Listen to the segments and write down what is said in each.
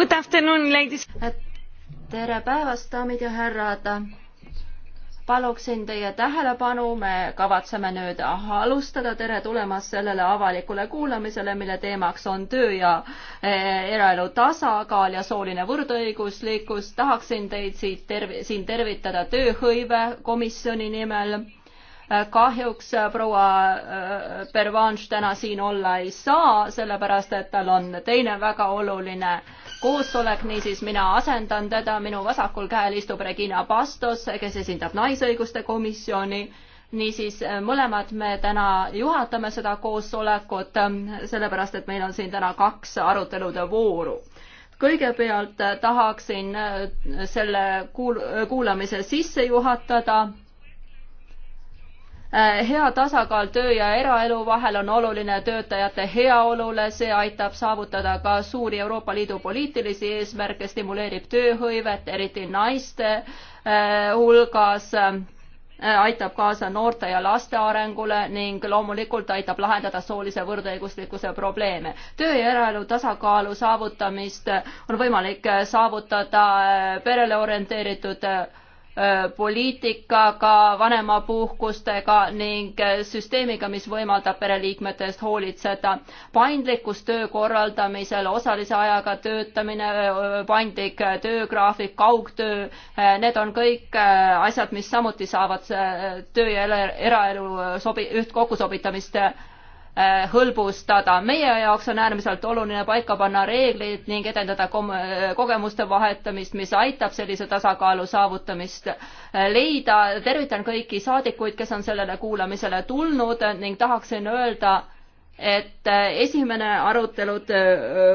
Good afternoon, ladies. tere päevast, daamid ja härrad. paluksin teie tähelepanu, me kavatseme nüüd alustada. tere tulemast sellele avalikule kuulamisele, mille teemaks on töö ja eh, eraelu tasakaal ja sooline võrdõiguslikkus. tahaksin teid siit terv-, siin tervitada tööhõive komisjoni nimel Äh, kahjuks äh, proua äh, Pervanš täna siin olla ei saa, sellepärast et tal on teine väga oluline koosolek, niisiis mina asendan teda, minu vasakul käel istub Regina Bastos, kes esindab Naisõiguste Komisjoni niisiis mõlemad me täna juhatame seda koosolekut, ähm, sellepärast et meil on siin täna kaks arutelude vooru. kõigepealt tahaksin selle kuul-, kuulamise sisse juhatada Äh, hea tasakaal töö ja eraelu vahel on oluline töötajate heaolule, see aitab saavutada ka suuri Euroopa Liidu poliitilisi eesmärke, stimuleerib tööhõivet, eriti naiste äh, hulgas, äh, aitab kaasa noorte ja laste arengule ning loomulikult aitab lahendada soolise võrdõiguslikkuse probleeme. töö ja eraelu tasakaalu saavutamist on võimalik saavutada perele orienteeritud Äh, poliitikaga, vanemapuhkustega ning äh, süsteemiga, mis võimaldab pereliikmete eest hoolitseda. paindlikkus töö korraldamisel, osalise ajaga töötamine, äh, paindlik töögraafik, kaugtöö, need on kõik asjad, mis samuti saavad töö ja eraelu sobi-, üht kokkusobitamist Äh, hõlbustada. meie jaoks on äärmiselt oluline paika panna reeglid ning edendada äh, kogemuste vahetamist, mis aitab sellise tasakaalu saavutamist äh, leida. tervitan kõiki saadikuid, kes on sellele kuulamisele tulnud ning tahaksin öelda, et esimene arutelude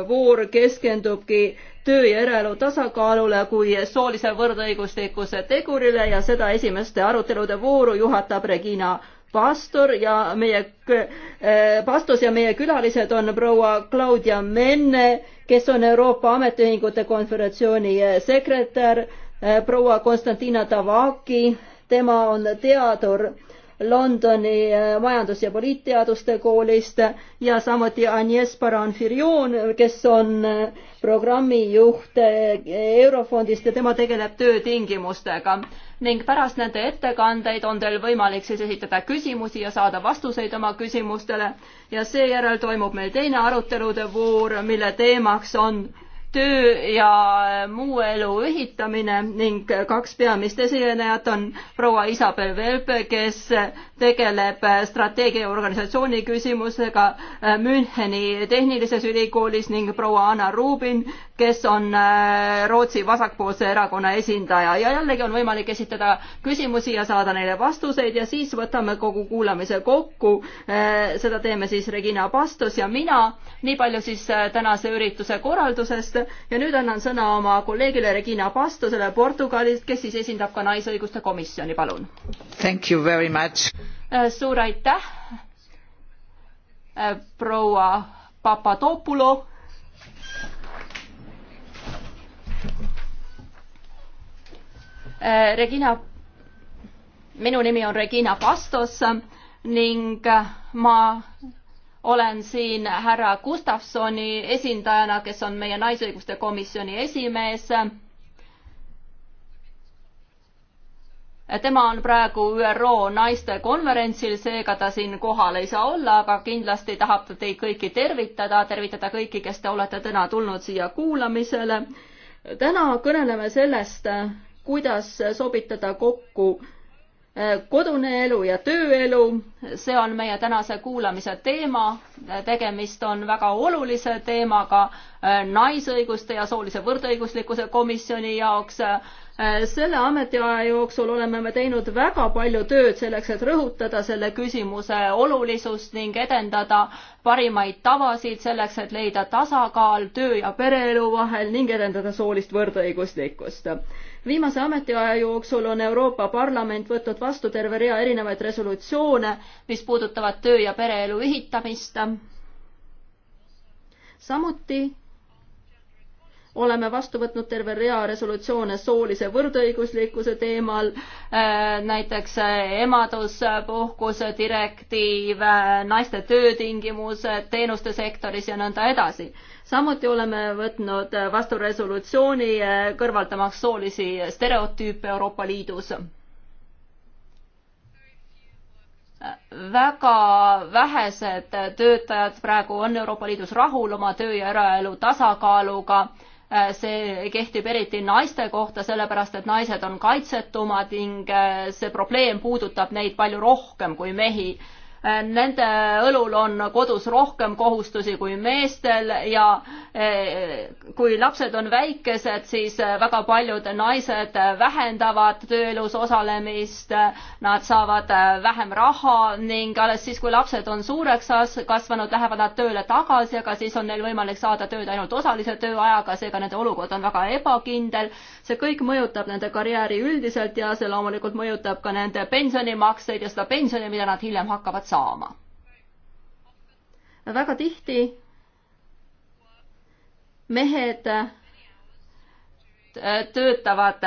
voor keskendubki töö ja eraelu tasakaalule kui soolise võrdõiguslikkuse tegurile ja seda esimeste arutelude vooru juhatab Regina pastor ja meie, äh, pastos ja meie külalised on proua Claudia Menne, kes on Euroopa Ametiühingute Konföderatsiooni äh, sekretär, äh, proua Konstantina Tavaki, tema on teadur Londoni majandus- ja poliitteaduste koolist ja samuti Agnes Baran-Firion, kes on programmijuht Eurofondist ja tema tegeleb töötingimustega ning pärast nende ettekandeid on teil võimalik siis esitada küsimusi ja saada vastuseid oma küsimustele ja seejärel toimub meil teine arutelude voor, mille teemaks on töö ja muu elu ühitamine ning kaks peamist esinejat on proua Isabel Velbe, kes tegeleb strateegia ja organisatsiooni küsimusega Müncheni Tehnilises Ülikoolis ning proua Anna Rubin, kes on Rootsi vasakpoolse erakonna esindaja ja jällegi on võimalik esitada küsimusi ja saada neile vastuseid ja siis võtame kogu kuulamise kokku. seda teeme siis Regina Pastos ja mina. nii palju siis tänase ürituse korraldusest ja nüüd annan sõna oma kolleegile Regina Pastosele Portugalist, kes siis esindab ka Naisõiguste Komisjoni, palun. Äh, suur aitäh, äh, proua Papadopulo. Äh, Regina, minu nimi on Regina Pastos ning ma olen siin härra Gustafsoni esindajana, kes on meie Naisõiguste Komisjoni esimees. tema on praegu ÜRO naistekonverentsil, seega ta siin kohal ei saa olla, aga kindlasti tahab teid kõiki tervitada, tervitada kõiki, kes te olete täna tulnud siia kuulamisele. täna kõneleme sellest, kuidas sobitada kokku kodune elu ja tööelu, see on meie tänase kuulamise teema. tegemist on väga olulise teemaga naisõiguste ja soolise võrdõiguslikkuse komisjoni jaoks Äh, selle ametiaja jooksul oleme me teinud väga palju tööd selleks, et rõhutada selle küsimuse olulisust ning edendada parimaid tavasid selleks, et leida tasakaal töö ja pereelu vahel ning edendada soolist võrdõiguslikkust. viimase ametiaja jooksul on Euroopa Parlament võtnud vastu terve rea erinevaid resolutsioone, mis puudutavad töö ja pereelu ühitamist. samuti oleme vastu võtnud terve rea resolutsioone soolise võrdõiguslikkuse teemal, äh, näiteks äh, emaduspuhkuse direktiiv, äh, naiste töötingimused teenuste sektoris ja nõnda edasi. samuti oleme võtnud vastu resolutsiooni kõrvaldamaks soolisi stereotüüpe Euroopa Liidus väga vähesed töötajad praegu on Euroopa Liidus rahul oma töö ja eraelu tasakaaluga Äh, see kehtib eriti naiste kohta, sellepärast et naised on kaitsetumad ning äh, see probleem puudutab neid palju rohkem kui mehi nende õlul on kodus rohkem kohustusi kui meestel ja eh, kui lapsed on väikesed, siis eh, väga paljud naised vähendavad tööelus osalemist, nad saavad eh, vähem raha ning alles siis, kui lapsed on suureks kasvanud, lähevad nad tööle tagasi, aga siis on neil võimalik saada tööd ainult osalise tööajaga, seega nende olukord on väga ebakindel. see kõik mõjutab nende karjääri üldiselt ja see loomulikult mõjutab ka nende pensionimakseid ja seda pensioni, mida nad hiljem hakkavad saama saama. väga tihti mehed äh, töötavad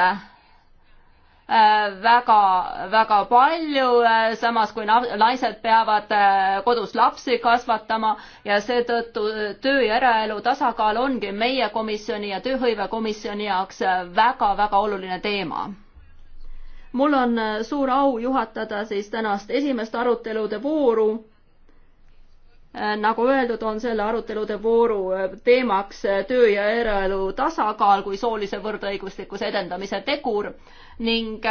väga-väga äh, palju, äh, samas kui naised peavad kodus lapsi kasvatama ja seetõttu töö ja eraelu tasakaal ongi meie komisjoni ja tööhõivekomisjoni jaoks väga-väga oluline teema mul on äh, suur au juhatada siis tänast esimest arutelude vooru. Äh, nagu öeldud, on selle arutelude vooru äh, teemaks töö ja eraelu tasakaal kui soolise võrdõiguslikkuse edendamise tegur ning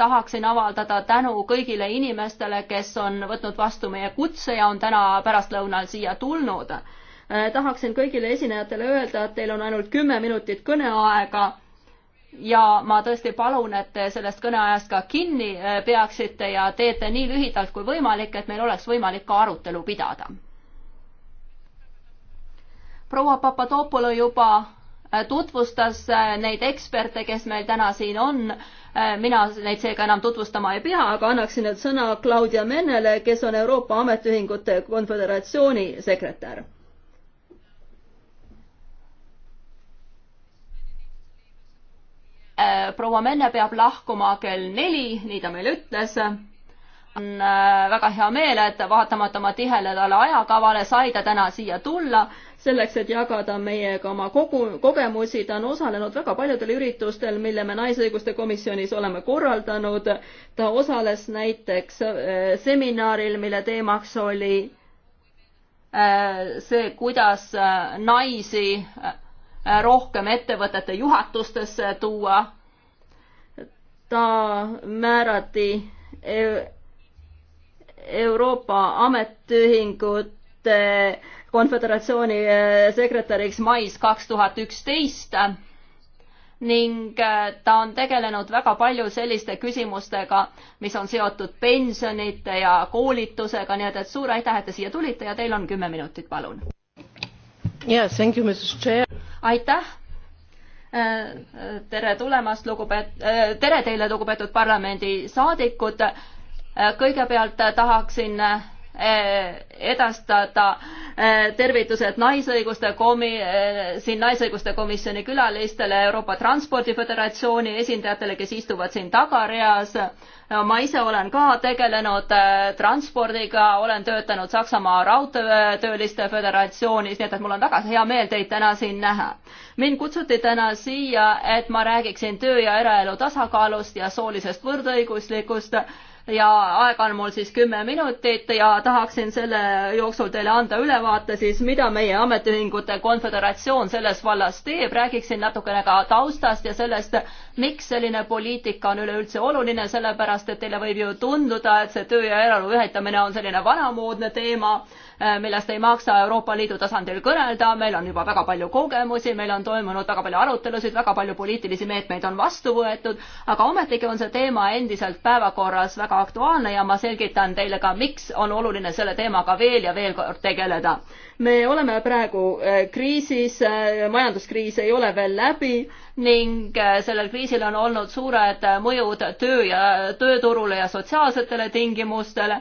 tahaksin avaldada tänu kõigile inimestele, kes on võtnud vastu meie kutse ja on täna pärastlõunal siia tulnud. tahaksin kõigile esinejatele öelda, et teil on ainult kümme minutit kõneaega ja ma tõesti palun, et te sellest kõneajast ka kinni äh, peaksite ja teete nii lühidalt kui võimalik, et meil oleks võimalik ka arutelu pidada. proua Papadopolo juba äh, tutvustas äh, neid eksperte, kes meil täna siin on. mina neid seega enam tutvustama ei pea, aga annaksin nüüd sõna Claudia Mennele, kes on Euroopa Ametiühingute Konföderatsiooni sekretär Äh, proua Menne peab lahkuma kell neli, nii ta meile ütles. on äh, väga hea meel, et vaatamata oma tihedale ajakavale sai ta täna siia tulla, selleks, et jagada meiega oma kogu, kogemusi. ta on osalenud väga paljudel üritustel, mille me Naisõiguste Komisjonis oleme korraldanud. ta osales näiteks äh, seminaril, mille teemaks oli see, kuidas naisi Äh, rohkem ettevõtete juhatustesse tuua. ta määrati e-, Euroopa Ametiühingute Konföderatsiooni äh, sekretäriks mais kaks tuhat üksteist ning äh, ta on tegelenud väga palju selliste küsimustega, mis on seotud pensionite ja koolitusega, nii et, et suur aitäh, et te siia tulite ja teil on kümme minutit, palun. jaa, thank you, Mrs Chair aitäh äh, tere tulemast, lugupeet-, äh, tere teile, lugupeetud parlamendisaadikud. Äh, kõigepealt tahaksin Eh, edastada eh, tervitused naisõiguste komi-, eh, siin Naisõiguste Komisjoni külalistele, Euroopa Transpordi Föderatsiooni esindajatele, kes istuvad siin tagareas. ma ise olen ka tegelenud transpordiga, olen töötanud Saksamaa Raudteetööliste Föderatsioonis, nii et, et mul on väga hea meel teid täna siin näha. mind kutsuti täna siia, et ma räägiksin töö ja eraelu tasakaalust ja soolisest võrdõiguslikust ja aega on mul siis kümme minutit ja tahaksin selle jooksul teile anda ülevaate siis, mida meie ametiühingute konföderatsioon selles vallas teeb, räägiksin natukene ka taustast ja sellest, miks selline poliitika on üleüldse oluline, sellepärast et teile võib ju tunduda, et see töö ja eraelu ühitamine on selline vanamoodne teema, eh, millest ei maksa Euroopa Liidu tasandil kõnelda, meil on juba väga palju kogemusi, meil on toimunud väga palju arutelusid, väga palju poliitilisi meetmeid on vastu võetud, aga ometigi on see teema endiselt päevakorras väga aktuaalne ja ma selgitan teile ka, miks on oluline selle teemaga veel ja veel kord tegeleda me oleme praegu äh, kriisis, äh, majanduskriis ei ole veel läbi ning äh, sellel kriisil on olnud suured mõjud töö ja tööturule ja sotsiaalsetele tingimustele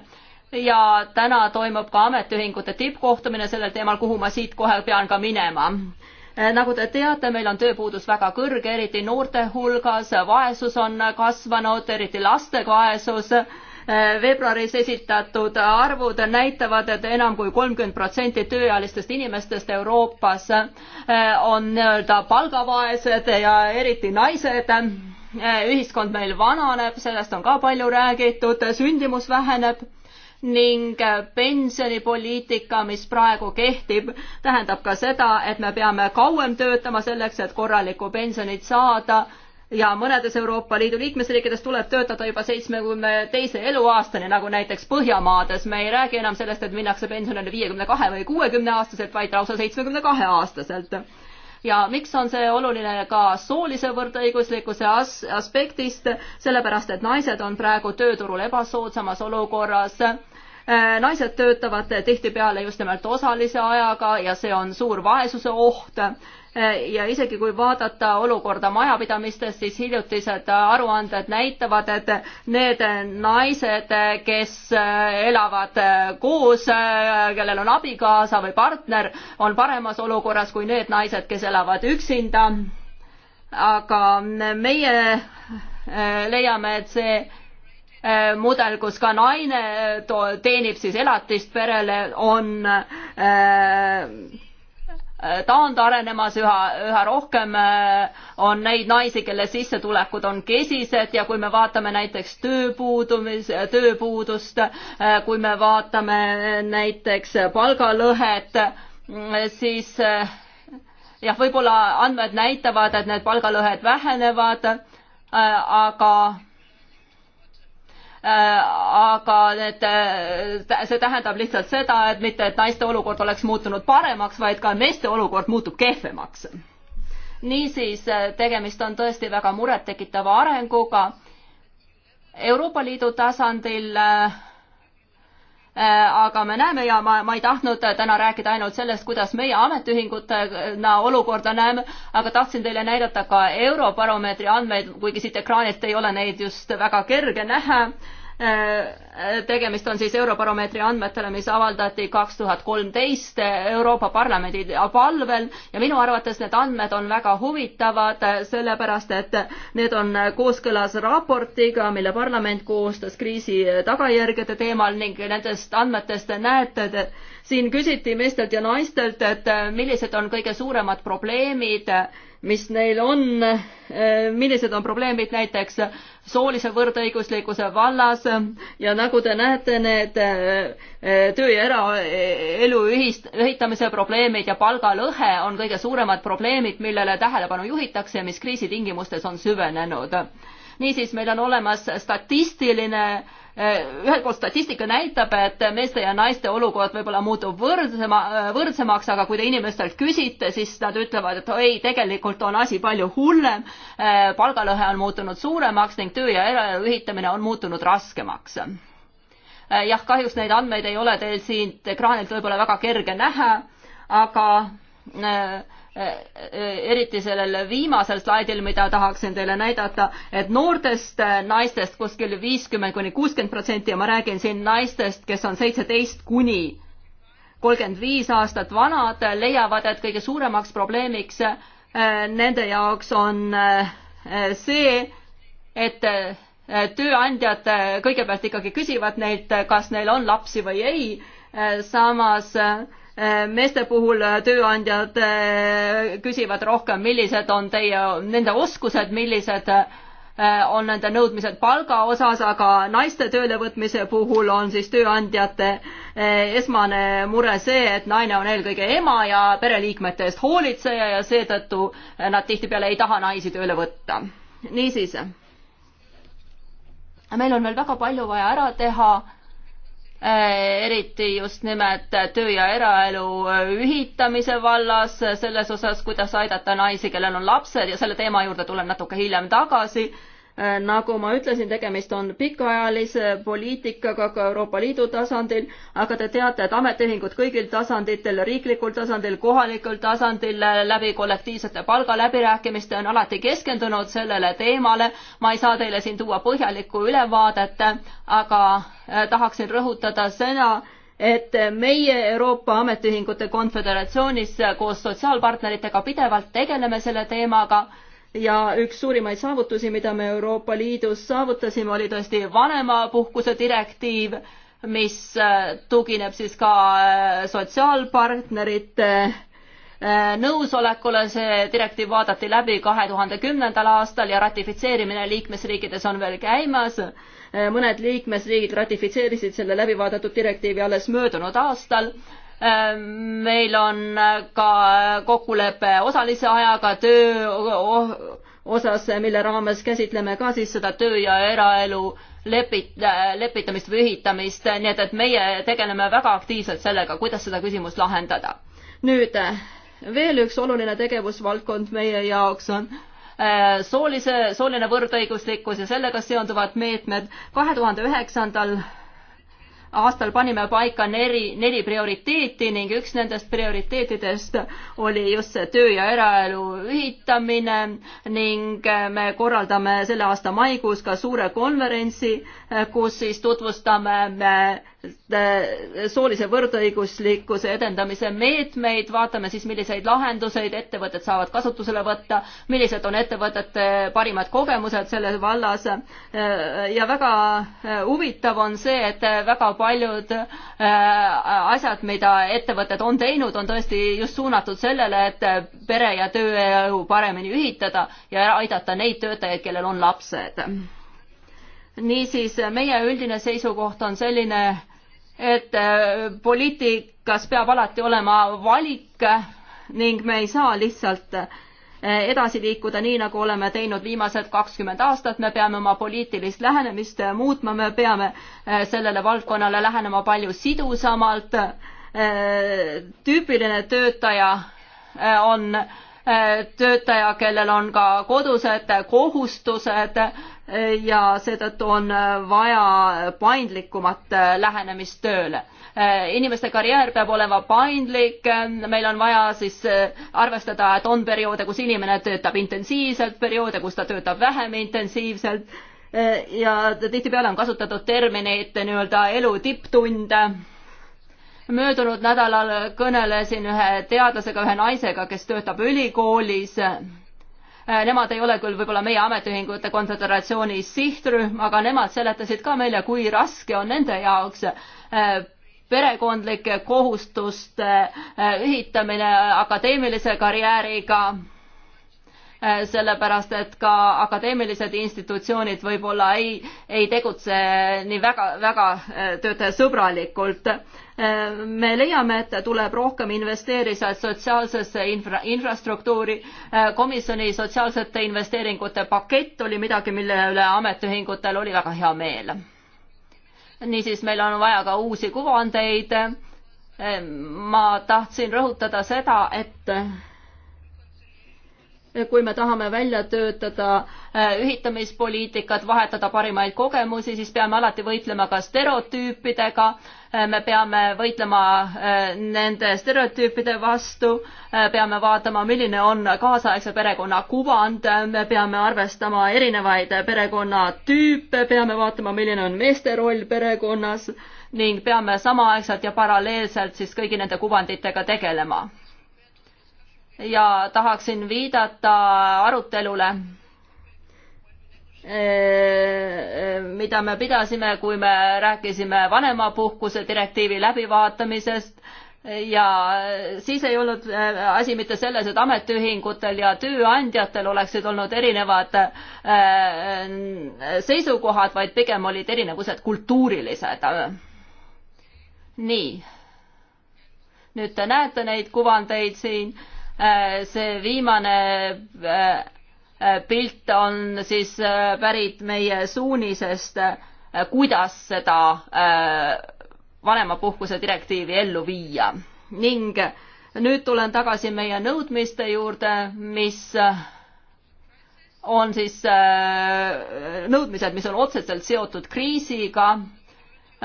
ja täna toimub ka ametiühingute tippkohtumine sellel teemal, kuhu ma siit kohe pean ka minema nagu te teate, meil on tööpuudus väga kõrge, eriti noorte hulgas, vaesus on kasvanud, eriti laste vaesus veebruaris esitatud arvud näitavad, et enam kui kolmkümmend protsenti tööealistest inimestest Euroopas eh, on nii-öelda palgavaesed ja eriti naised eh, ühiskond meil vananeb, sellest on ka palju räägitud, sündimus väheneb ning pensionipoliitika, mis praegu kehtib, tähendab ka seda, et me peame kauem töötama selleks, et korralikku pensionit saada ja mõnedes Euroopa Liidu liikmesriikides tuleb töötada juba seitsmekümne teise eluaastani, nagu näiteks Põhjamaades. me ei räägi enam sellest, et minnakse pensionile viiekümne kahe või kuuekümne aastaselt, vaid lausa seitsmekümne kahe aastaselt. ja miks on see oluline ka soolise võrdõiguslikkuse as-, aspektist, sellepärast et naised on praegu tööturul ebasoodsamas olukorras äh, naised töötavad tihtipeale just nimelt osalise ajaga ja see on suur vaesuse oht Eh, ja isegi kui vaadata olukorda majapidamistes, siis hiljutised aruanded näitavad, et need naised, kes eh, elavad eh, koos, kellel on abikaasa või partner, on paremas olukorras kui need naised, kes elavad üksinda. aga meie leiame, et see mudel, kus ka naine teenib siis elatist perele, on äh, Äh, taandarenemas üha, üha rohkem äh, on neid naisi, kelle sissetulekud on kesised ja kui me vaatame näiteks tööpuudumis, tööpuudust, äh, kui me vaatame näiteks palgalõhet, mm, siis jah, võib-olla andmed näitavad, et need palgalõhed vähenevad, aga Äh, aga need, äh, see tähendab lihtsalt seda, et mitte, et naiste olukord oleks muutunud paremaks, vaid ka meeste olukord muutub kehvemaks. niisiis, äh, tegemist on tõesti väga murettekitava arenguga. Euroopa Liidu tasandil äh, Äh, aga me näeme ja ma, ma ei tahtnud täna rääkida ainult sellest, kuidas meie ametiühingutena olukorda näeme, aga tahtsin teile näidata ka Eurobaromeetri andmeid, kuigi siit ekraanilt ei ole neid just väga kerge näha Äh, tegemist on siis Eurobaromeetri andmetele, mis avaldati kaks tuhat kolmteist Euroopa Parlamendi palvel ja minu arvates need andmed on väga huvitavad, sellepärast et need on kooskõlas raportiga, mille parlament koostas kriisi tagajärgede teemal ning nendest andmetest näete te, siin küsiti meestelt ja naistelt, et millised on kõige suuremad probleemid mis neil on, millised on probleemid näiteks soolise võrdõiguslikkuse vallas ja nagu te näete, need äh, töö ja eraelu ühist, ühitamise probleemid ja palgalõhe on kõige suuremad probleemid, millele tähelepanu juhitakse ja mis kriisi tingimustes on süvenenud niisiis meil on olemas statistiline ühelt poolt statistika näitab, et meeste ja naiste olukord võib-olla muutub võrdsema, võrdsemaks, aga kui te inimestelt küsite, siis nad ütlevad, et ei, tegelikult on asi palju hullem. palgalõhe on muutunud suuremaks ning töö ja eraelu ühitamine on muutunud raskemaks. jah, kahjuks neid andmeid ei ole teil siin ekraanilt võib-olla väga kerge näha, aga äh, eriti sellel viimasel slaidil, mida tahaksin teile näidata, et noortest naistest kuskil viiskümmend kuni kuuskümmend protsenti ja ma räägin siin naistest, kes on seitseteist kuni kolmkümmend viis aastat vanad, leiavad, et kõige suuremaks probleemiks äh, nende jaoks on äh, see, et äh, tööandjad kõigepealt ikkagi küsivad neilt, kas neil on lapsi või ei, samas äh, Äh, meeste puhul äh, tööandjad äh, küsivad rohkem, millised on teie, nende oskused, millised on nende nõudmised palga osas, aga naiste töölevõtmise puhul on siis tööandjate esmane mure see, et naine on eelkõige ema ja pereliikmete eest hoolitseja ja seetõttu nad tihtipeale ei taha naisi tööle võtta. niisiis, meil on veel väga palju vaja ära teha Äh, eriti just nimelt töö ja eraelu äh, ühitamise vallas, äh, selles osas, kuidas aidata naisi, kellel on lapsed ja selle teema juurde tulen natuke hiljem tagasi Äh, nagu ma ütlesin, tegemist on pikaajalise poliitikaga ka Euroopa Liidu tasandil, aga te teate, et ametiühingud kõigil tasanditel, riiklikul tasandil, kohalikul tasandil äh, läbi kollektiivsete palgaläbirääkimiste on alati keskendunud sellele teemale. ma ei saa teile siin tuua põhjalikku ülevaadet, aga äh, tahaksin rõhutada seda, et meie Euroopa Ametiühingute Konföderatsioonis koos sotsiaalpartneritega pidevalt tegeleme selle teemaga ja üks suurimaid saavutusi, mida me Euroopa Liidus saavutasime, oli tõesti vanemapuhkuse direktiiv, mis äh, tugineb siis ka äh, sotsiaalpartnerite äh, nõusolekule, see direktiiv vaadati läbi kahe tuhande kümnendal aastal ja ratifitseerimine liikmesriikides on veel käimas. mõned liikmesriigid ratifitseerisid selle läbivaadatud direktiivi alles möödunud aastal Ehm, meil on äh, ka äh, kokkulepe osalise ajaga töö osas, äh, mille raames käsitleme ka siis seda töö ja eraelu lepit-, lepitamist või ühitamist, nii et, et meie tegeleme väga aktiivselt sellega, kuidas seda küsimust lahendada. nüüd veel üks oluline tegevusvaldkond meie jaoks on soolise, sooline võrdõiguslikkus ja sellega seonduvad meetmed. kahe tuhande üheksandal aastal panime paika neli, neli prioriteeti ning üks nendest prioriteetidest oli just see töö ja eraelu ühitamine ning eh, me korraldame selle aasta maikuus ka suure konverentsi, eh, kus siis tutvustame eh, Äh, soolise võrdõiguslikkuse edendamise meetmeid, vaatame siis, milliseid lahenduseid ettevõtted saavad kasutusele võtta, millised on ettevõtete parimad kogemused selles vallas. Äh, ja väga äh, huvitav on see, et väga paljud asjad, mida ettevõtted on teinud, on tõesti just suunatud sellele, et pere ja tööelu paremini ühitada ja aidata neid töötajaid, kellel on lapsed niisiis meie üldine seisukoht on selline, et äh, poliitikas peab alati olema valik ning me ei saa lihtsalt äh, edasi liikuda nii, nagu oleme teinud viimased kakskümmend aastat, me peame oma poliitilist lähenemist äh, muutma, me peame sellele valdkonnale lähenema palju sidusamalt. tüüpiline töötaja on äh, Eh, töötaja, kellel on ka kodused kohustused eh, ja seetõttu on eh, vaja paindlikumat lähenemist tööle. inimeste karjäär peab olema paindlik, meil on vaja siis arvestada, et on perioode, kus inimene töötab intensiivselt, perioode, kus ta töötab vähem intensiivselt ja tihtipeale on kasutatud terminit nii-öelda elu tipptunde möödunud nädalal kõnelesin ühe teadlasega, ühe naisega, kes töötab ülikoolis. Äh, nemad ei ole küll võib-olla meie ametiühingute konföderatsiooni sihtrühm, aga nemad seletasid ka meile, kui raske on nende jaoks äh, perekondlike kohustuste äh, ühitamine akadeemilise karjääriga sellepärast et ka akadeemilised institutsioonid võib-olla ei, ei tegutse nii väga, väga töötajasõbralikult me leiame, et tuleb rohkem investeerida sotsiaalsesse infra, infrastruktuuri. komisjoni sotsiaalsete investeeringute pakett oli midagi, mille üle ametiühingutel oli väga hea meel. niisiis, meil on vaja ka uusi kuvandeid. ma tahtsin rõhutada seda, et kui me tahame välja töötada äh, ühitamispoliitikat, vahetada parimaid kogemusi, siis peame alati võitlema ka stereotüüpidega, äh, me peame võitlema äh, nende stereotüüpide vastu, peame vaatama, milline on kaasaegse perekonna kuvand, me peame arvestama erinevaid perekonnatüüpe, peame vaatama, milline on meeste roll perekonnas ning peame samaaegselt ja paralleelselt siis kõigi nende kuvanditega tegelema ja tahaksin viidata arutelule eh, eh, mida me pidasime, kui me rääkisime vanemapuhkuse direktiivi läbivaatamisest ja siis ei olnud eh, asi mitte selles, et ametiühingutel ja tööandjatel oleksid olnud erinevad seisukohad, vaid pigem olid erinevused kultuurilised. nii. nüüd te näete neid kuvandeid siin Äh, see viimane äh, äh, pilt on siis pärit meie suunisest, kuidas seda vanemapuhkuse direktiivi ellu viia ning nüüd tulen tagasi meie nõudmiste juurde, mis on siis nõudmised, mis on otseselt seotud kriisiga.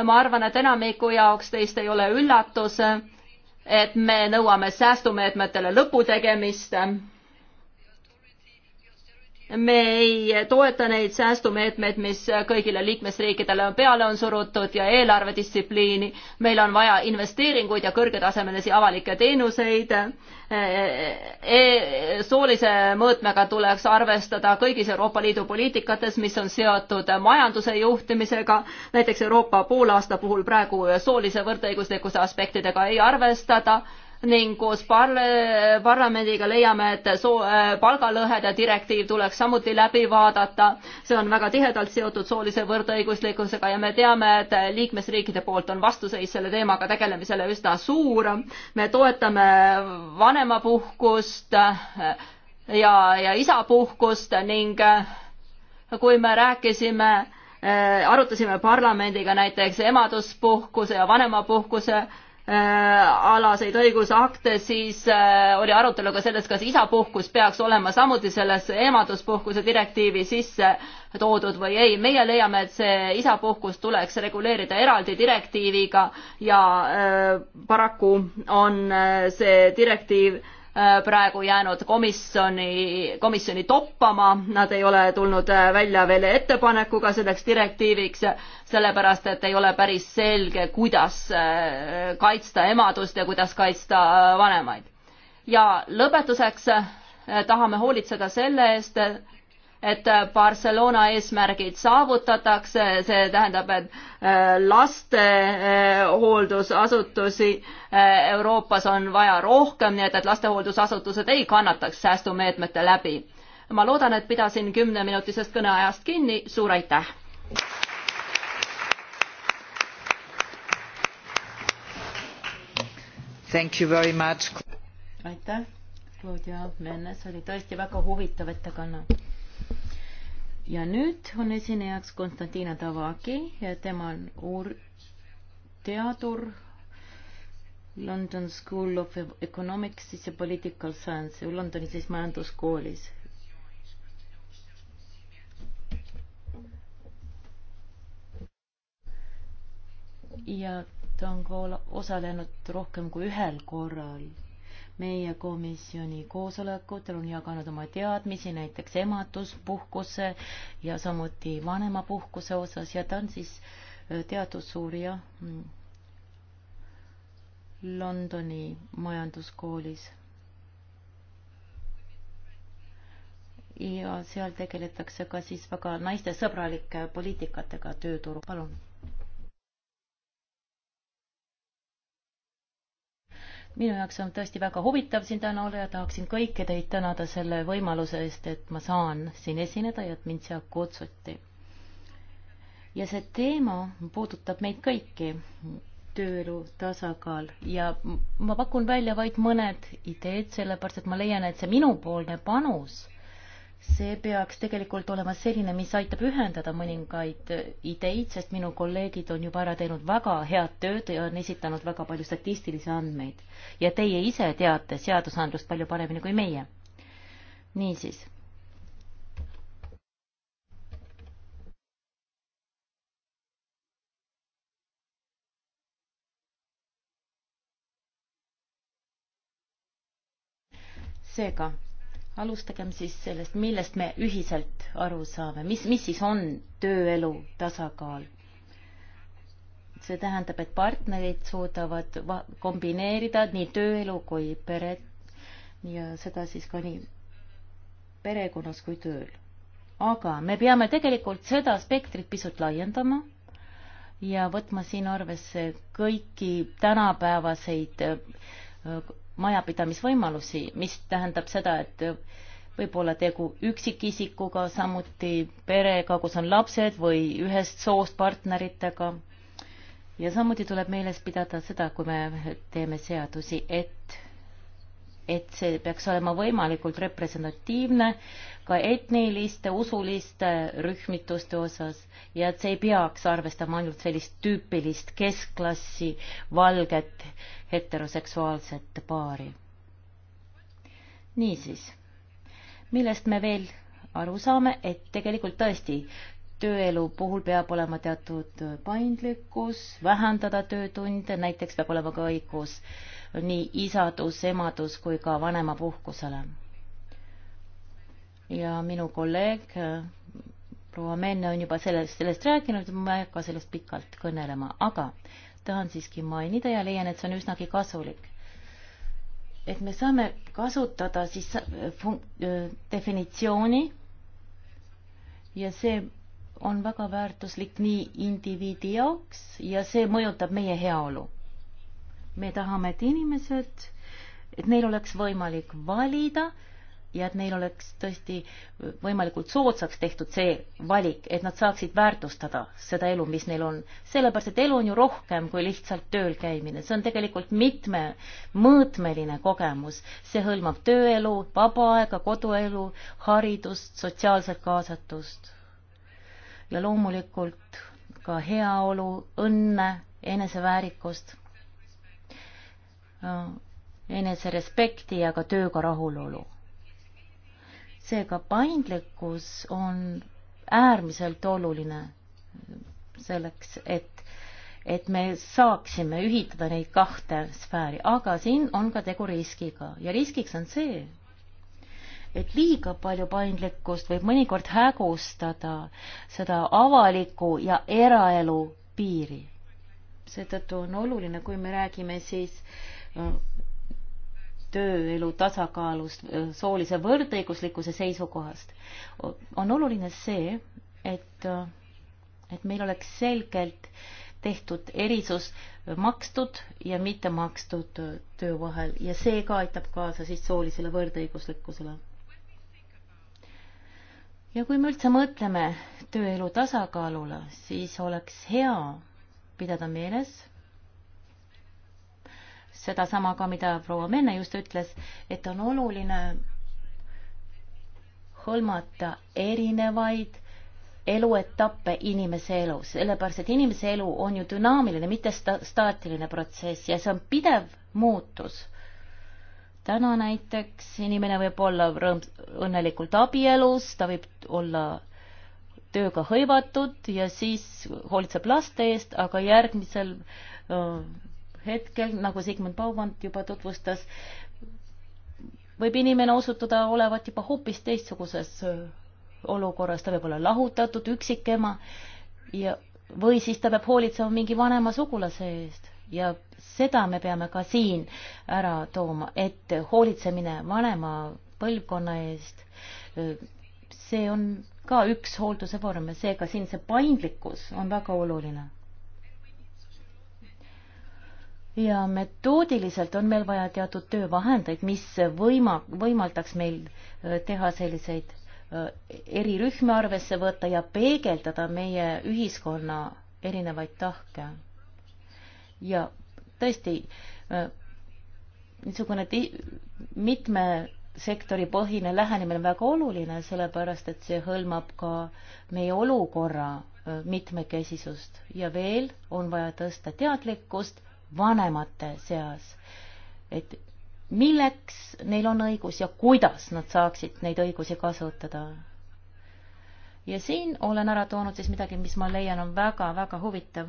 ma arvan, et enamiku jaoks teist ei ole üllatus, et me nõuame säästumeetmetele lõpu tegemist me ei toeta neid säästumeetmeid, mis kõigile liikmesriikidele peale on surutud ja eelarvedistsipliini. meil on vaja investeeringuid ja kõrgetasemelisi avalikke teenuseid e, e. soolise mõõtmega tuleks arvestada kõigis Euroopa Liidu poliitikates, mis on seotud majanduse juhtimisega. näiteks Euroopa poolaasta puhul praegu soolise võrdõiguslikkuse aspektidega ei arvestada ning koos parle, parlamendiga leiame, et soo, äh, palgalõhede direktiiv tuleks samuti läbi vaadata. see on väga tihedalt seotud soolise võrdõiguslikkusega ja me teame, et liikmesriikide poolt on vastuseis selle teemaga tegelemisele üsna suur. me toetame vanemapuhkust äh, ja, ja isapuhkust ning äh, kui me rääkisime arutasime parlamendiga näiteks emaduspuhkuse ja vanemapuhkuse Äh, alaseid õigusakte, siis äh, oli arutelu ka selles, kas isapuhkus peaks olema samuti sellesse emaduspuhkuse direktiivi sisse toodud või ei. meie leiame, et see isapuhkus tuleks reguleerida eraldi direktiiviga ja äh, paraku on see direktiiv Äh, praegu jäänud komisjoni, komisjoni toppama, nad ei ole tulnud äh, välja veel ettepanekuga selleks direktiiviks, sellepärast et ei ole päris selge, kuidas äh, kaitsta emadust ja kuidas kaitsta vanemaid. ja lõpetuseks tahame hoolitseda selle eest, et äh, Barcelona eesmärgid saavutatakse, see tähendab, et äh, lastehooldusasutusi äh, Euroopas on vaja rohkem, nii et, et lastehooldusasutused ei kannataks säästumeetmete läbi. ma loodan, et pidasin kümneminutisest kõneajast kinni, suur aitäh! aitäh, Claudia Mennes, oli tõesti väga huvitav ettekanne ja nüüd on esinejaks Konstantina Tavaki ja tema on uur-, teadur London School of Economics'is ja Political Science Londonis siis majanduskoolis. ja ta on ka osalenud rohkem kui ühel korral meie komisjoni koosolekutel on jaganud oma teadmisi näiteks emaduspuhkuse ja samuti vanemapuhkuse osas ja ta on siis äh, teadusuurija mm, Londoni majanduskoolis. ja seal tegeletakse ka siis väga naistesõbralike poliitikatega tööturul. palun minu jaoks on tõesti väga huvitav siin täna olla ja tahaksin kõiki teid tänada selle võimaluse eest, et ma saan siin esineda ja et mind siia kutsuti. ja see teema puudutab meid kõiki, tööelu tasakaal ja ma pakun välja vaid mõned ideed, sellepärast et ma leian, et see minupoolne panus see peaks tegelikult olema selline, mis aitab ühendada mõningaid ideid, sest minu kolleegid on juba ära teinud väga head tööd ja on esitanud väga palju statistilisi andmeid. ja teie ise teate seadusandlust palju paremini kui meie. niisiis. seega alustagem siis sellest, millest me ühiselt aru saame, mis, mis siis on tööelu tasakaal? see tähendab, et partnerid suudavad kombineerida nii tööelu kui peret ja seda siis ka nii perekonnas kui tööl. aga me peame tegelikult seda spektrit pisut laiendama ja võtma siin arvesse kõiki tänapäevaseid äh, majapidamisvõimalusi, mis tähendab seda, et võib-olla tegu üksikisikuga, samuti perega, kus on lapsed või ühest soost partneritega. ja samuti tuleb meeles pidada seda, kui me teeme seadusi, et et see peaks olema võimalikult representatiivne ka etniliste, usuliste rühmituste osas ja et see ei peaks arvestama ainult sellist tüüpilist keskklassi valget heteroseksuaalset paari. niisiis, millest me veel aru saame, et tegelikult tõesti tööelu puhul peab olema teatud paindlikkus, vähendada töötunde, näiteks peab olema ka õigus äh, nii isadus, emadus kui ka vanemapuhkusele. ja minu kolleeg äh, proua Menne on juba sellest, sellest rääkinud, ma ei hakka sellest pikalt kõnelema, aga tahan siiski mainida ja leian, et see on üsnagi kasulik. et me saame kasutada siis äh, fun-, äh, definitsiooni ja see on väga väärtuslik nii indiviidi jaoks ja see mõjutab meie heaolu me tahame, et inimesed, et neil oleks võimalik valida ja et neil oleks tõesti võimalikult soodsaks tehtud see valik, et nad saaksid väärtustada seda elu, mis neil on. sellepärast, et elu on ju rohkem kui lihtsalt tööl käimine, see on tegelikult mitmemõõtmeline kogemus. see hõlmab tööelu, vaba aega, koduelu, haridust, sotsiaalset kaasatust ja loomulikult ka heaolu, õnne, eneseväärikust eneserespekti ja ka tööga rahulolu. seega paindlikkus on äärmiselt oluline selleks, et, et me saaksime ühitada neid kahte sfääri, aga siin on ka tegu riskiga ja riskiks on see, et liiga palju paindlikkust võib mõnikord hägustada seda avaliku ja eraelu piiri. seetõttu on oluline, kui me räägime siis äh, tööelu tasakaalust, soolise võrdõiguslikkuse seisukohast, on oluline see, et, et meil oleks selgelt tehtud erisus makstud ja mitte makstud töö vahel ja see ka aitab kaasa siis soolisele võrdõiguslikkusele. ja kui me üldse mõtleme tööelu tasakaalule, siis oleks hea pidada meeles sedasama ka, mida proua Menne just ütles, et on oluline hõlmata erinevaid eluetappe inimese elus, sellepärast et inimese elu on ju dünaamiline, mitte sta-, staatiline protsess ja see on pidev muutus. täna näiteks inimene võib olla rõõm-, õnnelikult abielus, ta võib olla tööga hõivatud ja siis hoolitseb laste eest, aga järgmisel öö, hetkel, nagu Sigmund Baumant juba tutvustas, võib inimene osutuda olevat juba hoopis teistsuguses äh, olukorras, ta võib olla lahutatud, üksikema ja, või siis ta peab hoolitsema mingi vanema sugulase eest ja seda me peame ka siin ära tooma, et hoolitsemine vanema põlvkonna eest, äh, see on ka üks hoolduse vorm ja seega siin see paindlikkus on väga oluline ja metoodiliselt on meil vaja teatud töövahendeid, mis võima, võimaldaks meil äh, teha selliseid äh, erirühmi arvesse võtta ja peegeldada meie ühiskonna erinevaid tahke. ja tõesti, äh, niisugune mitme sektori põhine lähenemine on väga oluline, sellepärast et see hõlmab ka meie olukorra mitmekesisust ja veel on vaja tõsta teadlikkust vanemate seas, et milleks neil on õigus ja kuidas nad saaksid neid õigusi kasutada. ja siin olen ära toonud siis midagi, mis ma leian, on väga-väga huvitav.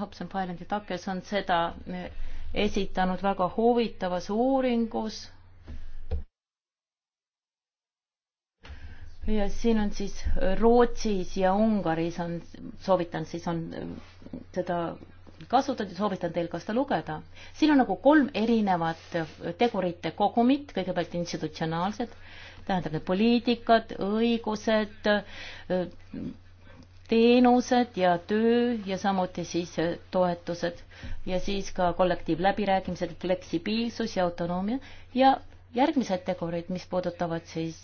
Hobson Fireland ja Tuckers on seda eh, esitanud väga huvitavas uuringus. ja siin on siis Rootsis ja Ungaris on, soovitan siis on eh, seda kasutatud, soovitan teil ka seda lugeda. siin on nagu kolm erinevat tegurite kogumit, kõigepealt institutsionaalsed, tähendab need poliitikad, õigused, teenused ja töö ja samuti siis toetused ja siis ka kollektiivläbirääkimised, fleksibiilsus ja autonoomia ja järgmised tegurid, mis puudutavad siis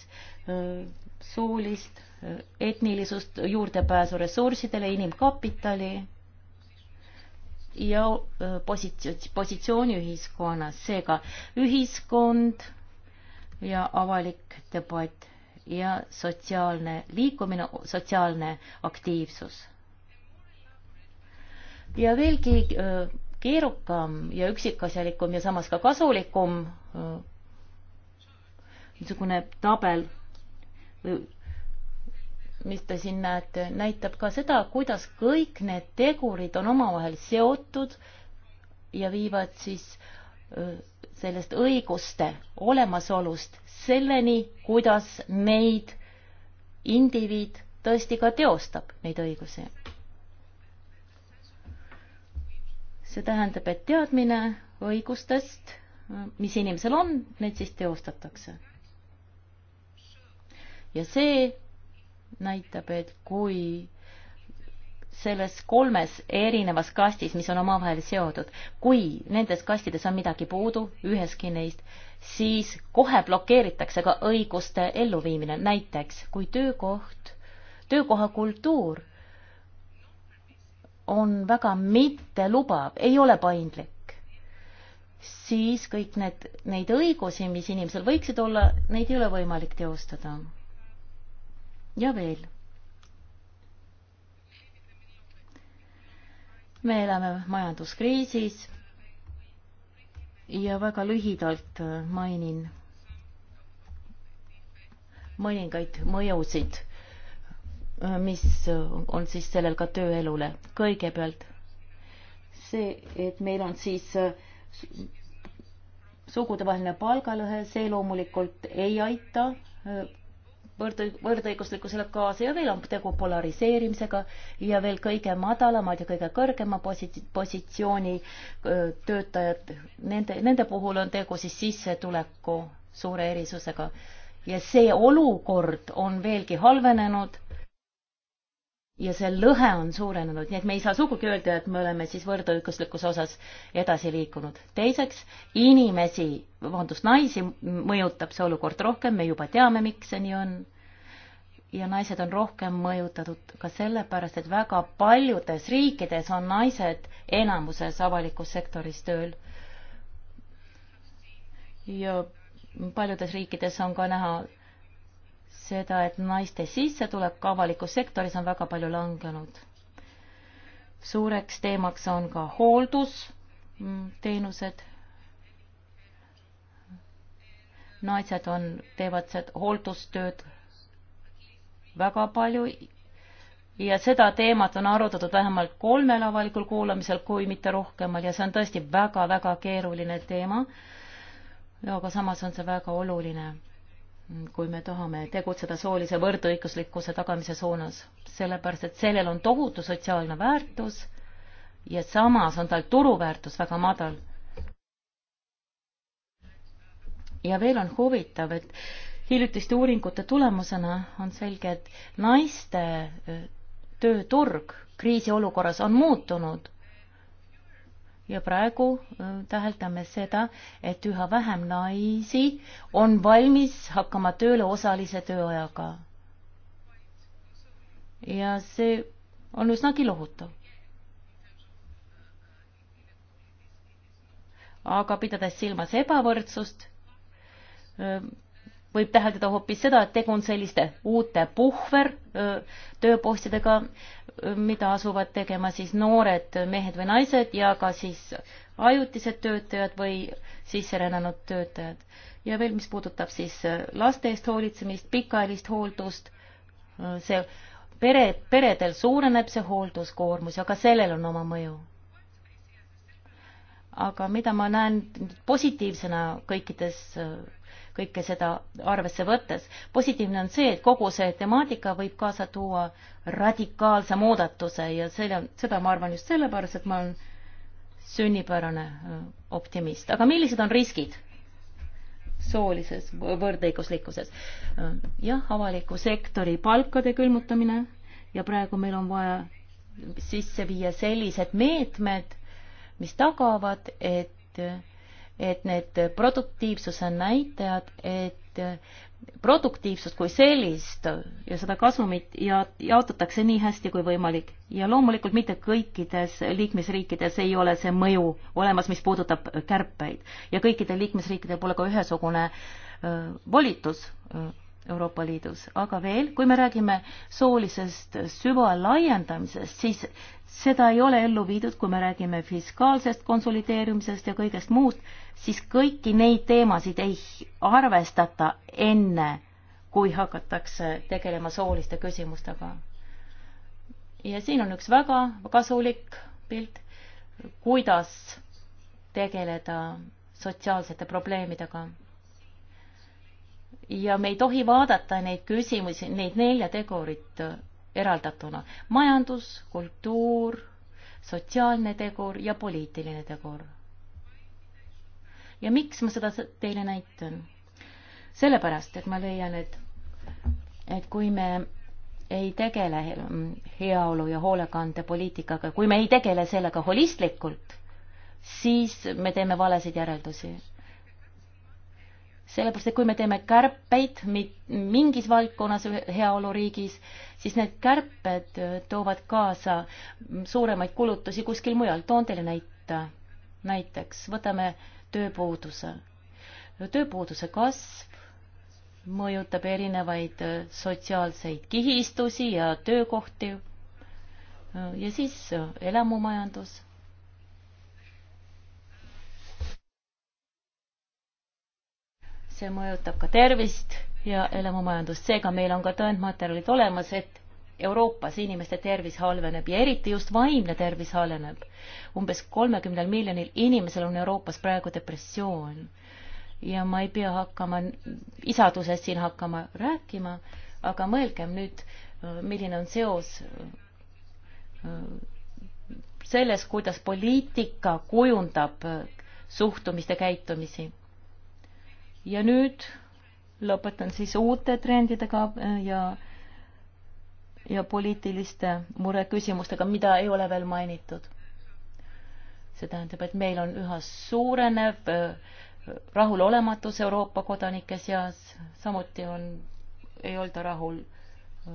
soolist, etnilisust, juurdepääsu ressurssidele, inimkapitali ja positsioon, positsiooni ühiskonnas, seega ühiskond ja avalik debatt ja sotsiaalne liikumine, sotsiaalne aktiivsus. ja veelgi keerukam ja üksikasjalikum ja samas ka kasulikum niisugune tabel mis te siin näete, näitab ka seda, kuidas kõik need tegurid on omavahel seotud ja viivad siis sellest õiguste olemasolust selleni, kuidas neid indiviid tõesti ka teostab, neid õigusi. see tähendab, et teadmine õigustest, mis inimesel on, neid siis teostatakse. ja see näitab, et kui selles kolmes erinevas kastis, mis on omavahel seotud, kui nendes kastides on midagi puudu, üheski neist, siis kohe blokeeritakse ka õiguste elluviimine, näiteks kui töökoht, töökoha kultuur on väga mittelubav, ei ole paindlik, siis kõik need, neid õigusi, mis inimesel võiksid olla, neid ei ole võimalik teostada ja veel. me elame majanduskriisis ja väga lühidalt äh, mainin mõningaid mõjusid, äh, mis äh, on siis sellel ka tööelule. kõigepealt see, et meil on siis sugudevaheline palgalõhe, see loomulikult ei aita võrdõi-, võrdõiguslikkusele kaasa ja veel on tegu polariseerimisega ja veel kõige madalamad ja kõige kõrgema posi-, positsiooni töötajad, nende, nende puhul on tegu siis sissetuleku suure erisusega. ja see olukord on veelgi halvenenud ja see lõhe on suurenenud, nii et me ei saa sugugi öelda, et me oleme siis võrdõiguslikkuse osas edasi liikunud. teiseks, inimesi, vabandust, naisi mõjutab see olukord rohkem, me juba teame, miks see nii on. ja naised on rohkem mõjutatud ka sellepärast, et väga paljudes riikides on naised enamuses avalikus sektoris tööl. ja paljudes riikides on ka näha seda, et naiste sissetulek avalikus sektoris on väga palju langenud. suureks teemaks on ka hooldusteenused. Mm, naised on, teevad seda hooldustööd väga palju ja seda teemat on arutatud vähemalt kolmel avalikul kuulamisel, kui mitte rohkemal ja see on tõesti väga-väga keeruline teema. aga samas on see väga oluline kui me tahame tegutseda soolise võrdõiguslikkuse tagamise suunas, sellepärast et sellel on tohutu sotsiaalne väärtus ja samas on tal turuväärtus väga madal. ja veel on huvitav, et hiljutiste uuringute tulemusena on selge, et naiste äh, tööturg kriisiolukorras on muutunud ja praegu äh, täheldame seda, et üha vähem naisi on valmis hakkama tööle osalise tööajaga. ja see on üsnagi lohutav. aga pidades silmas ebavõrdsust, äh, võib täheldada hoopis seda, et tegu on selliste uute puhver äh, tööpostidega, mida asuvad tegema siis noored mehed või naised ja ka siis ajutised töötajad või sisserännanud töötajad. ja veel, mis puudutab siis laste eest hoolitsemist, pikaajalist hooldust, see pere, peredel suureneb see hoolduskoormus ja ka sellel on oma mõju. aga mida ma näen positiivsena kõikides kõike seda arvesse võttes. positiivne on see, et kogu see temaatika võib kaasa tuua radikaalse muudatuse ja selle, seda ma arvan just sellepärast, et ma olen sünnipärane äh, optimist. aga millised on riskid soolises võrdõiguslikkuses? Äh, jah, avaliku sektori palkade külmutamine ja praegu meil on vaja sisse viia sellised meetmed, mis tagavad, et äh, et need produktiivsuse näitajad, et produktiivsust kui sellist ja seda kasumit ja jaotatakse nii hästi kui võimalik. ja loomulikult mitte kõikides liikmesriikides ei ole see mõju olemas, mis puudutab kärpeid. ja kõikidel liikmesriikidel pole ka ühesugune öö, volitus öö, Euroopa Liidus. aga veel, kui me räägime soolisest süvalaiendamisest, siis seda ei ole ellu viidud, kui me räägime fiskaalsest konsolideerumisest ja kõigest muust, siis kõiki neid teemasid ei arvestata enne, kui hakatakse tegelema sooliste küsimustega. ja siin on üks väga kasulik pilt, kuidas tegeleda sotsiaalsete probleemidega. ja me ei tohi vaadata neid küsimusi, neid nelja tegurit eraldatuna. majandus, kultuur, sotsiaalne tegur ja poliitiline tegur. ja miks ma seda teile näitan? sellepärast, et ma leian, et, et kui me ei tegele heaolu ja hoolekandepoliitikaga, kui me ei tegele sellega holistlikult, siis me teeme valesid järeldusi sellepärast, et kui me teeme kärpeid mingis valdkonnas heaoluriigis, siis need kärped äh, toovad kaasa suuremaid kulutusi kuskil mujal. toon teile näite. näiteks võtame tööpuuduse. tööpuuduse kasv mõjutab erinevaid äh, sotsiaalseid kihistusi ja töökohti. Äh, ja siis elamumajandus see mõjutab ka tervist ja elamumajandust, seega meil on ka tõendmaterjalid olemas, et Euroopas inimeste tervis halveneb ja eriti just vaimne tervis halveneb. umbes kolmekümnel miljonil inimesel on Euroopas praegu depressioon. ja ma ei pea hakkama isadusest siin hakkama rääkima, aga mõelgem nüüd, milline on seos äh, selles, kuidas poliitika kujundab äh, suhtumist ja käitumisi ja nüüd lõpetan siis uute trendidega äh, ja, ja poliitiliste mureküsimustega, mida ei ole veel mainitud. see tähendab, et meil on üha suurenev äh, rahulolematus Euroopa kodanike seas, samuti on, ei olda rahul äh,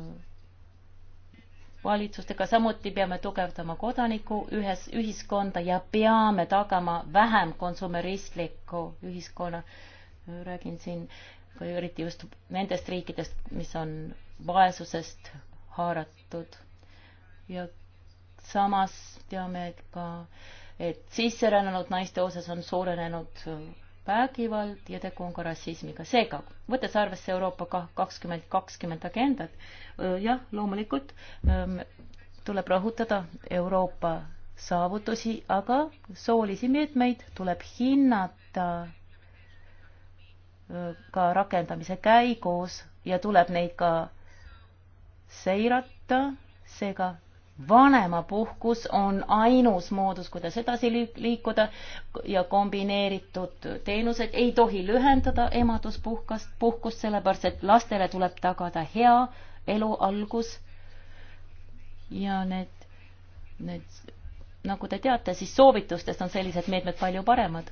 valitsustega, samuti peame tugevdama kodaniku ühes, ühiskonda ja peame tagama vähem konsumeristliku ühiskonna räägin siin ka eriti just nendest riikidest, mis on vaesusest haaratud ja samas teame, et ka, et sisserännanud naiste osas on suurenenud vägivald ja tegu on ka rassismiga. seega, võttes arvesse Euroopa kakskümmend kakskümmend agendat, jah, loomulikult tuleb rõhutada Euroopa saavutusi, aga soolisi meetmeid tuleb hinnata ka rakendamise käigus ja tuleb neid ka seirata, seega vanemapuhkus on ainus moodus, kuidas edasi liikuda ja kombineeritud teenused ei tohi lühendada emaduspuhkast, puhkust, sellepärast et lastele tuleb tagada hea elu algus. ja need, need, nagu te teate, siis soovitustest on sellised meetmed palju paremad.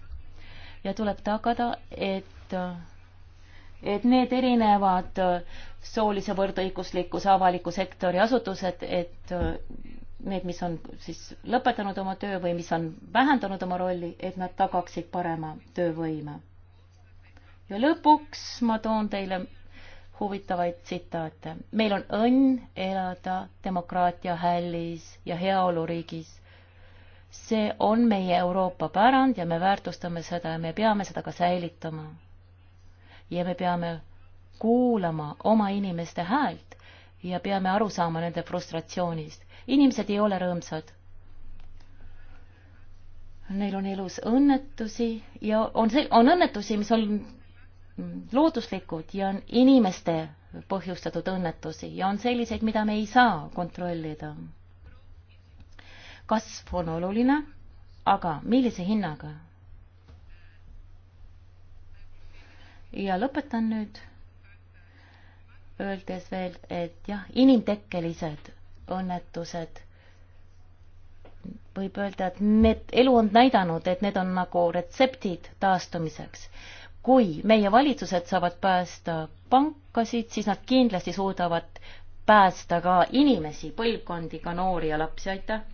ja tuleb tagada, et et, et need erinevad soolise võrdõiguslikkuse avaliku sektori asutused, et need, mis on siis lõpetanud oma töö või mis on vähendanud oma rolli, et nad tagaksid parema töövõime. ja lõpuks ma toon teile huvitavaid tsitaate. meil on õnn elada demokraatia hällis ja heaoluriigis. see on meie Euroopa pärand ja me väärtustame seda ja me peame seda ka säilitama ja me peame kuulama oma inimeste häält ja peame aru saama nende frustratsioonist. inimesed ei ole rõõmsad. Neil on elus õnnetusi ja on see, on õnnetusi, mis on looduslikud ja on inimeste põhjustatud õnnetusi ja on selliseid, mida me ei saa kontrollida. kasv on oluline, aga millise hinnaga? ja lõpetan nüüd öeldes veel, et jah, inimtekkelised õnnetused, võib öelda, et need, elu on näidanud, et need on nagu retseptid taastumiseks. kui meie valitsused saavad päästa pankasid, siis nad kindlasti suudavad päästa ka inimesi, põlvkondi, ka noori ja lapsi, aitäh!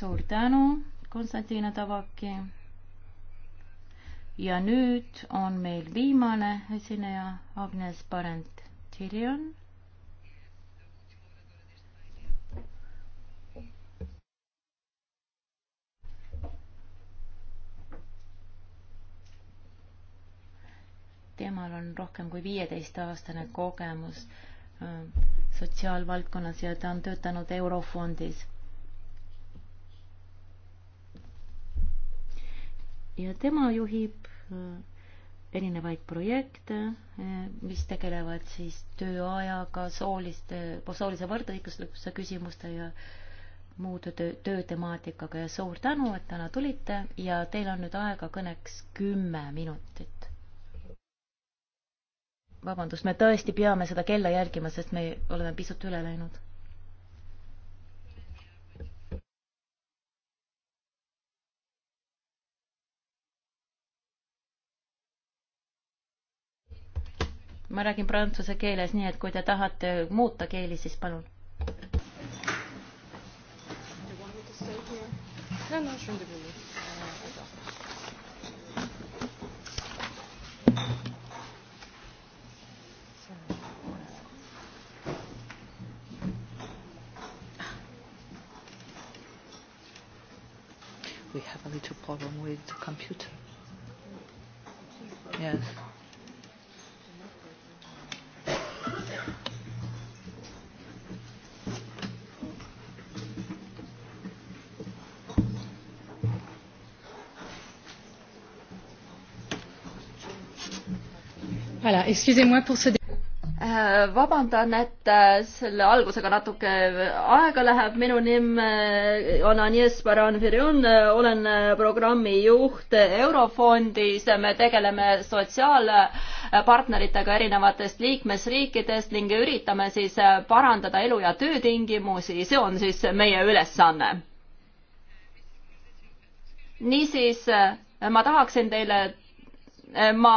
suur tänu, Konstantina Tavaki. ja nüüd on meil viimane esineja, Agnes Parent-Tirion. temal on rohkem kui viieteistaastane kogemus äh, sotsiaalvaldkonnas ja ta on töötanud Eurofondis ja tema juhib äh, erinevaid projekte, äh, mis tegelevad siis tööajaga, sooliste, soolise võrdõiguslikkuse küsimuste ja muude töö, töötemaatikaga ja suur tänu, et täna tulite ja teil on nüüd aega kõneks kümme minutit. vabandust, me tõesti peame seda kella jälgima, sest me oleme pisut üle läinud ma räägin prantsuse keeles, nii et kui te tahate muuta keeli, siis palun. No, no, je ne devais pas. we have a little problem with the computer. Yes. Äh, vabandan, et äh, selle algusega natuke aega läheb, minu nimi äh, on Agnes Baran-Virjon, olen programmi juht Eurofondis, me tegeleme sotsiaalpartneritega erinevatest liikmesriikidest ning üritame siis parandada elu ja töötingimusi, see on siis meie ülesanne. niisiis, ma tahaksin teile, ma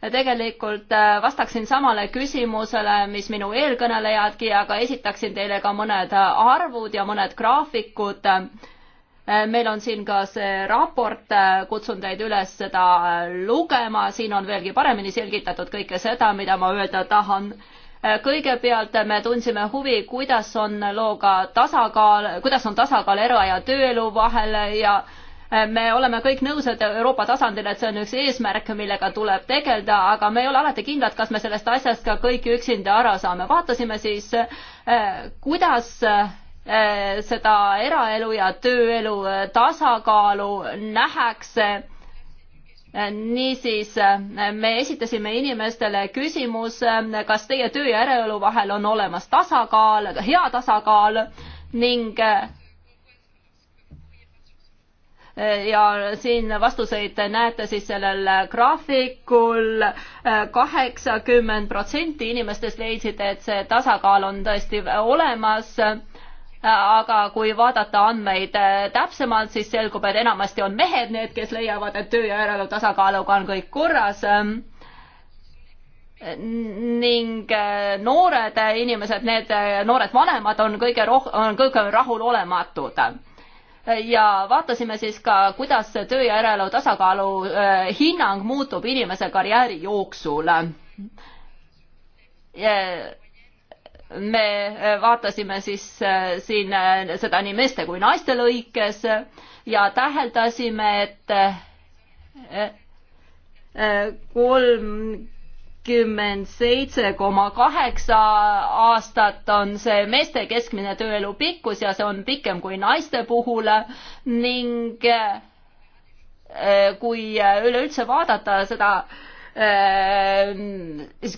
tegelikult äh, vastaksin samale küsimusele, mis minu eelkõnelejadki, aga esitaksin teile ka mõned äh, arvud ja mõned graafikud. Äh, meil on siin ka see raport, kutsun teid üles seda lugema, siin on veelgi paremini selgitatud kõike seda, mida ma öelda tahan kõigepealt me tundsime huvi, kuidas on looga tasakaal, kuidas on tasakaal era- ja tööelu vahel ja äh, me oleme kõik nõus, et Euroopa tasandil, et see on üks eesmärk, millega tuleb tegeleda, aga me ei ole alati kindlad, kas me sellest asjast ka kõik üksinda ära saame. vaatasime siis, eh, kuidas eh, seda eraelu ja tööelu eh, tasakaalu nähakse niisiis me esitasime inimestele küsimuse, kas teie töö ja eraelu vahel on olemas tasakaal, hea tasakaal ning ja siin vastuseid näete siis sellel graafikul. kaheksakümmend protsenti inimestest leidsid, et see tasakaal on tõesti olemas aga kui vaadata andmeid täpsemalt, siis selgub, et enamasti on mehed need, kes leiavad, et töö ja eraelu tasakaaluga on kõik korras. ning noored inimesed, need noored vanemad on kõige rohkem, on kõige rahulolematud ja vaatasime siis ka, kuidas töö ja eraelu tasakaalu äh, hinnang muutub inimese karjääri jooksul. me äh, vaatasime siis äh, siin seda nii meeste kui naiste lõikes ja täheldasime, et kolm kakskümmend seitse koma kaheksa aastat on see meeste keskmine tööelu pikkus ja see on pikem kui naiste puhul ning eh, kui üleüldse vaadata seda eh,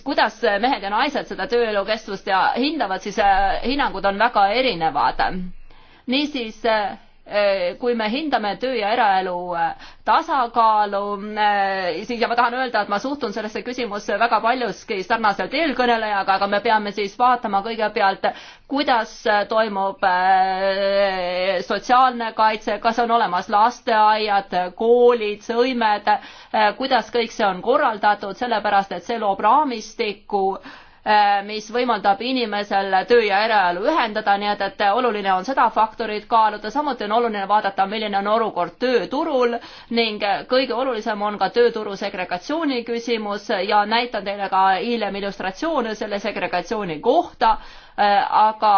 kuidas mehed ja naised seda tööelu kestvust ja hindavad, siis eh, hinnangud on väga erinevad. niisiis Äh, kui me hindame töö ja eraelu äh, tasakaalu, äh, siis ja ma tahan öelda, et ma suhtun sellesse küsimusse väga paljuski sarnaselt eelkõnelejaga, aga me peame siis vaatama kõigepealt, kuidas toimub sotsiaalne kaitse, kas on olemas lasteaiad, koolid, sõimed, kuidas kõik see on korraldatud, sellepärast et see loob raamistiku äh, Äh, mis võimaldab inimesel töö ja eraelu ühendada, nii et, et oluline on seda faktorit kaaluda, samuti on oluline vaadata, milline on olukord tööturul ning kõige olulisem on ka tööturu segregatsiooni küsimus ja näitan teile ka hiljem illustratsioone selle segregatsiooni kohta, äh, aga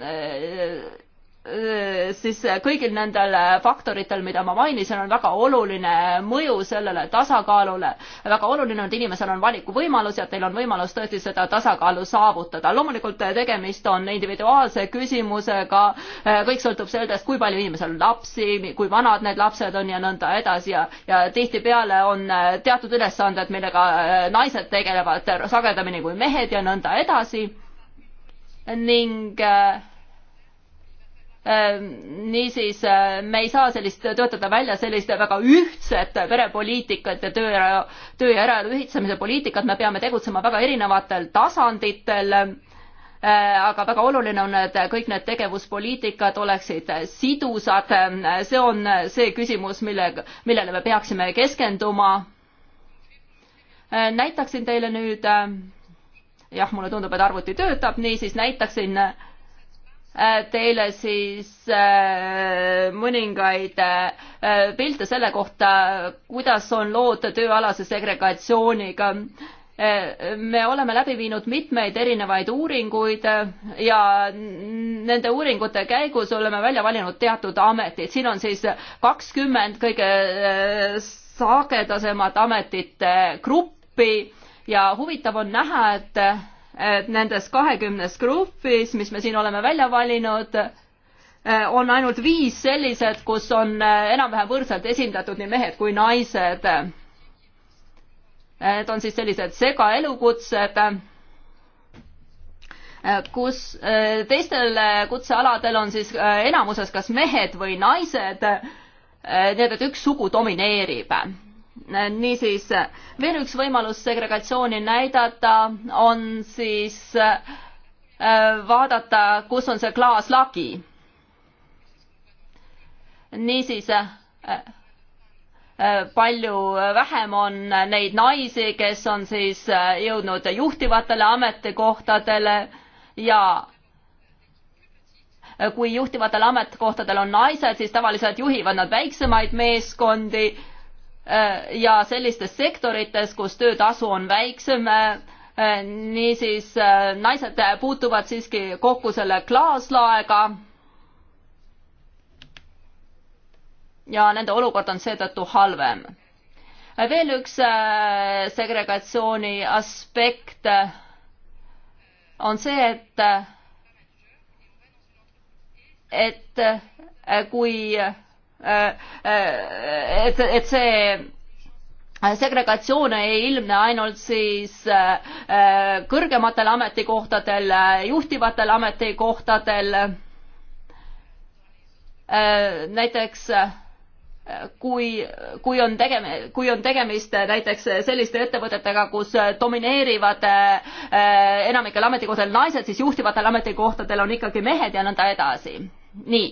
äh, Äh, siis kõigil nendel faktoritel, mida ma mainisin, on väga oluline mõju sellele tasakaalule. väga oluline on, et inimesel on valikuvõimalus ja et teil on võimalus tõesti seda tasakaalu saavutada. loomulikult tegemist on individuaalse küsimusega, äh, kõik sõltub sellest, kui palju inimesel on lapsi, kui vanad need lapsed on ja nõnda edasi ja, ja tihtipeale on äh, teatud ülesanded, millega naised tegelevad sagedamini kui mehed ja nõnda edasi ning äh, Ehm, niisiis eh, me ei saa sellist, töötada välja sellist väga ühtset perepoliitikat ja töö, töö ja eraelu ühitsemise poliitikat, me peame tegutsema väga erinevatel tasanditel. Ehm, aga väga oluline on, et kõik need tegevuspoliitikad oleksid sidusad, ehm, see on see küsimus, mille, millele me peaksime keskenduma. näitaksin teile nüüd, jah, mulle tundub, et arvuti töötab, niisiis näitaksin äh, Äh, teile siis äh, mõningaid äh, pilte selle kohta, kuidas on lood tööalase segregatsiooniga. me oleme läbi viinud mitmeid erinevaid uuringuid ja nende uuringute käigus oleme välja valinud teatud ametid, siin on siis kakskümmend kõige sagedasemat ametite gruppi ja huvitav on näha, et nendest kahekümnest grupis, mis me siin oleme välja valinud, eh, on ainult viis sellised, kus on eh, enam-vähem võrdselt esindatud nii mehed kui naised. Eh, need on siis sellised segaelukutsed, kus teistel kutsealadel on siis enamuses kas mehed või naised, nii et üks sugu domineerib niisiis veel üks võimalus segregatsiooni näidata on siis äh, vaadata, kus on see klaaslagi. niisiis äh, äh, palju vähem on neid naisi, kes on siis jõudnud juhtivatele ametikohtadele ja kui juhtivatel ametikohtadel on naised, siis tavaliselt juhivad nad väiksemaid meeskondi Äh, ja sellistes sektorites, kus töötasu on väiksem äh, niisiis äh, naised puutuvad siiski kokku selle klaaslaega. ja nende olukord on seetõttu halvem. veel üks segregatsiooni aspekt on see, et, et kui Äh, äh, et, et see äh, segregatsioon ei ilmne ainult siis kõrgematel ametikohtadel, juhtivatel ametikohtadel. näiteks kui, kui on tegem-, kui on tegemist näiteks selliste ettevõtetega, kus domineerivad enamikel ametikohtadel naised, siis juhtivatel ametikohtadel on ikkagi mehed ja nõnda edasi. nii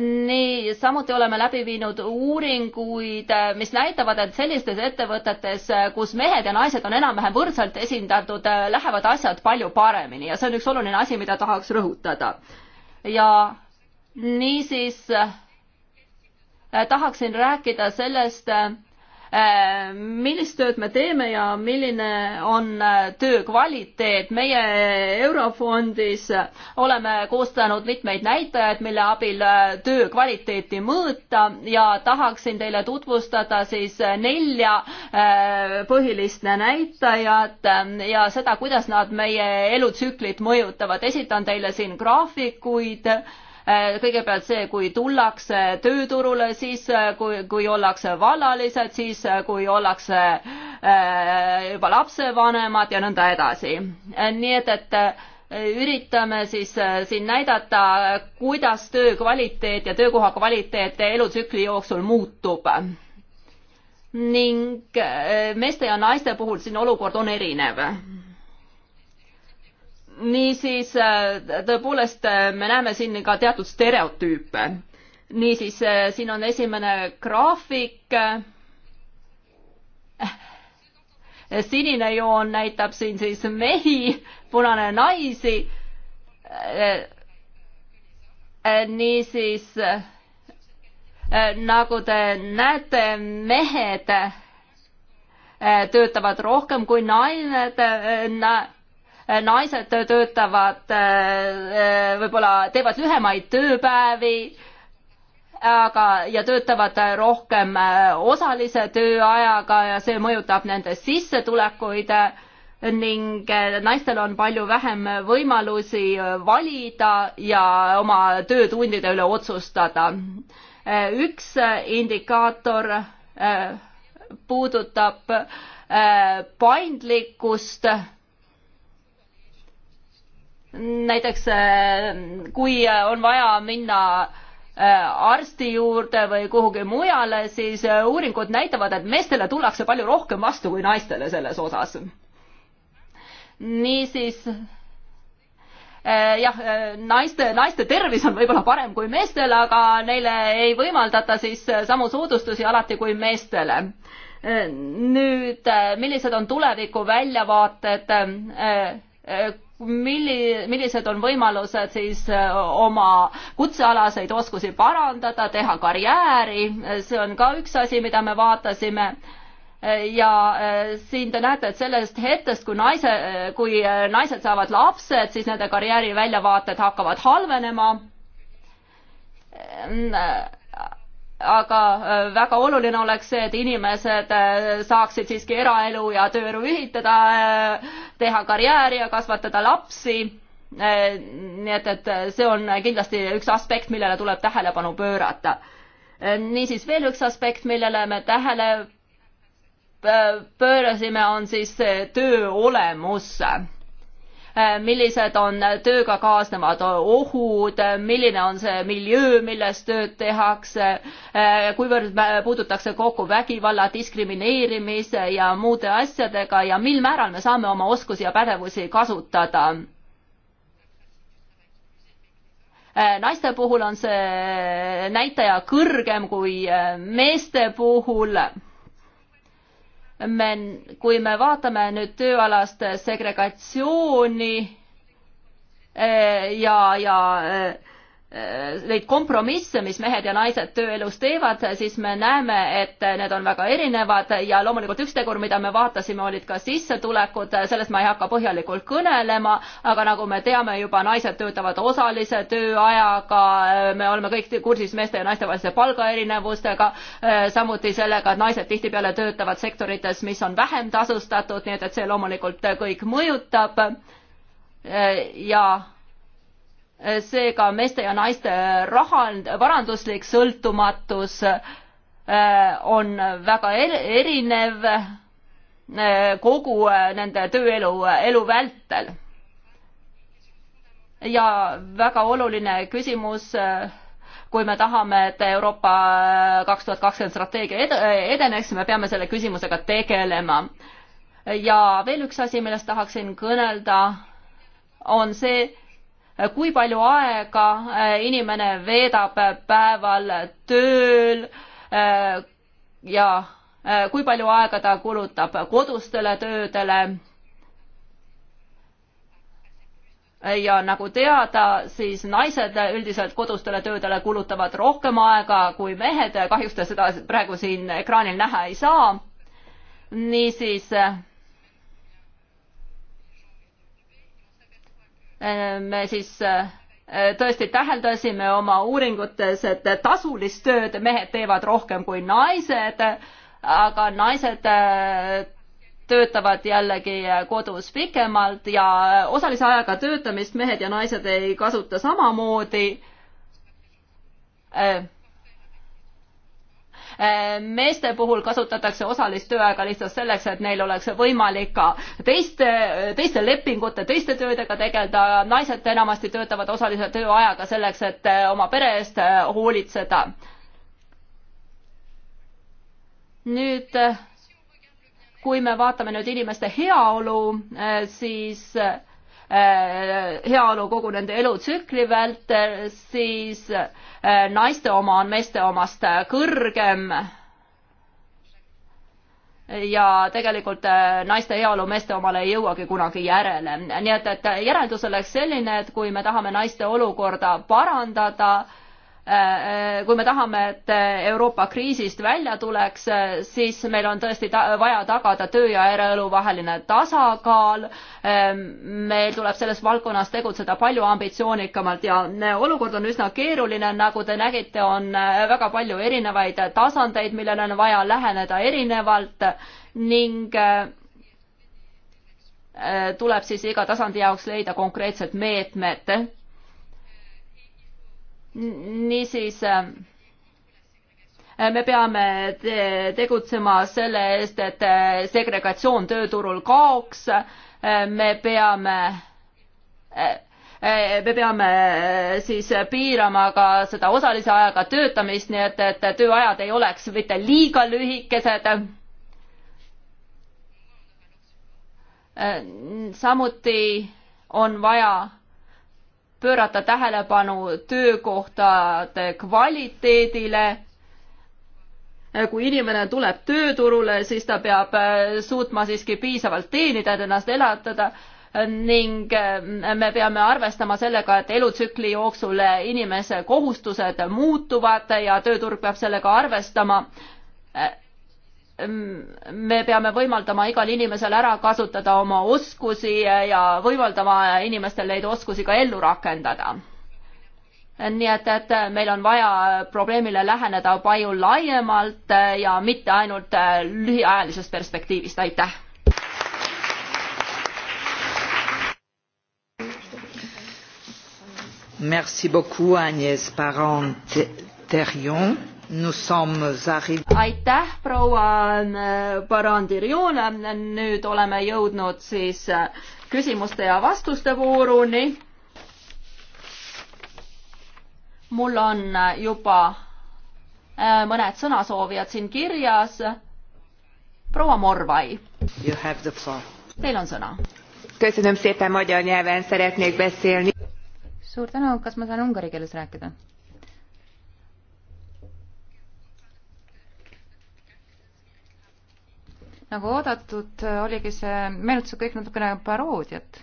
nii, samuti oleme läbi viinud uuringuid, eh, mis näitavad, et sellistes ettevõtetes, eh, kus mehed ja naised on enam-vähem võrdselt esindatud, eh, lähevad asjad palju paremini ja see on üks oluline asi, mida tahaks rõhutada. ja niisiis tahaksin rääkida sellest, Äh, millist tööd me teeme ja milline on äh, töö kvaliteet. meie Eurofondis oleme koostanud mitmeid näitajaid, mille abil äh, töö kvaliteeti mõõta ja tahaksin teile tutvustada siis nelja põhilist näitajat ja seda, kuidas nad meie elutsüklit mõjutavad. esitan teile siin graafikuid Äh, kõigepealt see, kui tullakse tööturule, siis äh, kui, kui ollakse vallalised, siis äh, kui ollakse juba lapsevanemad ja nõnda edasi. nii et, et üritame siis siin näidata, kuidas töö kvaliteet ja töökoha kvaliteet elutsükli jooksul muutub. ning meeste ja naiste puhul siin olukord on erinev niisiis äh, tõepoolest äh, me näeme siin ka teatud stereotüüpe. niisiis, äh, siin on esimene graafik. sinine joon näitab siin siis mehi, punane naisi. niisiis nagu te näete, mehed töötavad rohkem kui nained na, Äh, naised töötavad äh, äh, võib-olla, teevad lühemaid tööpäevi, aga, ja töötavad rohkem osalise tööajaga ja see mõjutab nende sissetulekuid ning naistel on palju vähem võimalusi valida ja oma töötundide üle otsustada. üks indikaator puudutab paindlikkust näiteks äh, kui äh, on vaja minna äh, arsti juurde või kuhugi mujale, siis uuringud näitavad, et meestele tullakse palju rohkem vastu kui naistele selles osas. niisiis jah, naiste, naiste tervis on võib-olla parem kui meestel, aga neile ei võimaldata siis samu soodustusi alati kui meestele. nüüd, millised on tuleviku väljavaated? milli-, millised on võimalused siis äh, oma kutsealaseid oskusi parandada, teha karjääri, see on ka üks asi, mida me vaatasime. Äh, ja äh, siin te näete, et sellest hetkest, kui naise, kui naised saavad lapsed, siis nende karjääri väljavaated hakkavad halvenema aga väga oluline oleks see, et inimesed saaksid siiski eraelu ja tööelu ühitada, teha karjääri ja kasvatada lapsi. Eh, nii et, et see on kindlasti üks aspekt, millele tuleb tähelepanu pöörata. Eh, niisiis veel üks aspekt, millele me tähele eh, pöörasime, on siis töö olemus Äh, millised on tööga kaasnevad ohud, milline on see miljöö, milles tööd tehakse, äh, kuivõrd puudutakse kokku vägivalla, diskrimineerimise ja muude asjadega ja mil määral me saame oma oskusi ja pädevusi kasutada äh, naiste puhul on see näitaja kõrgem kui meeste puhul me, kui me vaatame nüüd tööalast segregatsiooni eh, ja, ja eh, Äh, neid kompromisse, mis mehed ja naised tööelus teevad, siis me näeme, et need on väga erinevad ja loomulikult üks tegur, mida me vaatasime, olid ka sissetulekud, sellest ma ei hakka põhjalikult kõnelema, aga nagu me teame juba, naised töötavad osalise tööajaga, me oleme kõik kursis meeste ja naiste vahelise palgaerinevustega, äh, samuti sellega, et naised tihtipeale töötavad sektorites, mis on vähem tasustatud, nii et, et see loomulikult kõik mõjutab äh, ja seega meeste ja naiste raha, varanduslik sõltumatus äh, on väga erinev äh, kogu äh, nende tööelu, elu vältel. ja väga oluline küsimus, kui me tahame, et Euroopa kaks tuhat kakskümmend strateegia edeneks, me peame selle küsimusega tegelema. ja veel üks asi, millest tahaksin kõnelda, on see, Äh, kui palju aega äh, inimene veedab äh, päeval tööl ja kui palju aega ta kulutab kodustele töödele ja nagu teada, siis naised üldiselt kodustele töödele kulutavad rohkem aega kui mehed, kahjuks te seda praegu siin ekraanil näha ei saa. niisiis me siis äh, tõesti täheldasime oma uuringutes, et tasulist tööd mehed teevad rohkem kui naised, aga naised äh, töötavad jällegi kodus pikemalt ja osalise ajaga töötamist mehed ja naised ei kasuta samamoodi äh, Äh, meeste puhul kasutatakse osalist tööaega lihtsalt selleks, et neil oleks võimalik ka teiste, teiste lepingute, teiste töödega tegeleda. naised enamasti töötavad osalise tööajaga selleks, et äh, oma pere eest äh, hoolitseda. nüüd kui me vaatame nüüd inimeste heaolu, siis heaolu kogu nende elutsükli vältel, siis äh, Äh, naiste oma on meeste omast äh, kõrgem. ja tegelikult äh, naiste heaolu meeste omale ei jõuagi kunagi järele. nii et, et järeldus oleks selline, et kui me tahame naiste olukorda parandada, Äh, äh, kui me tahame, et Euroopa kriisist välja tuleks, äh, siis meil on tõesti ta vaja tagada töö ja eraelu vaheline tasakaal. Ähm, meil tuleb selles valdkonnas tegutseda palju ambitsioonikamalt ja olukord on üsna keeruline, nagu te nägite, on väga palju erinevaid tasandeid, millele on vaja läheneda erinevalt ning tuleb siis iga tasandi jaoks leida konkreetsed meetmed niisiis äh, me peame tegutsema selle eest, et äh, segregatsioon tööturul kaoks, äh, me peame me peame siis piirama ka seda osalise ajaga töötamist, nii et, et tööajad ei oleks mitte liiga lühikesed. samuti on vaja pöörata tähelepanu töökohtade kvaliteedile. kui inimene tuleb tööturule, siis ta peab äh, suutma siiski piisavalt teenida, et ennast elatada ning äh, me peame arvestama sellega, et elutsükli jooksul inimese kohustused muutuvad ja tööturg peab sellega arvestama äh, me peame võimaldama igal inimesel ära kasutada oma oskusi ja võimaldama inimestel neid oskusi ka ellu rakendada. nii et, et meil on vaja probleemile läheneda palju laiemalt ja mitte ainult lühiajalisest perspektiivist, aitäh. Merci beaucoup Agnès Parent-Terrion aitäh, proua äh, Barandi-Rione, nüüd oleme jõudnud siis äh, küsimuste ja vastuste vooruni. mul on äh, juba mõned sõnasoovijad siin kirjas. proua Morvai. Teil on sõna. suur tänu, kas ma saan ungari keeles rääkida? nagu oodatud, äh, oligi see, meenutas kõik natukene paroodiat.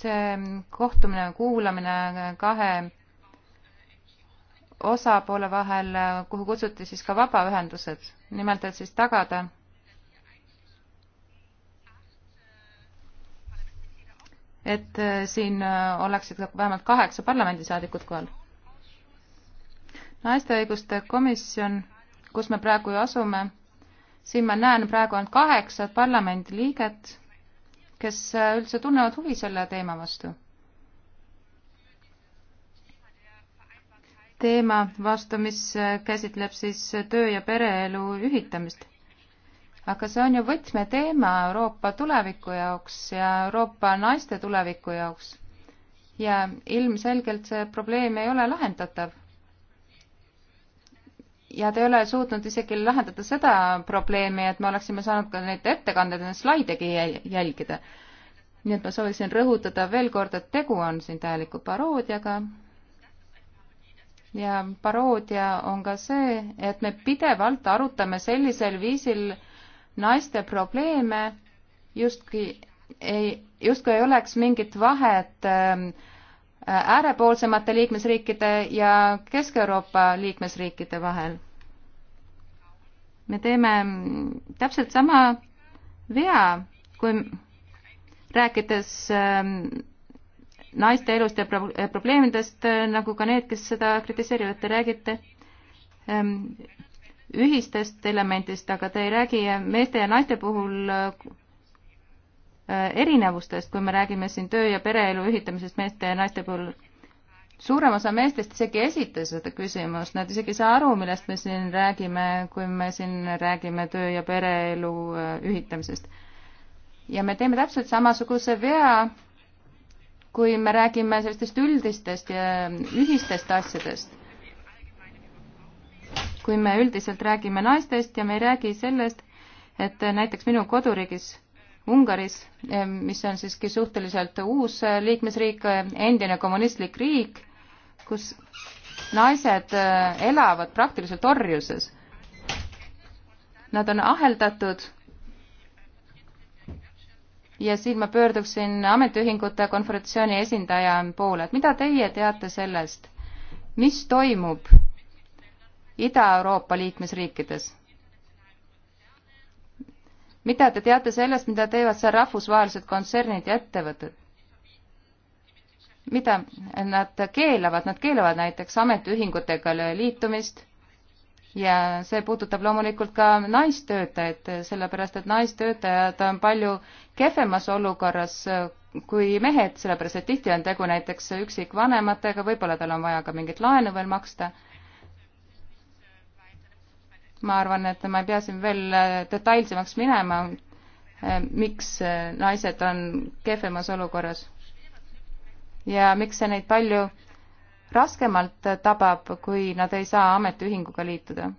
see kohtumine, kuulamine kahe osapoole vahel, äh, kuhu kutsuti siis ka vabaühendused, nimelt et siis tagada et äh, siin oleksid vähemalt kaheksa parlamendisaadikut kohal naiste õiguste komisjon, kus me praegu ju asume, siin ma näen praegu ainult kaheksa parlamendiliiget, kes äh, üldse tunnevad huvi selle teema vastu. teema vastu, mis äh, käsitleb siis töö ja pereelu ühitamist aga see on ju võtmeteema Euroopa tuleviku jaoks ja Euroopa naiste tuleviku jaoks. ja ilmselgelt see probleem ei ole lahendatav ja te ei ole suutnud isegi lahendada seda probleemi, et me oleksime saanud ka neid ettekandeid, neid slaidegi jälgida. nii et ma sooviksin rõhutada veel kord, et tegu on siin täieliku paroodiaga. ja paroodia on ka see, et me pidevalt arutame sellisel viisil naiste probleeme justkui ei, justkui ei oleks mingit vahet äh, äärepoolsemate liikmesriikide ja Kesk-Euroopa liikmesriikide vahel. me teeme täpselt sama vea, kui rääkides ähm, naiste elust ja probleemidest, äh, nagu ka need, kes seda kritiseerivad, te räägite ähm, ühistest elementist, aga te ei räägi meeste ja naiste puhul äh, Äh, erinevustest, kui me räägime siin töö ja pereelu ühitamisest meeste ja naiste puhul. suurem osa meestest isegi esitas seda küsimust, nad isegi ei saa aru, millest me siin räägime, kui me siin räägime töö ja pereelu äh, ühitamisest. ja me teeme täpselt samasuguse vea, kui me räägime sellistest üldistest ja ühistest asjadest kui me üldiselt räägime naistest ja me ei räägi sellest, et näiteks minu koduriigis Ungaris, mis on siiski suhteliselt uus äh, liikmesriik, äh, endine kommunistlik riik, kus naised äh, elavad praktiliselt orjuses. Nad on aheldatud ja siin ma pöörduksin ametiühingute konföderatsiooni esindaja poole, et mida teie teate sellest, mis toimub Ida-Euroopa liikmesriikides? mida te teate sellest, mida teevad seal rahvusvahelised kontsernid ja ettevõtted? mida nad keelavad, nad keelavad näiteks ametiühingutega liitumist ja see puudutab loomulikult ka naistöötajaid, sellepärast et naistöötajad on palju kehvemas olukorras kui mehed, sellepärast et tihti on tegu näiteks üksikvanematega, võib-olla tal on vaja ka mingit laenu veel maksta ma arvan, et ma ei pea siin veel äh, detailsemaks minema, äh, miks äh, naised on kehvemas olukorras ja miks see neid palju raskemalt tabab, kui nad ei saa ametiühinguga liituda.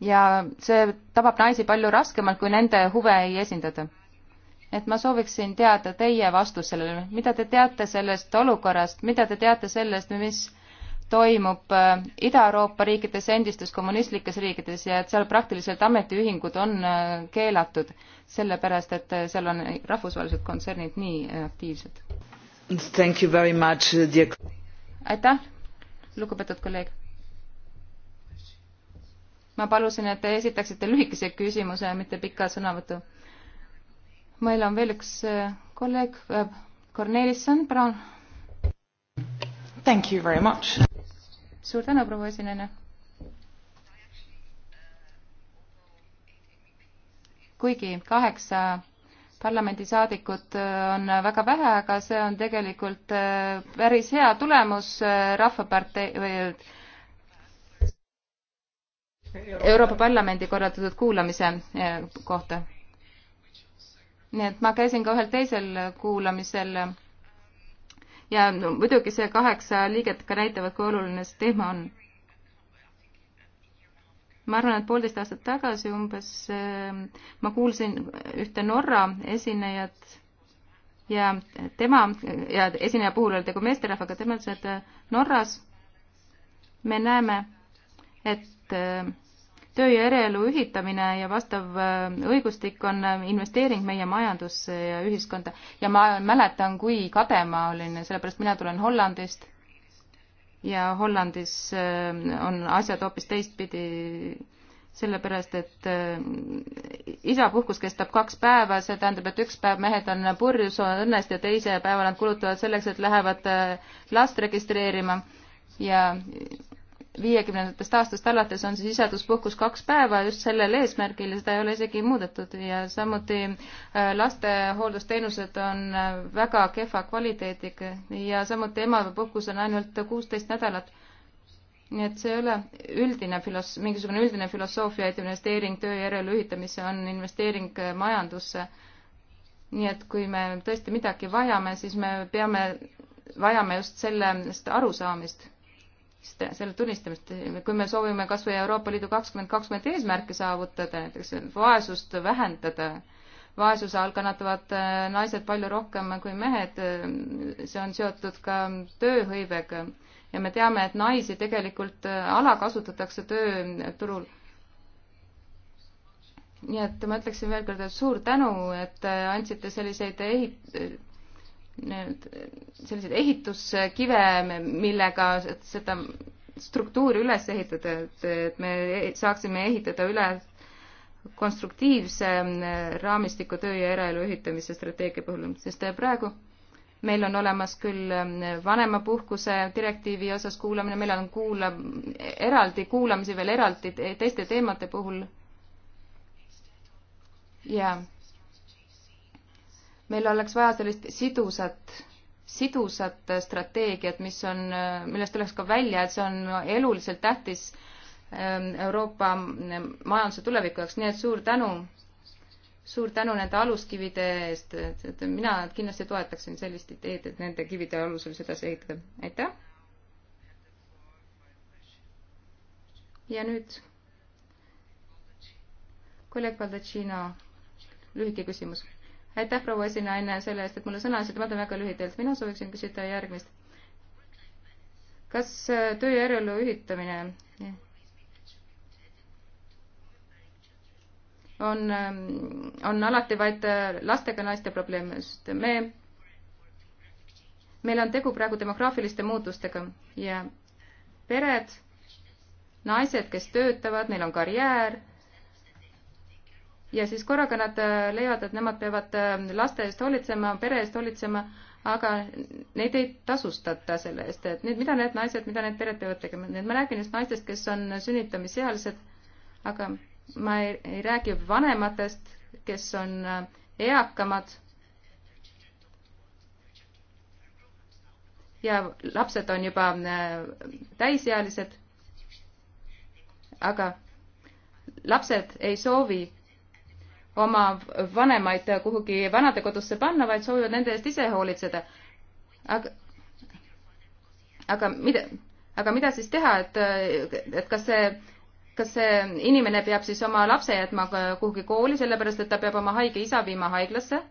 ja see tabab naisi palju raskemalt, kui nende huve ei esindata et ma sooviksin teada teie vastust sellele, mida te teate sellest olukorrast, mida te teate sellest, mis toimub äh, Ida-Euroopa riikides, endistes kommunistlikes riikides ja et seal praktiliselt ametiühingud on äh, keelatud, sellepärast et äh, seal on rahvusvahelised kontsernid nii aktiivsed. Uh, aitäh, lugupeetud kolleeg. ma palusin, et te esitaksite lühikese küsimuse, mitte pika sõnavõtu meil on veel üks äh, kolleeg, äh, Kornelisson, palun. Thank you very much. suur tänu, proua esineja. kuigi kaheksa parlamendisaadikut äh, on väga vähe, aga see on tegelikult päris hea tulemus Rahvapartei või Euroopa Parlamendi korraldatud kuulamise kohta nii et ma käisin ka ühel teisel kuulamisel ja no, muidugi see kaheksa liiget ka näitavad, kui oluline see teema on. ma arvan, et poolteist aastat tagasi umbes ma kuulsin ühte Norra esinejat ja tema ja esineja puhul oli tegu meesterahvaga, tema ütles, et Norras me näeme, et töö ja eraelu ühitamine ja vastav äh, õigustik on äh, investeering meie majandusse ja ühiskonda. ja ma mäletan, kui kade ma olin, sellepärast mina tulen Hollandist ja Hollandis äh, on asjad hoopis teistpidi sellepärast, et isapuhkus kestab kaks päeva, see tähendab, et üks päev mehed on purjus õnnest ja teise päeva nad kulutavad selleks, et lähevad last registreerima ja viiekümnendatest aastast alates on siis isaduspuhkus kaks päeva just sellel eesmärgil ja seda ei ole isegi muudetud ja samuti äh, lastehooldusteenused on äh, väga kehva kvaliteediga ja samuti emapuhkus on ainult kuusteist nädalat. nii et see ei ole üldine filos-, mingisugune üldine filosoofia, et investeering töö järel ühitamisse on investeering äh, majandusse. nii et kui me tõesti midagi vajame, siis me peame, vajame just sellest arusaamist seda, selle tunnistamist, kui me soovime kas või Euroopa Liidu kakskümmend kakskümmend eesmärke saavutada, näiteks vaesust vähendada, vaesuse all kannatavad äh, naised palju rohkem kui mehed, äh, see on seotud ka tööhõivega ja me teame, et naisi tegelikult äh, alakasutatakse tööturul. nii et ma ütleksin veel kord, et suur tänu, et andsite selliseid ehit-, selliseid ehituskive, millega seda struktuuri üles ehitada, et, et me saaksime ehitada üle konstruktiivse mm, raamistiku töö ja eraelu ühitamise strateegia puhul, sest äh, praegu meil on olemas küll mm, vanemapuhkuse direktiivi osas kuulamine, meil on kuula-, eraldi kuulamisi veel eraldi teiste teemade puhul. jaa meil oleks vaja sellist sidusat, sidusat strateegiat, mis on, millest tuleks ka välja, et see on eluliselt tähtis ähm, Euroopa ähm, majanduse tuleviku jaoks, nii et suur tänu, suur tänu nende aluskivide eest, et mina kindlasti toetaksin sellist ideed, et nende kivide alusel seda ehitada, aitäh. ja nüüd kolleeg Baldacino, lühike küsimus aitäh, proua esinaine, selle eest, et mulle sõna andsite, ma teen väga lühidalt. mina sooviksin küsida järgmist. kas äh, töö ja eraelu ühitamine on, ähm, on alati vaid äh, lastega naiste probleem, sest me, meil on tegu praegu demograafiliste muutustega ja pered, naised, kes töötavad, neil on karjäär ja siis korraga nad äh, leiavad, et nemad peavad äh, laste eest hoolitsema, pere eest hoolitsema, aga neid ei tasustata selle eest, et nüüd mida need naised, mida need pered peavad tegema, nüüd ma räägin just naistest, kes on sünnitamisealised, aga ma ei, ei räägi vanematest, kes on äh, eakamad ja lapsed on juba täisealised, aga lapsed ei soovi oma vanemaid kuhugi vanadekodusse panna, vaid soovivad nende eest ise hoolitseda. aga, aga mida, aga mida siis teha, et, et kas see, kas see inimene peab siis oma lapse jätma kuhugi kooli, sellepärast et ta peab oma haige isa viima haiglasse?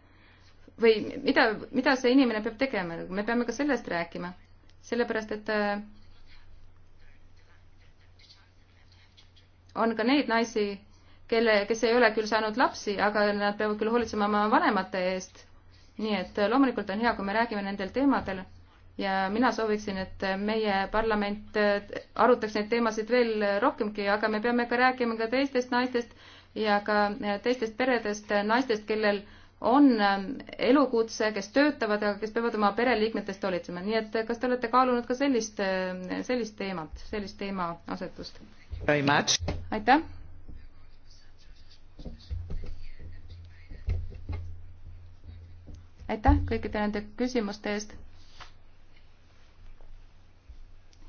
või mida, mida see inimene peab tegema, me peame ka sellest rääkima, sellepärast et on ka neid naisi, kelle, kes ei ole küll saanud lapsi, aga nad peavad küll hoolitsema oma vanemate eest. nii et äh, loomulikult on hea, kui me räägime nendel teemadel ja mina sooviksin, et äh, meie parlament äh, arutaks neid teemasid veel rohkemgi, aga me peame ka rääkima ka teistest naistest ja ka teistest peredest, naistest, kellel on ähm, elukutse, kes töötavad, aga kes peavad oma pereliikmetest hoolitsema, nii et kas te olete kaalunud ka sellist, sellist teemat, sellist teemaasetust? aitäh! aitäh kõikide nende küsimuste eest.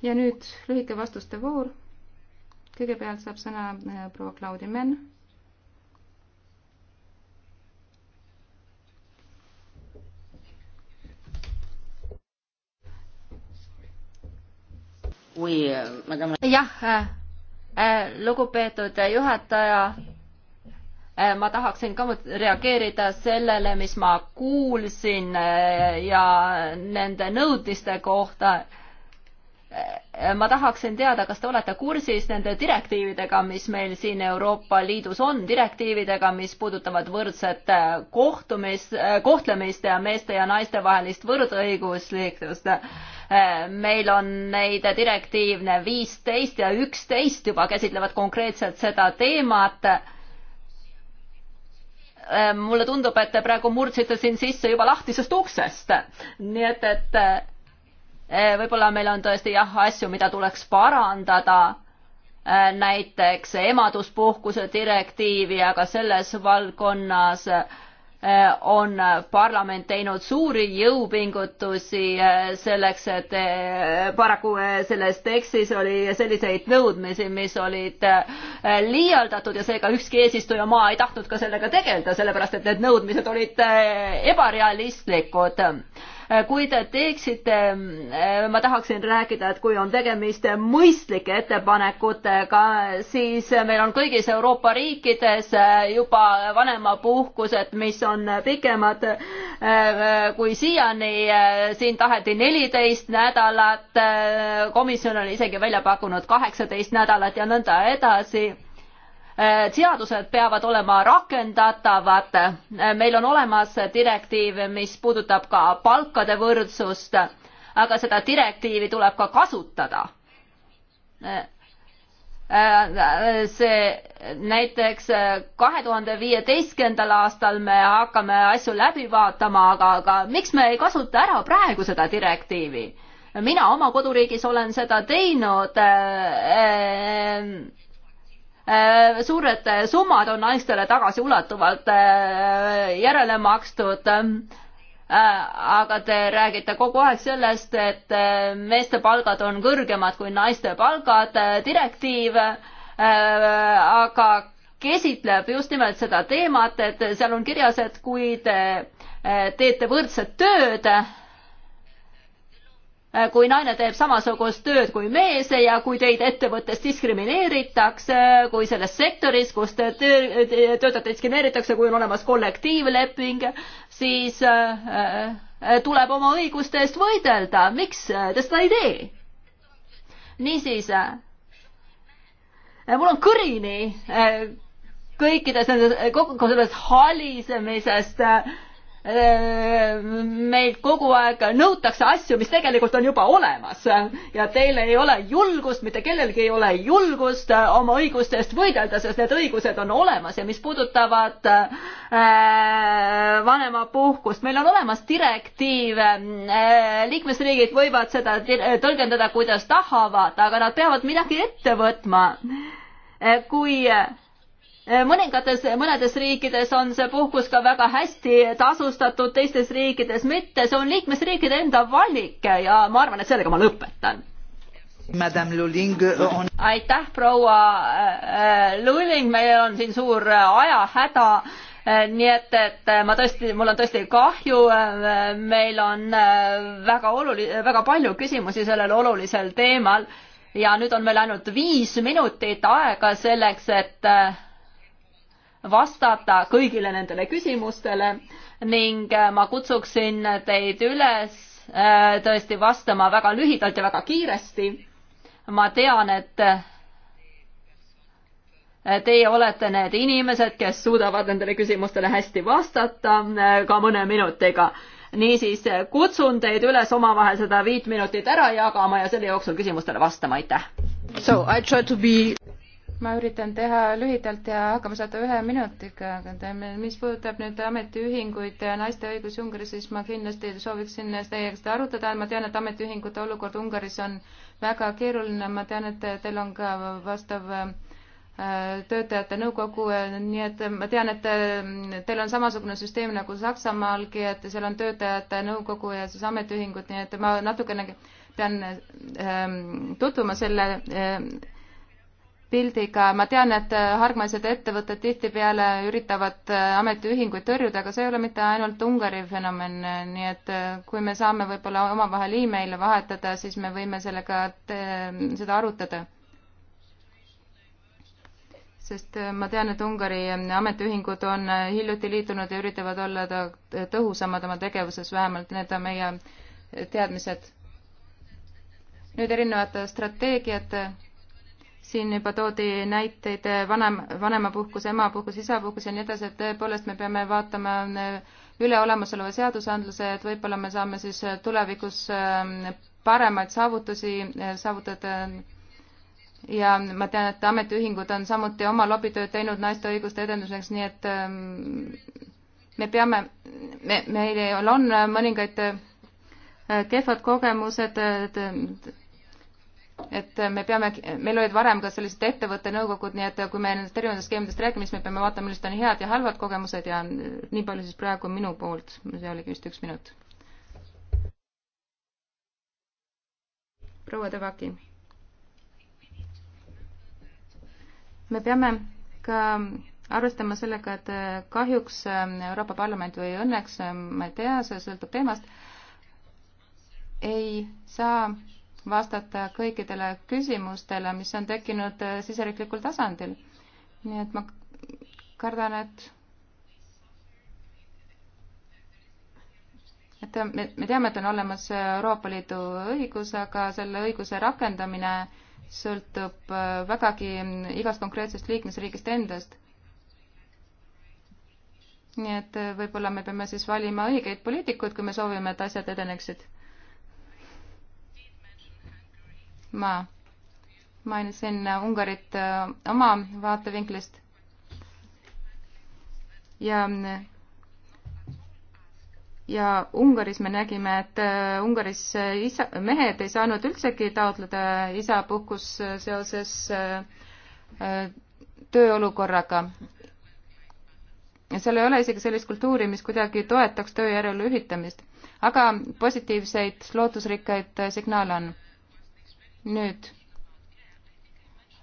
ja nüüd lühike vastuste voor. kõigepealt saab sõna äh, proua Claudia Menn. Euh, jah, äh, äh, lugupeetud juhataja Äh, ma tahaksin ka reageerida sellele, mis ma kuulsin äh, ja nende nõudmiste kohta. Äh, ma tahaksin teada, kas te olete kursis nende direktiividega, mis meil siin Euroopa Liidus on, direktiividega, mis puudutavad võrdset kohtumist, kohtlemist ja meeste ja naiste vahelist võrdõiguslikkust meil on neid direktiivne viisteist ja üksteist juba käsitlevad konkreetselt seda teemat Äh, mulle tundub, et te praegu murdsite siin sisse juba lahtisest uksest. nii et, et äh, võib-olla meil on tõesti jah, asju, mida tuleks parandada, äh, näiteks emaduspuhkuse direktiivi, aga selles valdkonnas äh, Äh, on parlament teinud suuri jõupingutusi äh, selleks, et äh, paraku selles tekstis oli selliseid nõudmisi, mis olid liialdatud ja seega ükski eesistujamaa ei tahtnud ka sellega tegeleda, sellepärast et need nõudmised olid ebarealistlikud kui te teeksite, ma tahaksin rääkida, et kui on tegemist mõistlike ettepanekutega, siis meil on kõigis Euroopa riikides juba vanemapuhkused, mis on pikemad eh, kui siiani. siin taheti neliteist nädalat, komisjon on isegi välja pakkunud kaheksateist nädalat ja nõnda edasi Äh, seadused peavad olema rakendatavad. Äh, meil on olemas direktiiv, mis puudutab ka palkade võrdsust, aga seda direktiivi tuleb ka kasutada. Äh, see näiteks kahe tuhande viieteistkümnendal aastal me hakkame asju läbi vaatama, aga, aga miks me ei kasuta ära praegu seda direktiivi? mina oma koduriigis olen seda teinud äh, Äh, suured summad on naistele tagasiulatuvalt äh, järele makstud. Äh, aga te räägite kogu aeg sellest, et meeste palgad on kõrgemad kui naiste palgad, direktiiv aga käsitleb just nimelt seda teemat, et seal on kirjas, et kui te teete võrdset tööd, Äh, kui naine teeb samasugust tööd kui mees ja kui teid ettevõttes diskrimineeritakse, kui selles sektoris, kus te töö, töötate, diskrimineeritakse, kui on olemas kollektiivleping, siis äh, äh, tuleb oma õiguste eest võidelda, miks te seda ei tee? niisiis, mul on kõrini kõikides nendes, kogu sellest halisemisest äh, meilt kogu aeg nõutakse asju, mis tegelikult on juba olemas ja teil ei ole julgust, mitte kellelgi ei ole julgust oma õiguste eest võidelda, sest need õigused on olemas ja mis puudutavad äh, vanemapuhkust, meil on olemas direktiiv, äh, liikmesriigid võivad seda tõlgendada, kuidas tahavad, aga nad peavad midagi ette võtma. Äh, kui Äh, mõningates, mõnedes riikides on see puhkus ka väga hästi tasustatud, teistes riikides mitte, see on liikmesriikide enda valik ja ma arvan, et sellega ma lõpetan. Luling äh, on... aitäh, proua äh, Luling, meil on siin suur ajahäda, nii et, et ma tõesti, mul on tõesti kahju, meil on väga oluline, väga palju küsimusi sellel olulisel teemal ja nüüd on meil ainult viis minutit aega selleks, et vastata kõigile nendele küsimustele ning äh, ma kutsuksin teid üles äh, tõesti vastama väga lühidalt ja väga kiiresti. ma tean, et äh, teie olete need inimesed, kes suudavad nendele küsimustele hästi vastata ka mõne minutiga. niisiis kutsun teid üles omavahel seda viit minutit ära jagama ja selle jooksul küsimustele vastama, aitäh. So I try to be ma üritan teha lühidalt ja hakkama saada ühe minutiga, aga mis puudutab nüüd ametiühinguid ja naiste õigusi Ungaris, siis ma kindlasti sooviksin teiega seda arutada. ma tean, et ametiühingute olukord Ungaris on väga keeruline, ma tean, et teil on ka vastav äh, töötajate nõukogu, äh, nii et ma tean, et äh, teil on samasugune süsteem nagu Saksamaalgi, et seal on töötajate nõukogu ja siis ametiühingud, nii et ma natukene pean tutvuma selle pildiga, ma tean, et äh, hargmaised ettevõtted tihtipeale üritavad äh, ametiühinguid tõrjuda, aga see ei ole mitte ainult Ungari fenomen, äh, nii et kui me saame võib-olla omavahel email'e vahetada, siis me võime sellega, seda arutada. sest ma tean, et Ungari ähm, ametiühingud on hiljuti liitunud ja üritavad olla tõhusamad oma tegevuses, vähemalt need on meie teadmised. nüüd erinevate strateegiate siin juba toodi näiteid vanem, vanemapuhkus, emapuhkus, isapuhkus ja nii edasi, et tõepoolest me peame vaatama äh, üle olemasoleva seadusandluse, et võib-olla me saame siis äh, tulevikus äh, paremaid saavutusi saavutada ja ma tean, et ametiühingud on samuti oma lobitööd teinud naiste õiguste edenduseks, nii et ähm, me peame, me, meil on mõningaid kehvad kogemused, et et me peame, meil olid varem ka sellised ettevõtte nõukogud, nii et kui me nendest erinevatest skeemidest räägime, siis me peame vaatama, millised on head ja halvad kogemused ja nii palju siis praegu minu poolt, see oligi vist üks minut. proua Devaki. me peame ka arvestama sellega, et kahjuks Euroopa Parlament või õnneks, ma ei tea, see sõltub teemast, ei saa vastata kõikidele küsimustele, mis on tekkinud äh, siseriiklikul tasandil. nii et ma kardan, et et me, me teame, et on olemas Euroopa Liidu õigus, aga selle õiguse rakendamine sõltub äh, vägagi mm, igast konkreetsest liikmesriigist endast. nii et äh, võib-olla me peame siis valima õigeid poliitikuid, kui me soovime, et asjad edeneksid ma mainisin äh, Ungarit äh, oma vaatevinklist ja äh, ja Ungaris me nägime, et Ungaris isa, mehed ei saanud üldsegi taotleda isapuhkus seoses tööolukorraga. ja seal ei ole isegi sellist kultuuri, mis kuidagi toetaks töö järele ühitamist. aga positiivseid, lootusrikkaid signaale on nüüd,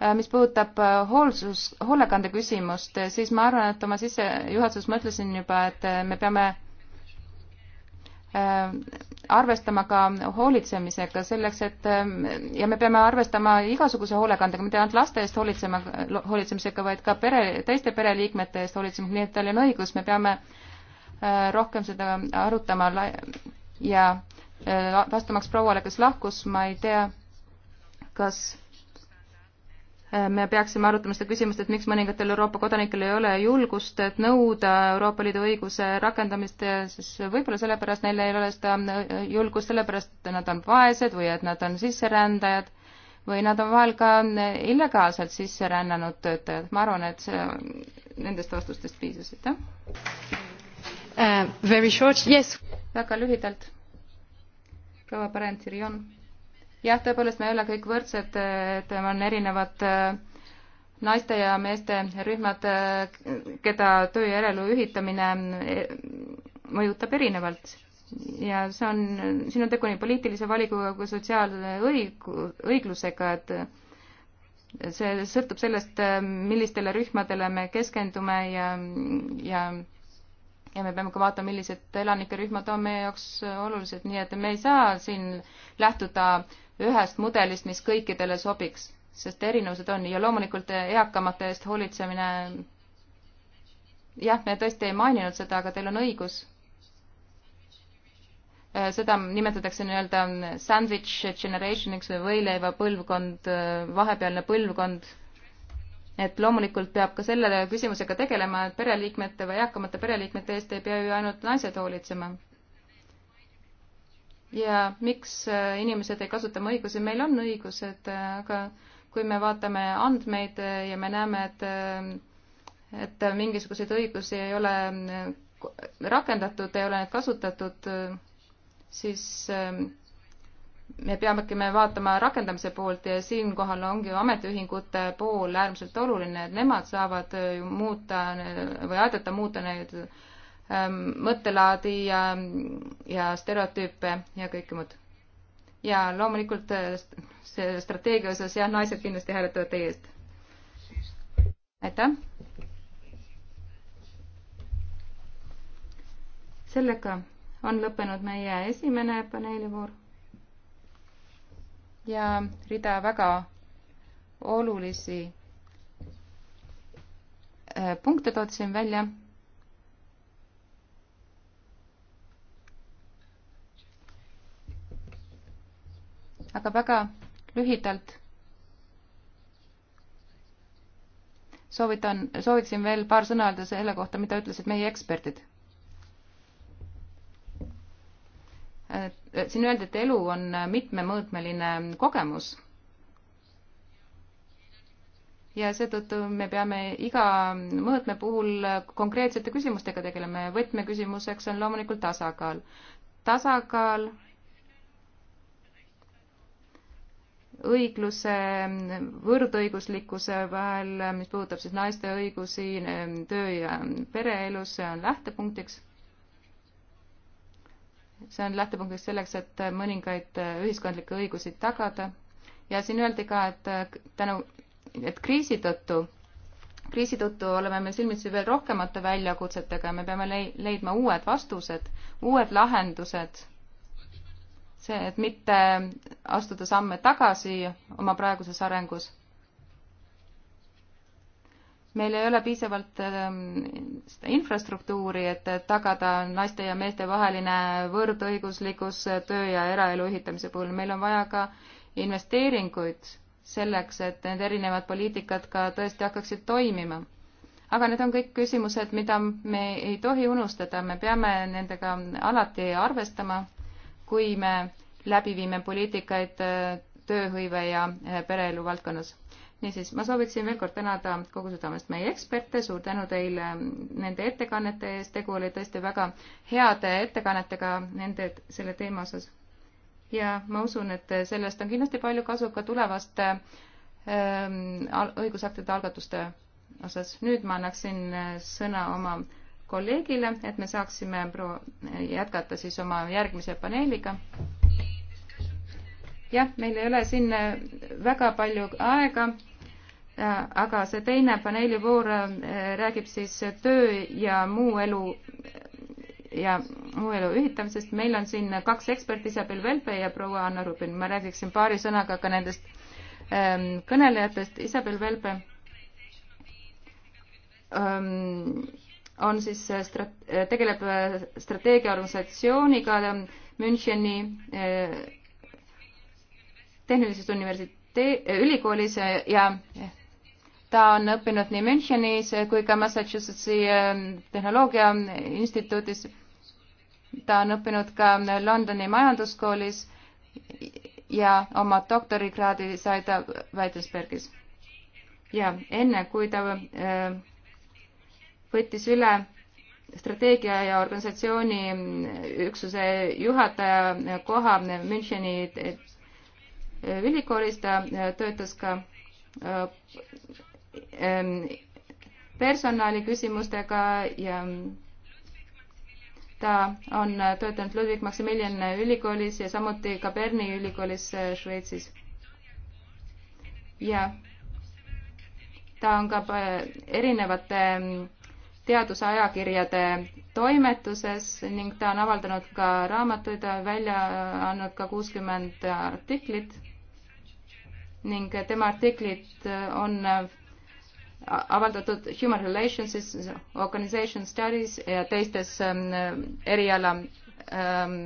äh, mis puudutab äh, hoolsus, hoolekande küsimust, äh, siis ma arvan, et oma sissejuhatuses ma ütlesin juba, et me peame arvestama ka hoolitsemisega selleks, et ja me peame arvestama igasuguse hoolekandega, mitte ainult laste eest hoolitsema, hoolitsemisega, vaid ka pere, teiste pereliikmete eest hoolitsemisega, nii et teil on õigus, me peame rohkem seda arutama ja vastamaks prouale, kes lahkus, ma ei tea, kas äh, me peaksime arutama seda küsimust, et miks mõningatel Euroopa kodanikel ei ole julgust, et nõuda Euroopa Liidu õiguse rakendamist, siis võib-olla sellepärast neil ei ole seda äh, julgust, sellepärast et nad on vaesed või et nad on sisserändajad või nad on vahel ka äh, illegaalselt sisse rännanud töötajad. ma arvan, et see, nendest vastustest piisas, aitäh uh,. Very short, yes. väga lühidalt. proua Parent-Sirion jah, tõepoolest, me ei ole kõik võrdsed, et on erinevad äh, naiste ja meeste rühmad, äh, keda töö ja eraelu ühitamine äh, mõjutab erinevalt. ja see on, siin on tegu nii poliitilise valikuga kui sotsiaalõigu-, õiglusega, et see sõltub sellest, millistele rühmadele me keskendume ja, ja ja me peame ka vaatama, millised elanike rühmad on meie jaoks olulised, nii et me ei saa siin lähtuda äh, ühest mudelist, mis kõikidele sobiks, sest erinevused on ja loomulikult eakamate eest hoolitsemine. jah, me tõesti ei maininud seda, aga teil on õigus. Äh, seda nimetatakse nii-öelda sandwich generation'iks või võileiva põlvkond, äh, vahepealne põlvkond. et loomulikult peab ka selle küsimusega tegelema, et pereliikmete või eakamate pereliikmete eest ei pea ju ainult naised hoolitsema ja miks äh, inimesed ei kasuta oma õigusi, meil on õigused, äh, aga kui me vaatame andmeid äh, ja me näeme, et, et mingisuguseid õigusi ei ole rakendatud, ei ole need kasutatud, siis me peamegi me vaatama rakendamise poolt ja siinkohal ongi ametiühingute pool äärmiselt oluline, et nemad saavad ju muuta või aidata muuta neid Ähm, mõttelaadi ja, ja stereotüüpe ja kõike muud. ja loomulikult äh, see strateegia osas jah, naised kindlasti hääletavad teie eest. aitäh. sellega on lõppenud meie esimene paneelivoor ja rida väga olulisi äh, punkte tootsin välja aga väga lühidalt soovitan, soovitasin veel paar sõna öelda selle kohta, mida ütlesid meie eksperdid. siin öeldi, et elu on mitmemõõtmeline kogemus. ja seetõttu me peame iga mõõtme puhul konkreetsete küsimustega tegelema ja võtmeküsimuseks on loomulikult tasakaal. tasakaal õigluse, võrdõiguslikkuse vahel, mis puudutab siis naiste õigusi töö ja pereelus, see on lähtepunktiks. see on lähtepunktiks selleks, et mõningaid ühiskondlikke õigusi tagada ja siin öeldi ka, et tänu, et kriisi tõttu, kriisi tõttu oleme me silmitsi veel rohkemate väljakutsetega, me peame leidma uued vastused, uued lahendused see, et mitte astuda samme tagasi oma praeguses arengus. meil ei ole piisavalt ähm, seda infrastruktuuri, et tagada naiste ja meeste vaheline võrdõiguslikkus töö ja eraelu ühitamise puhul. meil on vaja ka investeeringuid selleks, et need erinevad poliitikad ka tõesti hakkaksid toimima. aga need on kõik küsimused, mida me ei tohi unustada, me peame nendega alati arvestama kui me läbi viime poliitikaid äh, tööhõive ja äh, pereelu valdkonnas. niisiis, ma sooviksin veel kord tänada kogu südamest meie eksperte, suur tänu teile ähm, nende ettekannete eest, tegu oli tõesti väga heade ettekannetega nende, selle teema osas. ja ma usun, et sellest on kindlasti palju kasu ka tulevaste ähm, õigusaktide algatuste osas. nüüd ma annaksin äh, sõna oma kolleegile, et me saaksime pro-, jätkata siis oma järgmise paneeliga. jah, meil ei ole siin äh, väga palju aega, äh, aga see teine paneelivoor äh, räägib siis töö ja muu elu ja muu elu ühitamisest. meil on siin kaks eksperti, Isabel Velpe ja proua Anna Rubin. ma räägiksin paari sõnaga ka nendest ähm, kõnelejatest. Isabel Velpe ähm, on siis äh, strat-, äh, tegeleb äh, strateegiaorganisatsiooniga Müncheni tehnilises universitee-, ülikoolis ja ta on õppinud nii Münchenis kui ka Massachusettsi tehnoloogiainstituudis. ta on õppinud ka Londoni majanduskoolis ja oma doktorikraadi sai ta Väitlesbergis. ja enne, kui ta äh, võttis üle strateegia ja organisatsiooni üksuse juhataja koha Müncheni ülikoolis, ta töötas ka ähm, personaliküsimustega ja ta on töötanud Ludwig Maximilian ülikoolis ja samuti ka Berni ülikoolis Šveitsis. ja ta on ka äh, erinevate ähm, teadusajakirjade toimetuses ning ta on avaldanud ka raamatuid, välja andnud ka kuuskümmend artiklit ning tema artiklid on avaldatud Human Relationsis, Organization Studies ja teistes ähm, eriala ähm,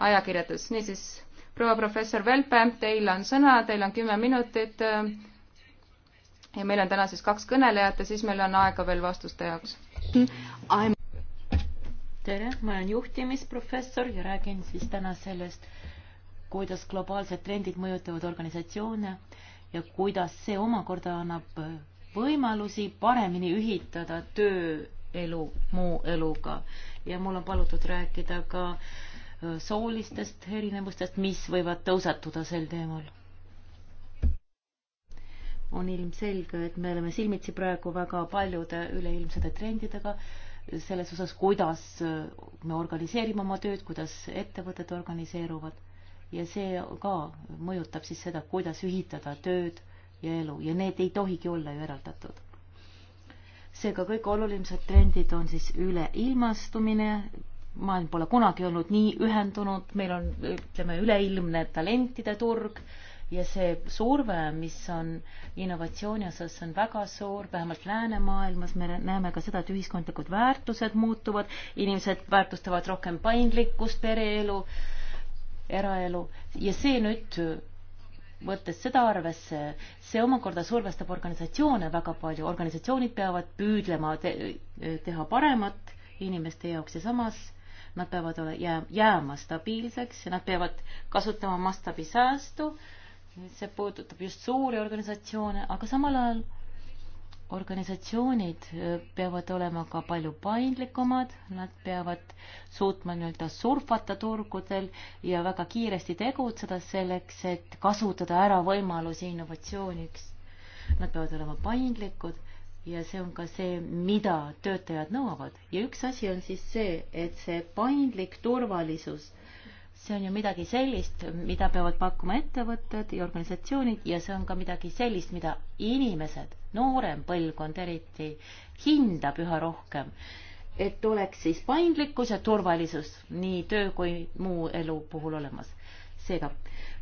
ajakirjades. niisiis, proua professor Velpe, teil on sõna, teil on kümme minutit ähm, ja meil on täna siis kaks kõnelejat ja siis meil on aega veel vastuste jaoks tere, ma olen juhtimisprofessor ja räägin siis täna sellest, kuidas globaalsed trendid mõjutavad organisatsioone ja kuidas see omakorda annab võimalusi paremini ühitada tööelu muu eluga. ja mul on palutud rääkida ka äh, soolistest erinevustest, mis võivad tõusetuda sel teemal on ilmselge, et me oleme silmitsi praegu väga paljude üleilmsete trendidega selles osas, kuidas me organiseerime oma tööd, kuidas ettevõtted organiseeruvad ja see ka mõjutab siis seda, kuidas ühitada tööd ja elu ja need ei tohigi olla ju eraldatud. seega kõik olulisemad trendid on siis üleilmastumine, maailm pole kunagi olnud nii ühendunud, meil on, ütleme, üleilmne talentide turg ja see surve, mis on innovatsiooni osas, on väga suur, vähemalt läänemaailmas me näeme ka seda, et ühiskondlikud väärtused muutuvad, inimesed väärtustavad rohkem paindlikkust, pereelu, eraelu ja see nüüd võttes seda arvesse, see omakorda survestab organisatsioone väga palju, organisatsioonid peavad püüdlema te teha paremat inimeste jaoks ja samas nad peavad ole, jää, jääma stabiilseks ja nad peavad kasutama mastaabisäästu see puudutab just suuri organisatsioone, aga samal ajal organisatsioonid äh, peavad olema ka palju paindlikumad, nad peavad suutma nii-öelda surfata turgudel ja väga kiiresti tegutseda selleks, et kasutada ära võimalusi innovatsiooniks. Nad peavad olema paindlikud ja see on ka see, mida töötajad nõuavad ja üks asi on siis see, et see paindlik turvalisus see on ju midagi sellist, mida peavad pakkuma ettevõtted ja organisatsioonid ja see on ka midagi sellist, mida inimesed, noorem põlvkond eriti, hindab üha rohkem. et oleks siis paindlikkus ja turvalisus nii töö kui muu elu puhul olemas. seega,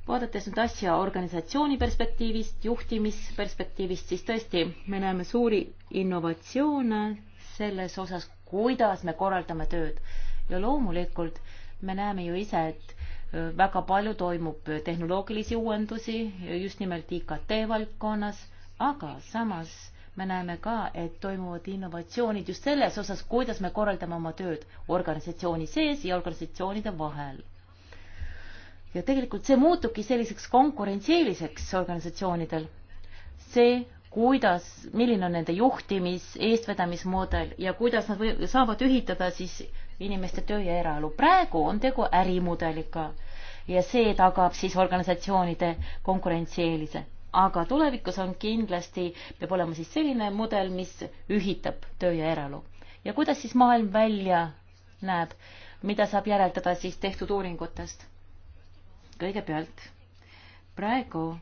vaadates nüüd asja organisatsiooni perspektiivist, juhtimisperspektiivist, siis tõesti, me näeme suuri innovatsioone selles osas, kuidas me korraldame tööd ja loomulikult me näeme ju ise, et väga palju toimub tehnoloogilisi uuendusi just nimelt IKT valdkonnas, aga samas me näeme ka, et toimuvad innovatsioonid just selles osas, kuidas me korraldame oma tööd organisatsiooni sees ja organisatsioonide vahel. ja tegelikult see muutubki selliseks konkurentsieeliseks organisatsioonidel. see, kuidas, milline on nende juhtimis, eestvedamismudel ja kuidas nad või, saavad ühitada siis inimeste töö ja eraelu. praegu on tegu ärimudeliga ja see tagab siis organisatsioonide konkurentsieelise. aga tulevikus on kindlasti, peab olema siis selline mudel, mis ühitab töö ja eraelu. ja kuidas siis maailm välja näeb, mida saab järeldada siis tehtud uuringutest? kõigepealt praegu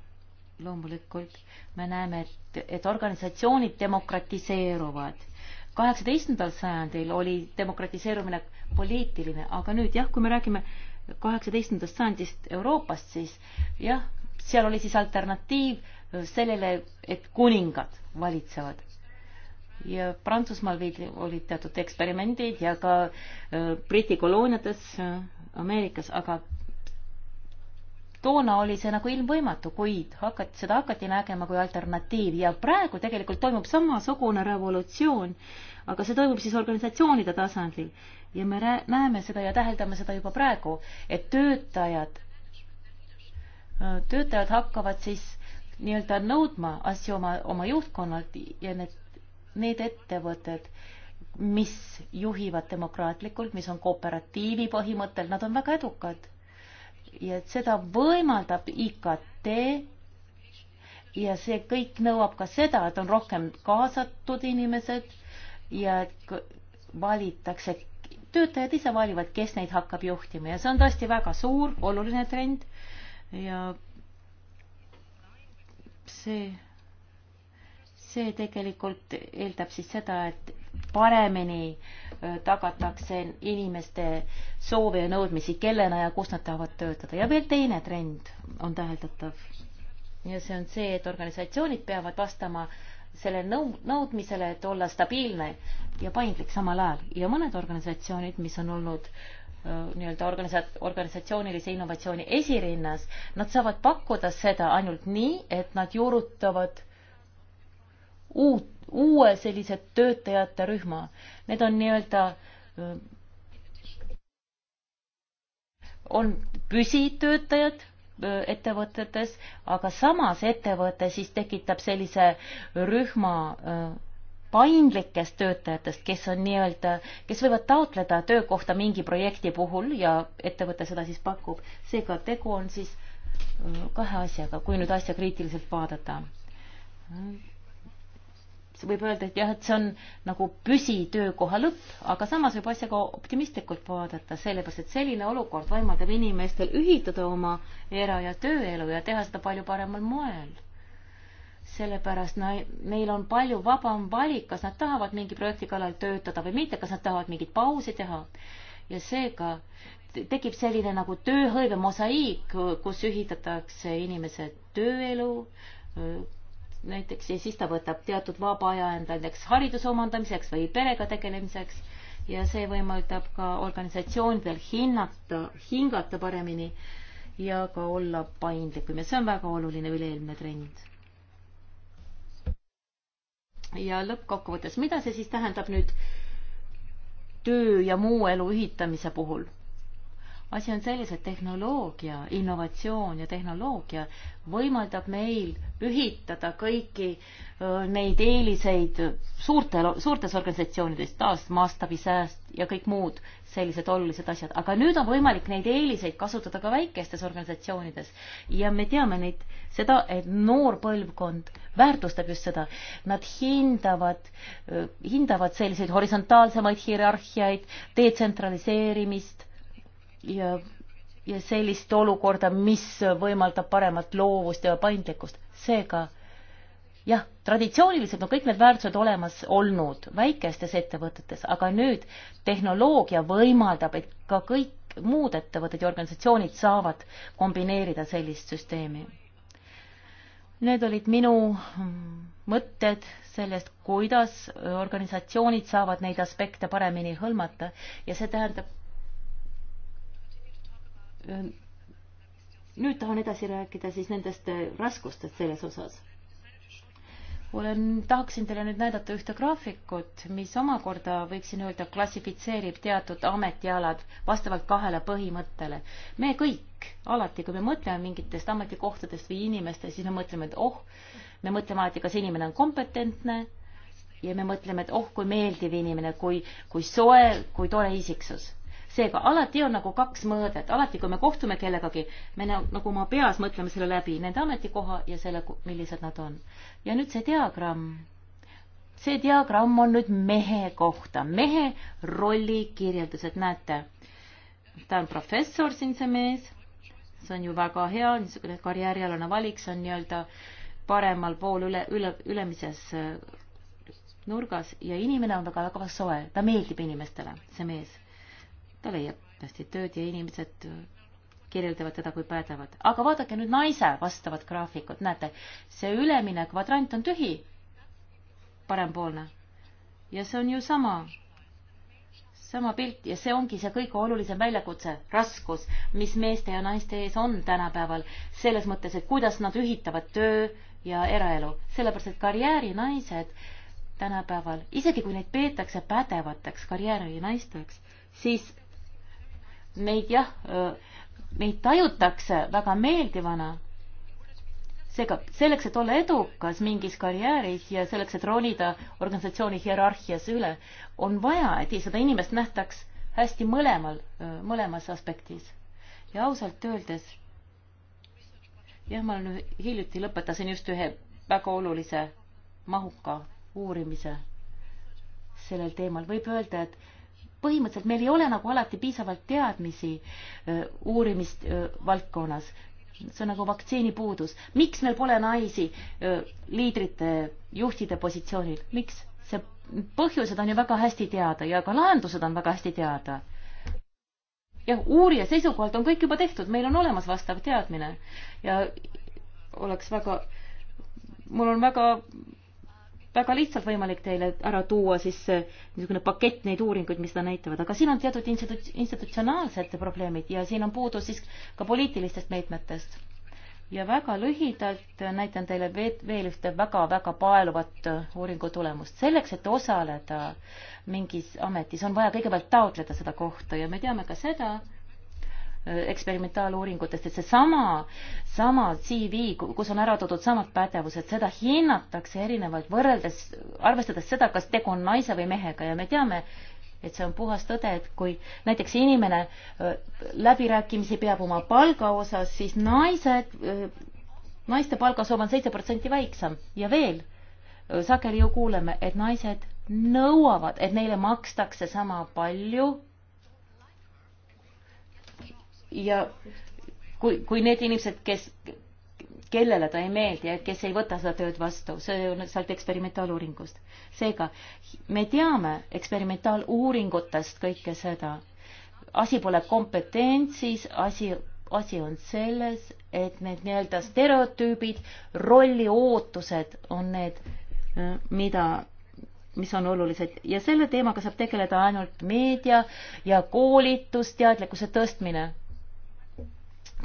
loomulikult me näeme, et, et organisatsioonid demokratiseeruvad kaheksateistkümnendal sajandil oli demokratiseerumine poliitiline, aga nüüd jah, kui me räägime kaheksateistkümnendast sajandist Euroopast, siis jah, seal oli siis alternatiiv äh, sellele, et kuningad valitsevad. ja Prantsusmaal viidi, olid teatud eksperimendid ja ka äh, Briti kolooniates äh, Ameerikas, aga toona oli see nagu ilmvõimatu, kuid hakati, seda hakati nägema kui alternatiivi ja praegu tegelikult toimub samasugune revolutsioon, aga see toimub siis organisatsioonide tasandil. ja me näeme seda ja täheldame seda juba praegu, et töötajad, töötajad hakkavad siis nii-öelda nõudma asju oma, oma juhtkonnalt ja need, need ettevõtted, mis juhivad demokraatlikult, mis on kooperatiivi põhimõttel, nad on väga edukad ja et seda võimaldab IKT ja see kõik nõuab ka seda, et on rohkem kaasatud inimesed ja et valitakse, töötajad ise valivad, kes neid hakkab juhtima ja see on tõesti väga suur, oluline trend ja see, see tegelikult eeldab siis seda, et paremini tagatakse inimeste soove ja nõudmisi, kellena ja kus nad tahavad töötada. ja veel teine trend on täheldatav. ja see on see, et organisatsioonid peavad vastama selle nõu-, nõudmisele, et olla stabiilne ja paindlik samal ajal. ja mõned organisatsioonid, mis on olnud nii-öelda organisa-, organisatsioonilise innovatsiooni esirinnas, nad saavad pakkuda seda ainult nii, et nad juurutavad äh, uut, uue sellise töötajate rühma. Need on nii-öelda, on püsitöötajad ettevõtetes, aga samas ettevõte siis tekitab sellise rühma paindlikest töötajatest, kes on nii-öelda, kes võivad taotleda töökohta mingi projekti puhul ja ettevõte seda siis pakub. seega tegu on siis kahe asjaga, kui nüüd asja kriitiliselt vaadata võib öelda, et jah, et see on nagu püsitöökoha lõpp, aga samas võib asja ka optimistlikult vaadata, sellepärast et selline olukord võimaldab inimestel ühitada oma era- ja tööelu ja teha seda palju paremal moel. sellepärast neil on palju vabam valik, kas nad tahavad mingi projekti kallal töötada või mitte, kas nad tahavad mingeid pausi teha ja seega tekib selline nagu tööhõive mosaiik, kus ühitatakse inimese tööelu, näiteks ja siis ta võtab teatud vaba aja enda näiteks hariduse omandamiseks või perega tegelemiseks ja see võimaldab ka organisatsioonidel hinnata, hingata paremini ja ka olla paindlikum ja see on väga oluline üleilmne trend. ja lõppkokkuvõttes, mida see siis tähendab nüüd töö ja muu elu ühitamise puhul? asi on selles, et tehnoloogia, innovatsioon ja tehnoloogia võimaldab meil ühitada kõiki neid eeliseid suurte, suurtes organisatsioonides, taas mastaabisääst ja kõik muud sellised olulised asjad, aga nüüd on võimalik neid eeliseid kasutada ka väikestes organisatsioonides ja me teame neid, seda, et noor põlvkond väärtustab just seda, nad hindavad, hindavad selliseid horisontaalsemaid hierarhiaid, detsentraliseerimist ja, ja sellist olukorda, mis võimaldab paremat loovust ja paindlikkust. seega jah, traditsiooniliselt on kõik need väärtused olemas olnud väikestes ettevõtetes, aga nüüd tehnoloogia võimaldab, et ka kõik muud ettevõtted ja organisatsioonid saavad kombineerida sellist süsteemi. Need olid minu mm, mõtted sellest, kuidas organisatsioonid saavad neid aspekte paremini hõlmata ja see tähendab nüüd tahan edasi rääkida siis nendest raskustest selles osas. olen, tahaksin teile nüüd näidata ühte graafikut, mis omakorda võiksin öelda, klassifitseerib teatud ametialad vastavalt kahele põhimõttele. me kõik, alati kui me mõtleme mingitest ametikohtadest või inimestest, siis me mõtleme, et oh, me mõtleme alati, kas inimene on kompetentne ja me mõtleme, et oh, kui meeldiv inimene, kui, kui soe, kui tore isiksus seega alati on nagu kaks mõõdet, alati kui me kohtume kellegagi, me nagu oma peas mõtleme selle läbi, nende ametikoha ja selle, millised nad on. ja nüüd see diagramm. see diagramm on nüüd mehe kohta, mehe rolli kirjeldused, näete. ta on professor siin, see mees. see on ju väga hea, niisugune karjäärialane valik, see on nii-öelda paremal pool üle, üle, ülemises äh, nurgas ja inimene on väga-väga soe, ta meeldib inimestele, see mees ta leiab hästi tööd ja inimesed äh, kirjeldavad teda kui pädevat. aga vaadake nüüd naise vastavat graafikut, näete, see ülemine kvadrant on tühi, parempoolne. ja see on ju sama, sama pilt ja see ongi see kõige olulisem väljakutse, raskus, mis meeste ja naiste ees on tänapäeval, selles mõttes, et kuidas nad ühitavad töö ja eraelu, sellepärast et karjäärinaised tänapäeval, isegi kui neid peetakse pädevateks karjäärinaisteks, siis meid jah, meid tajutakse väga meeldivana. seega selleks, et olla edukas mingis karjääris ja selleks, et ronida organisatsiooni hierarhias üle, on vaja, et seda inimest nähtaks hästi mõlemal, mõlemas aspektis. ja ausalt öeldes, jah, ma nüüd hiljuti lõpetasin just ühe väga olulise mahuka uurimise sellel teemal. võib öelda, et põhimõtteliselt meil ei ole nagu alati piisavalt teadmisi uurimisvaldkonnas. see on nagu vaktsiinipuudus. miks meil pole naisi liidrite, juhtide positsioonil, miks? see, põhjused on ju väga hästi teada ja ka lahendused on väga hästi teada. jah, uurija seisukohalt on kõik juba tehtud, meil on olemas vastav teadmine ja oleks väga, mul on väga väga lihtsalt võimalik teile ära tuua siis äh, niisugune pakett neid uuringuid, mis seda näitavad, aga siin on teatud institu-, institutsionaalsed probleemid ja siin on puudus siis ka poliitilistest meetmetest. ja väga lühidalt näitan teile veel ühte väga-väga paeluvat äh, uuringu tulemust. selleks, et osaleda mingis ametis, on vaja kõigepealt taotleda seda kohta ja me teame ka seda, eksperimentaaluuringutest, et seesama, sama CV, kus on ära toodud samad pädevused, seda hinnatakse erinevalt, võrreldes, arvestades seda, kas tegu on naise või mehega ja me teame, et see on puhas tõde, et kui näiteks inimene läbirääkimisi peab oma palga osas, siis naised, naiste palgasoov on seitse protsenti väiksem ja veel sageli ju kuuleme, et naised nõuavad, et neile makstakse sama palju ja kui, kui need inimesed, kes, kellele ta ei meeldi ja kes ei võta seda tööd vastu, see on sealt eksperimentaaluuringust. seega me teame eksperimentaaluuringutest kõike seda. asi pole kompetentsis, asi, asi on selles, et need nii-öelda stereotüübid, rolli ootused on need, mida mis on olulised ja selle teemaga saab tegeleda ainult meedia ja koolitus, teadlikkuse tõstmine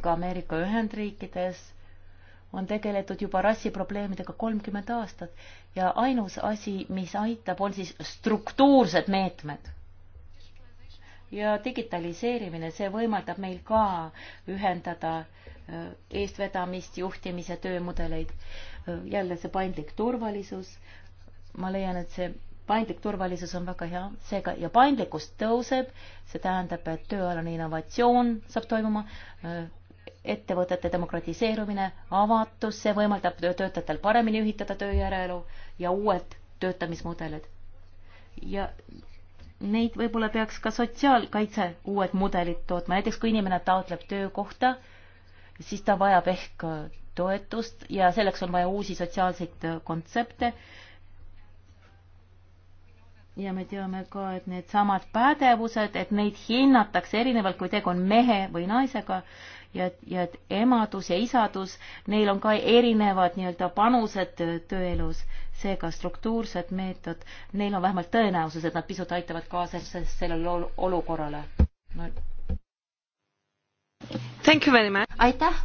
ka Ameerika Ühendriikides on tegeletud juba rassiprobleemidega kolmkümmend aastat ja ainus asi, mis aitab, on siis struktuursed meetmed. ja digitaliseerimine, see võimaldab meil ka ühendada äh, eestvedamist, juhtimise töömudeleid. Äh, jälle see paindlik turvalisus. ma leian, et see paindlik turvalisus on väga hea, seega ja paindlikkus tõuseb, see tähendab, et tööalane innovatsioon saab toimuma, äh, ettevõtete demokratiseerumine, avatus, see võimaldab töötajatel paremini ühitada töö ja eraelu ja uued töötamismudelid. ja neid võib-olla peaks ka sotsiaalkaitse uued mudelid tootma, näiteks kui inimene taotleb töökohta, siis ta vajab ehk toetust ja selleks on vaja uusi sotsiaalseid kontsepte. ja me teame ka, et needsamad pädevused, et neid hinnatakse erinevalt, kui tegu on mehe või naisega ja et, ja et emadus ja isadus, neil on ka erinevad nii-öelda panused tööelus. seega struktuursed meetod, neil on vähemalt tõenäosus, et nad pisut aitavad kaasa sellele olukorrale no.. aitäh!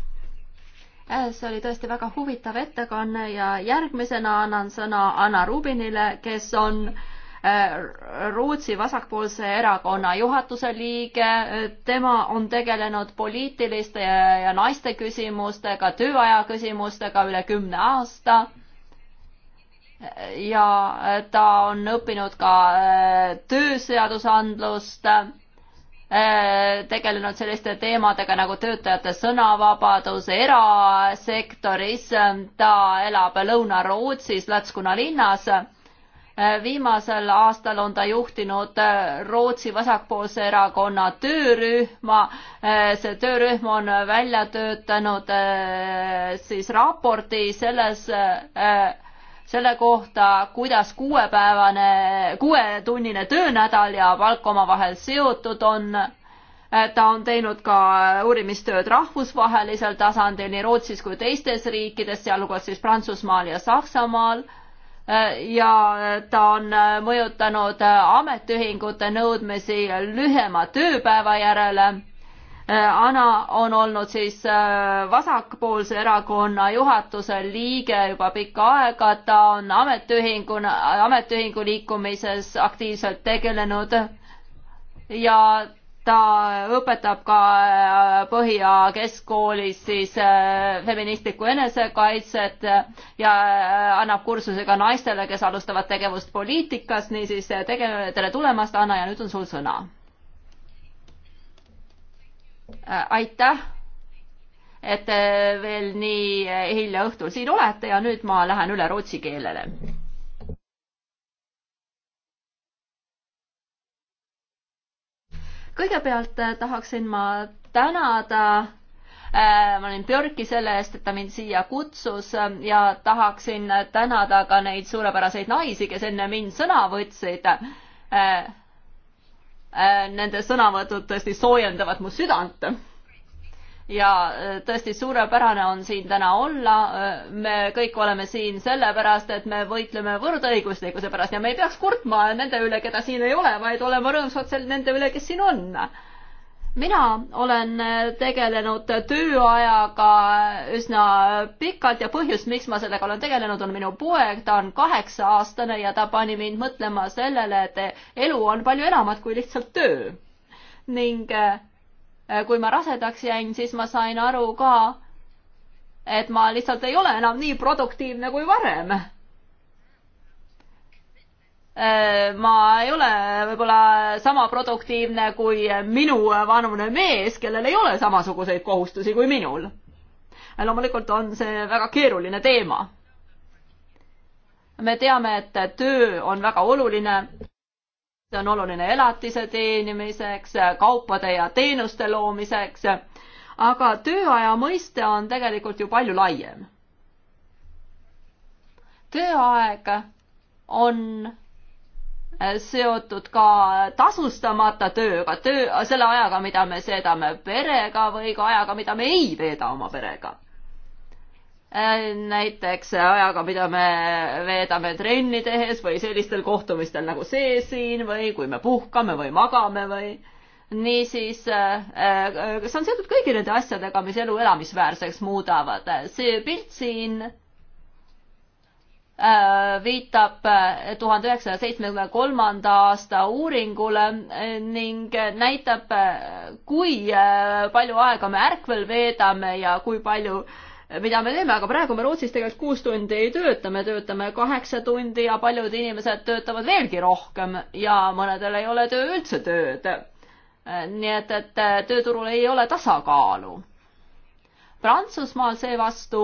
Äh, see oli tõesti väga huvitav ettekanne ja järgmisena annan sõna Anna Rubinile, kes on äh, Äh, Rootsi vasakpoolse erakonna juhatuse liige, äh, tema on tegelenud poliitiliste ja naiste küsimustega, tööaja küsimustega üle kümne aasta. ja äh, ta on õppinud ka tööseadusandlust, tegelenud selliste teemadega nagu töötajate sõnavabadus erasektoris, ta elab Lõuna-Rootsis Lätskuna linnas Äh, viimasel aastal on ta juhtinud äh, Rootsi vasakpoolse erakonna töörühma. Äh, see töörühm on välja töötanud siis raporti selles, selle kohta, kuidas kuuepäevane, kuuetunnine töönädal ja palk omavahel seotud on ta on teinud ka uurimistööd rahvusvahelisel tasandil nii Rootsis kui teistes riikides, sealhulgas siis Prantsusmaal ja Saksamaal ja ta on mõjutanud ametiühingute nõudmisi lühema tööpäeva järele. Ana on olnud siis äh, vasakpoolse erakonna juhatuse liige juba pikka aega, ta on ametiühinguna, ametiühingu liikumises aktiivselt tegelenud ja ta õpetab ka äh, põhi- ja keskkoolis siis äh, feministlikku enesekaitset ja äh, annab kursuse ka naistele, kes alustavad tegevust poliitikas, niisiis tege-, tere tulemast, Anna, ja nüüd on sul sõna. aitäh, et veel nii hilja õhtul siin olete ja nüüd ma lähen üle rootsi keelele kõigepealt äh, tahaksin ma tänada äh, ma olin Björki selle eest, et ta mind siia kutsus ähm, ja tahaksin tänada ka neid suurepäraseid naisi, kes enne mind sõna võtsid. Äh, nende sõnavõtud tõesti soojendavad mu südant ja äh, tõesti suurepärane on siin täna olla. Äh, me kõik oleme siin sellepärast, et me võitleme võrdõiguslikkuse pärast ja me ei peaks kurtma nende üle, keda siin ei ole, vaid olema rõõmsad seal nende üle, kes siin on mina olen äh, tegelenud tööajaga üsna pikalt ja põhjus, miks ma sellega olen tegelenud, on minu poeg, ta on kaheksa-aastane ja ta pani mind mõtlema sellele, et elu on palju enamat kui lihtsalt töö. ning Äh, kui ma rasedaks jäin, siis ma sain aru ka, et ma lihtsalt ei ole enam nii produktiivne kui varem. Äh, ma ei ole võib-olla sama produktiivne kui minu vanune mees, kellel ei ole samasuguseid kohustusi kui minul. Äh, loomulikult on see väga keeruline teema. me teame, et töö on väga oluline see on oluline elatise teenimiseks, kaupade ja teenuste loomiseks, aga tööaja mõiste on tegelikult ju palju laiem. tööaeg on seotud ka tasustamata tööga, töö, selle ajaga, mida me seedame perega või ka ajaga, mida me ei veeda oma perega. Äh, näiteks ajaga, mida me veedame trenni tehes või sellistel kohtumistel nagu see siin või kui me puhkame või magame või niisiis äh, äh, see on seotud kõigi nende asjadega, mis elu elamisväärseks muudavad. see pilt siin viitab tuhande üheksasaja seitsmekümne kolmanda aasta uuringule ning näitab, kui palju aega me ärkvel veedame ja kui palju äh, mida me teeme, aga praegu me Rootsis tegelikult kuus tundi ei tööta, me töötame kaheksa tundi ja paljud inimesed töötavad veelgi rohkem ja mõnedel ei ole töö üldse tööd. nii et, et äh, tööturul ei ole tasakaalu. Prantsusmaal seevastu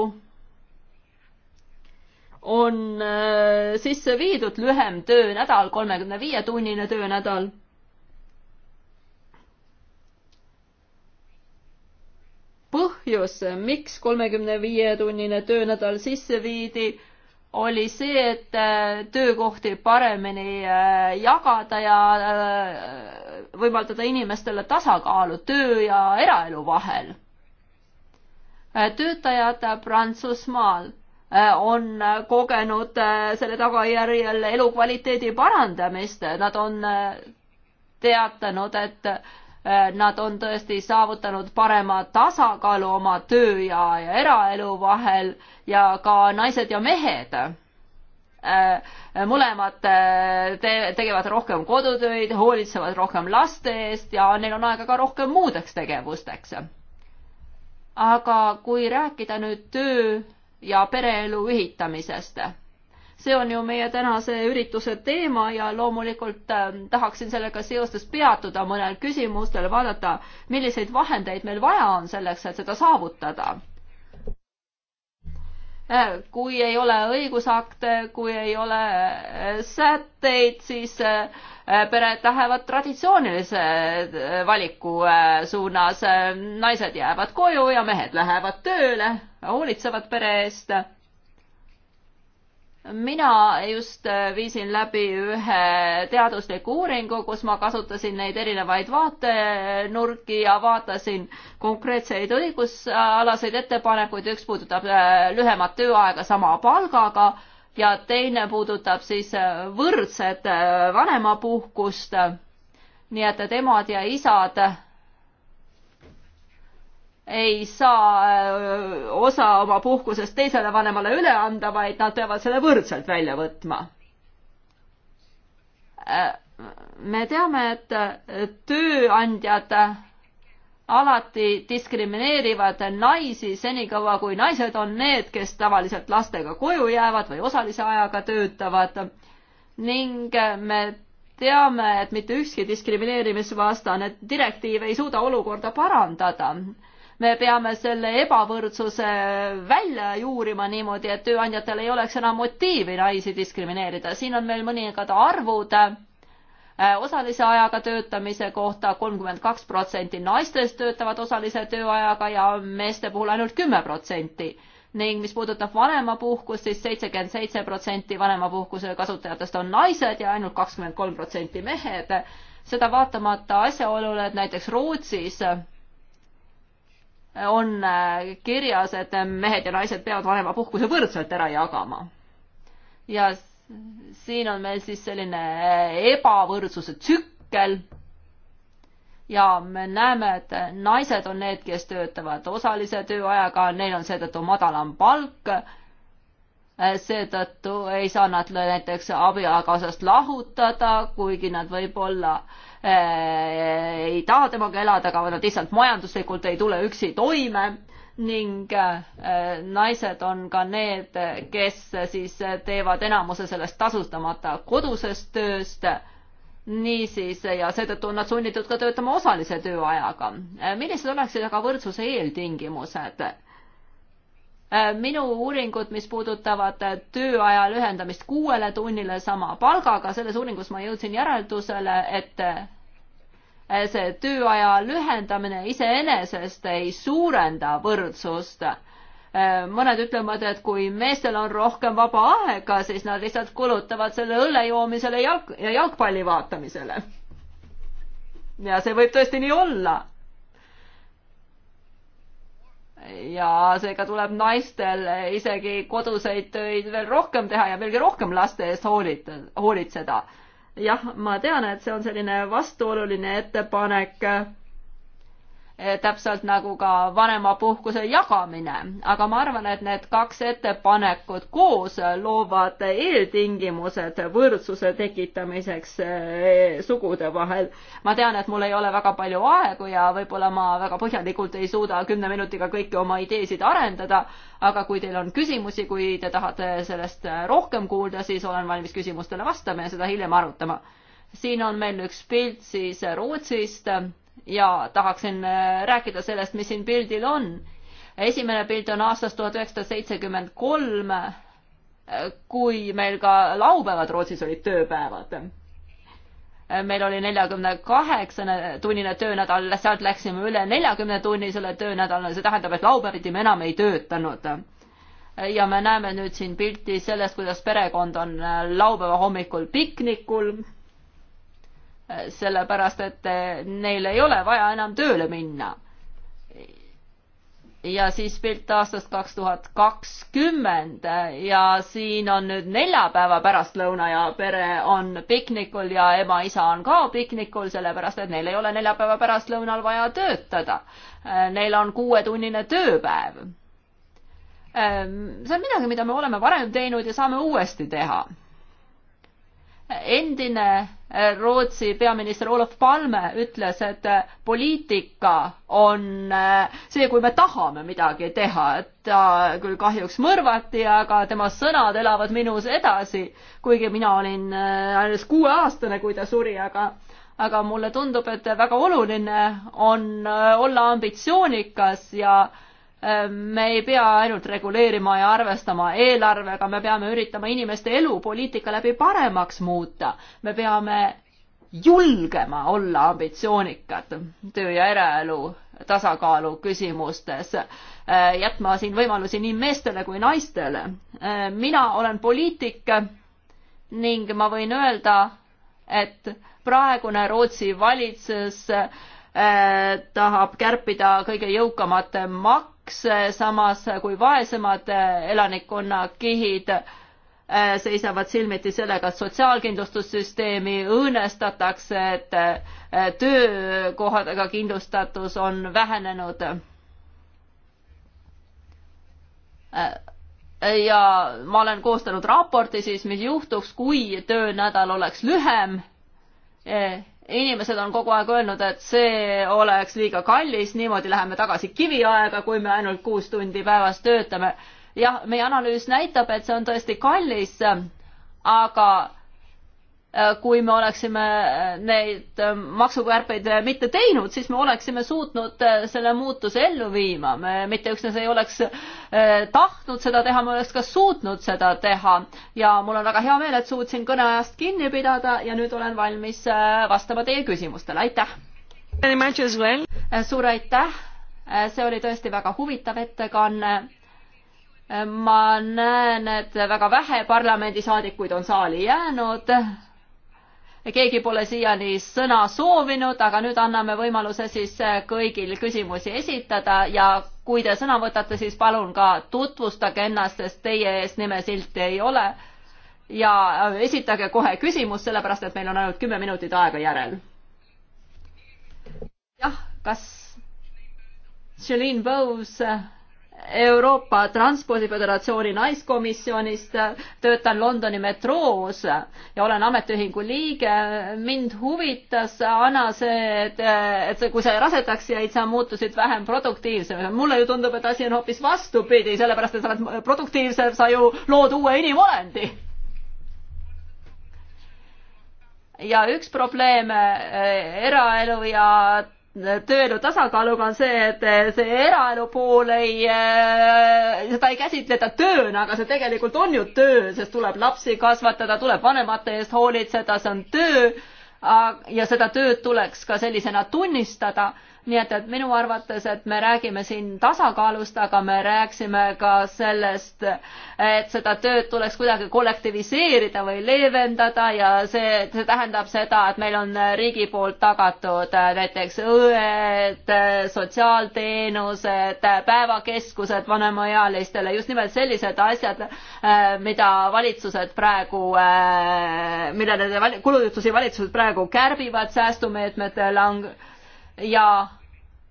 on äh, sisse viidud lühem töönädal, kolmekümne viie tunnine töönädal põhjus, miks kolmekümne viie tunnine töönädal sisse viidi, oli see, et äh, töökohti paremini äh, jagada ja äh, võimaldada inimestele tasakaalu töö ja eraelu vahel. töötajad Prantsusmaal on kogenud selle tagajärjel elukvaliteedi parandamist, nad on teatanud, et Äh, nad on tõesti saavutanud parema tasakaalu oma töö ja, ja eraelu vahel ja ka naised ja mehed äh, mõlemad äh, te tegevad rohkem kodutöid, hoolitsevad rohkem laste eest ja neil on aega ka rohkem muudeks tegevusteks. aga kui rääkida nüüd töö ja pereelu ühitamisest see on ju meie tänase ürituse teema ja loomulikult ähm, tahaksin sellega seoses peatuda mõnel küsimustel, vaadata, milliseid vahendeid meil vaja on selleks, et seda saavutada äh, kui ei ole õigusakte, kui ei ole äh, sätteid, siis äh, pered lähevad traditsioonilise valiku suunas. naised jäävad koju ja mehed lähevad tööle, hoolitsevad pere eest mina just äh, viisin läbi ühe teadusliku uuringu, kus ma kasutasin neid erinevaid vaatenurki ja vaatasin konkreetseid õigusalaseid ettepanekuid, üks puudutab äh, lühemat tööaega sama palgaga ja teine puudutab siis äh, võrdset vanemapuhkust. nii et, et emad ja isad ei saa äh, osa oma puhkusest teisele vanemale üle anda, vaid nad peavad selle võrdselt välja võtma. Äh, me teame, et tööandjad alati diskrimineerivad naisi senikaua, kui naised on need, kes tavaliselt lastega koju jäävad või osalise ajaga töötavad ning me teame, et mitte ükski diskrimineerimisvastane direktiiv ei suuda olukorda parandada me peame selle ebavõrdsuse välja juurima niimoodi, et tööandjatel ei oleks enam motiivi naisi diskrimineerida. siin on meil mõningad arvud äh, osalise ajaga töötamise kohta kolmkümmend kaks protsenti naistest töötavad osalise tööajaga ja meeste puhul ainult kümme protsenti ning mis puudutab vanemapuhkust siis, siis seitsekümmend seitse protsenti vanemapuhkuse kasutajatest on naised ja ainult kakskümmend kolm protsenti mehed. seda vaatamata asjaolule, et näiteks Rootsis on äh, kirjas, et mehed ja naised peavad vanemapuhkuse võrdselt ära jagama. ja siin on meil siis selline äh, ebavõrdsuse tsükkel. ja me näeme, et naised on need, kes töötavad osalise tööajaga, neil on seetõttu madalam palk. Äh, seetõttu ei saa nad näiteks abikaasast lahutada, kuigi nad võib-olla äh, Äh, ei taha temaga elada, aga nad lihtsalt majanduslikult ei tule üksi toime ning äh, naised on ka need, kes siis teevad enamuse sellest tasustamata kodusest tööst niisiis ja seetõttu on nad sunnitud ka töötama osalise tööajaga. Äh, millised oleksid aga võrdsuse eeltingimused? Äh, minu uuringud, mis puudutavad äh, tööaja lühendamist kuuele tunnile sama palgaga, selles uuringus ma jõudsin järeldusele, et äh, see tööaja lühendamine iseenesest ei suurenda võrdsust. mõned ütlevad, et kui meestel on rohkem vaba aega, siis nad lihtsalt kulutavad selle õlle joomisele jalg ja jalgpalli vaatamisele. ja see võib tõesti nii olla ja seega tuleb naistel isegi koduseid töid veel rohkem teha ja veelgi rohkem laste eest hoolita, hoolitseda. jah, ma tean, et see on selline vastuoluline ettepanek Eh, täpselt nagu ka vanemapuhkuse jagamine, aga ma arvan, et need kaks ettepanekut koos loovad eeltingimused võrdsuse tekitamiseks eh, sugude vahel. ma tean, et mul ei ole väga palju aegu ja võib-olla ma väga põhjalikult ei suuda kümne minutiga kõiki oma ideesid arendada, aga kui teil on küsimusi, kui te tahate sellest rohkem kuulda, siis olen valmis küsimustele vastama ja seda hiljem arutama. siin on meil üks pilt siis Rootsist ja tahaksin äh, rääkida sellest, mis siin pildil on. esimene pilt on aastast tuhat üheksasada seitsekümmend kolm, äh, kui meil ka laupäevad Rootsis olid tööpäevad. Äh, meil oli neljakümne kaheksane tunnine töönädal, sealt läksime üle neljakümne tunnisele töönädalale, see tähendab, et laupäeviti me enam ei töötanud ja me näeme nüüd siin pilti sellest, kuidas perekond on laupäeva hommikul piknikul sellepärast et neil ei ole vaja enam tööle minna. ja siis pilt aastast kaks tuhat kakskümmend ja siin on nüüd neljapäeva pärastlõuna ja pere on piknikul ja ema-isa on ka piknikul, sellepärast et neil ei ole neljapäeva pärastlõunal vaja töötada. Neil on kuuetunnine tööpäev see on midagi, mida me oleme varem teinud ja saame uuesti teha endine äh, Rootsi peaminister Olof Palme ütles, et äh, poliitika on äh, see, kui me tahame midagi teha, et ta küll kahjuks mõrvati, aga tema sõnad elavad minus edasi, kuigi mina olin alles kuueaastane, kui ta suri, aga aga mulle tundub, et väga oluline on olla ambitsioonikas ja äh, Äh, me ei pea ainult reguleerima ja arvestama eelarvega, me peame üritama inimeste elu poliitika läbi paremaks muuta. me peame julgema olla ambitsioonikad töö ja eraelu tasakaalu küsimustes, äh, jätma siin võimalusi nii meestele kui naistele. Äh, mina olen poliitik ning ma võin öelda, et praegune Rootsi valitsus tahab kärpida kõige jõukamate makse, maks, eh, samas eh, kui vaesemad eh, elanikkonnakihid seisavad silmiti sellega, et sotsiaalkindlustussüsteemi õõnestatakse, et töökohadega kindlustatus on vähenenud. ja ma olen koostanud raporti siis, mis juhtuks, kui töönädal oleks lühem inimesed on kogu aeg öelnud, et see oleks liiga kallis, niimoodi läheme tagasi kiviaega, kui me ainult kuus tundi päevas töötame. jah, meie analüüs näitab, et see on tõesti kallis, aga Äh, kui me oleksime äh, neid äh, maksukärpeid mitte teinud, siis me oleksime suutnud selle muutuse ellu viima, me mitte üksnes ei oleks tahtnud seda teha, me oleks ka suutnud seda teha ja mul on väga hea meel, et suutsin kõneajast kinni pidada ja nüüd olen valmis vastama teie küsimustele, aitäh! Well. suur aitäh, see oli tõesti väga huvitav ettekanne ma näen, et väga vähe parlamendisaadikuid on saali jäänud keegi pole siiani sõna soovinud, aga nüüd anname võimaluse siis eh, kõigil küsimusi esitada ja kui te sõna võtate, siis palun ka tutvustage ennast, sest teie ees nimesilti ei ole. ja eh, esitage kohe küsimus, sellepärast et meil on ainult kümme minutit aega järel. jah, kas Shailene Bowes eh, Euroopa Transpordiföderatsiooni naiskomisjonist, töötan Londoni metroos ja olen ametiühingu liige. mind huvitas, Anna, see, et, et kui sa rasedaks jäid, sa muutusid vähem produktiivsemaks. mulle ju tundub, et asi on hoopis vastupidi, sellepärast et sa oled produktiivsem, sa ju lood uue inimolendi ja üks probleem eraelu ja tööelu tasakaaluga on see, et eh, see eraelu pool ei, eh, seda ei käsitleta tööna, aga see tegelikult on ju töö, sest tuleb lapsi kasvatada, tuleb vanemate eest hoolitseda, see on töö ja seda tööd tuleks ka sellisena tunnistada, nii et, et minu arvates, et me räägime siin tasakaalust, aga me rääkisime ka sellest, et seda tööd tuleks kuidagi kollektiviseerida või leevendada ja see, see tähendab seda, et meil on riigi poolt tagatud näiteks õed, sotsiaalteenused, päevakeskused vanemaealistele, just nimelt sellised asjad, mida valitsused praegu, millele kulutusi valitsused praegu kärbivad säästumeetmete lang- ja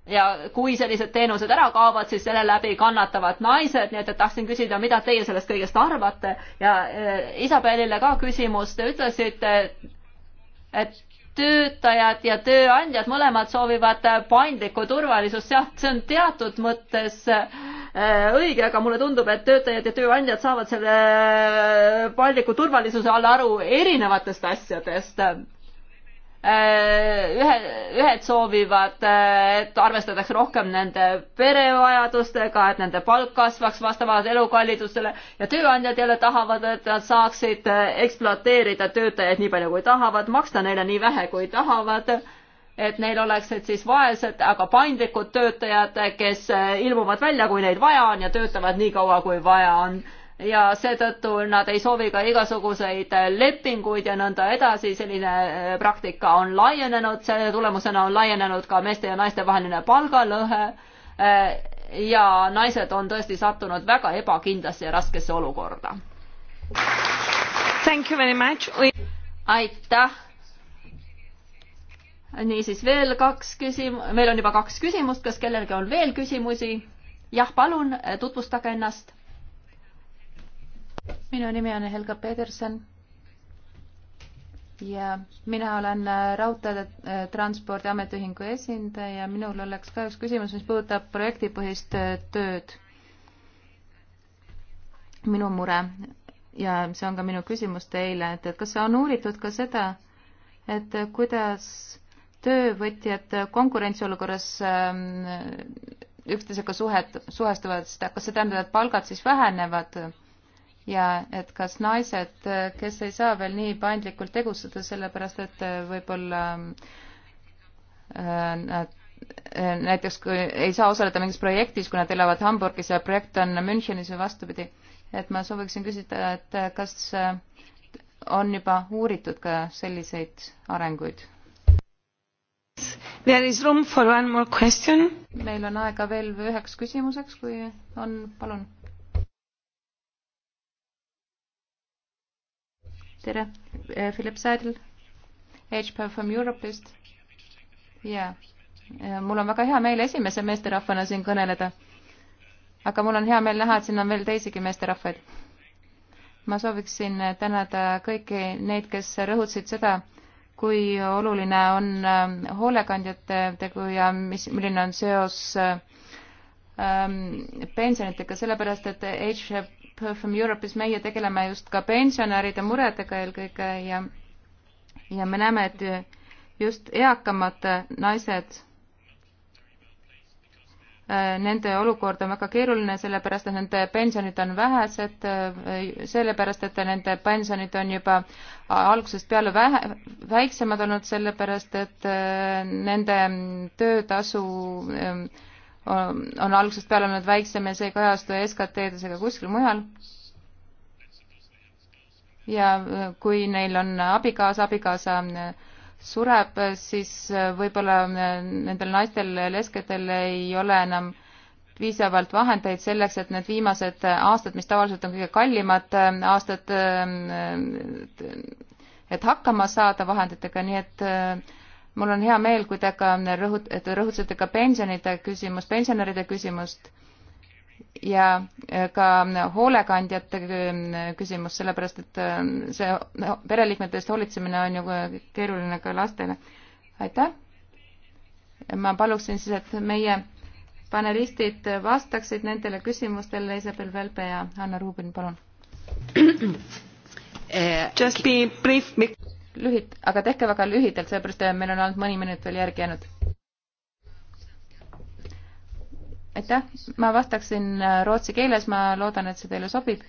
ja kui sellised teenused ära kaovad, siis selle läbi kannatavad naised, nii et, et tahtsin küsida, mida teie sellest kõigest arvate ja äh, Isabelile ka küsimus, te ütlesite, et töötajad ja tööandjad mõlemad soovivad paindlikku turvalisust, jah, see on teatud mõttes äh, õige, aga mulle tundub, et töötajad ja tööandjad saavad selle paindliku turvalisuse all aru erinevatest asjadest Äh, ühe, ühed soovivad, äh, et arvestatakse rohkem nende perevajadustega, et nende palk kasvaks vastavalt elukallidusele ja tööandjad jälle tahavad, et nad saaksid äh, ekspluateerida töötajaid nii palju kui tahavad, maksta neile nii vähe kui tahavad, et neil oleksid siis vaesed, aga paindlikud töötajad, kes ilmuvad välja, kui neid vaja on ja töötavad nii kaua, kui vaja on ja seetõttu nad ei soovi ka igasuguseid lepinguid ja nõnda edasi, selline äh, praktika on laienenud, selle tulemusena on laienenud ka meeste ja naiste vaheline palgalõhe äh, ja naised on tõesti sattunud väga ebakindlasse ja raskesse olukorda. aitäh! niisiis veel kaks küsim-, meil on juba kaks küsimust, kas kellelgi on veel küsimusi? jah, palun tutvustage ennast minu nimi on Helga Peterson ja mina olen äh, Raudteede äh, Transpordi Ametiühingu esindaja ja minul oleks ka üks küsimus, mis puudutab projektipõhist äh, tööd. minu mure ja see on ka minu küsimus teile, et, et kas on uuritud ka seda, et kuidas töövõtjad konkurentsiolukorras ähm, üksteisega suhet, suhestuvad, kas see tähendab, et palgad siis vähenevad? ja et kas naised, kes ei saa veel nii paindlikult tegutseda, sellepärast et äh, võib-olla äh, nad äh, näiteks kui ei saa osaleda mingis projektis, kui nad elavad Hamburgis ja projekt on Münchenis või vastupidi, et ma sooviksin küsida, et kas on juba uuritud ka selliseid arenguid? There is room for one more question. meil on aega veel üheks küsimuseks, kui on, palun Tere, eh, Philip Seidel, HPV from Europe'ist yeah.. jaa, eh, mul on väga hea meel esimese meesterahvana siin kõneleda. aga mul on hea meel näha, et siin on veel teisigi meesterahvaid. ma sooviksin eh, tänada kõiki neid, kes rõhutasid seda, kui oluline on hoolekandjate tegu ja mis, milline on seos ähm, pensionitega, sellepärast et HPV from Europe'is meie tegeleme just ka pensionäride muredega eelkõige ja ja me näeme, et just eakamad naised, äh, nende olukord on väga keeruline, sellepärast et nende pensionid on vähesed, äh, sellepärast et nende pensionid on juba algusest peale vähe, väiksemad olnud, sellepärast et äh, nende töötasu äh, on algusest peale olnud väiksem ja see ei kajastu SKT-des ega kuskil mujal. ja äh, kui neil on abikaasa, abikaasa äh, sureb, äh, siis võib-olla nendel naistel, leskedel ei ole enam piisavalt vahendeid selleks, et need viimased aastad, mis tavaliselt on kõige kallimad aastad, et hakkama saada vahenditega, nii et mul on hea meel, kui te ka rõhut-, te rõhutasite ka pensionide küsimust, pensionäride küsimust ja äh, ka hoolekandjate küsimus, sellepärast et äh, see pereliikmete eest hoolitsemine on ju äh, keeruline ka lastele. aitäh! ma paluksin siis, et meie panelistid vastaksid nendele küsimustele, Isabel Välpe ja Hanna Rubin, palun. Just be brief lühid, aga tehke väga lühidalt, sellepärast meil on ainult mõni minut veel järgi jäänud. aitäh, ma vastaksin äh, rootsi keeles, ma loodan, et see teile sobib.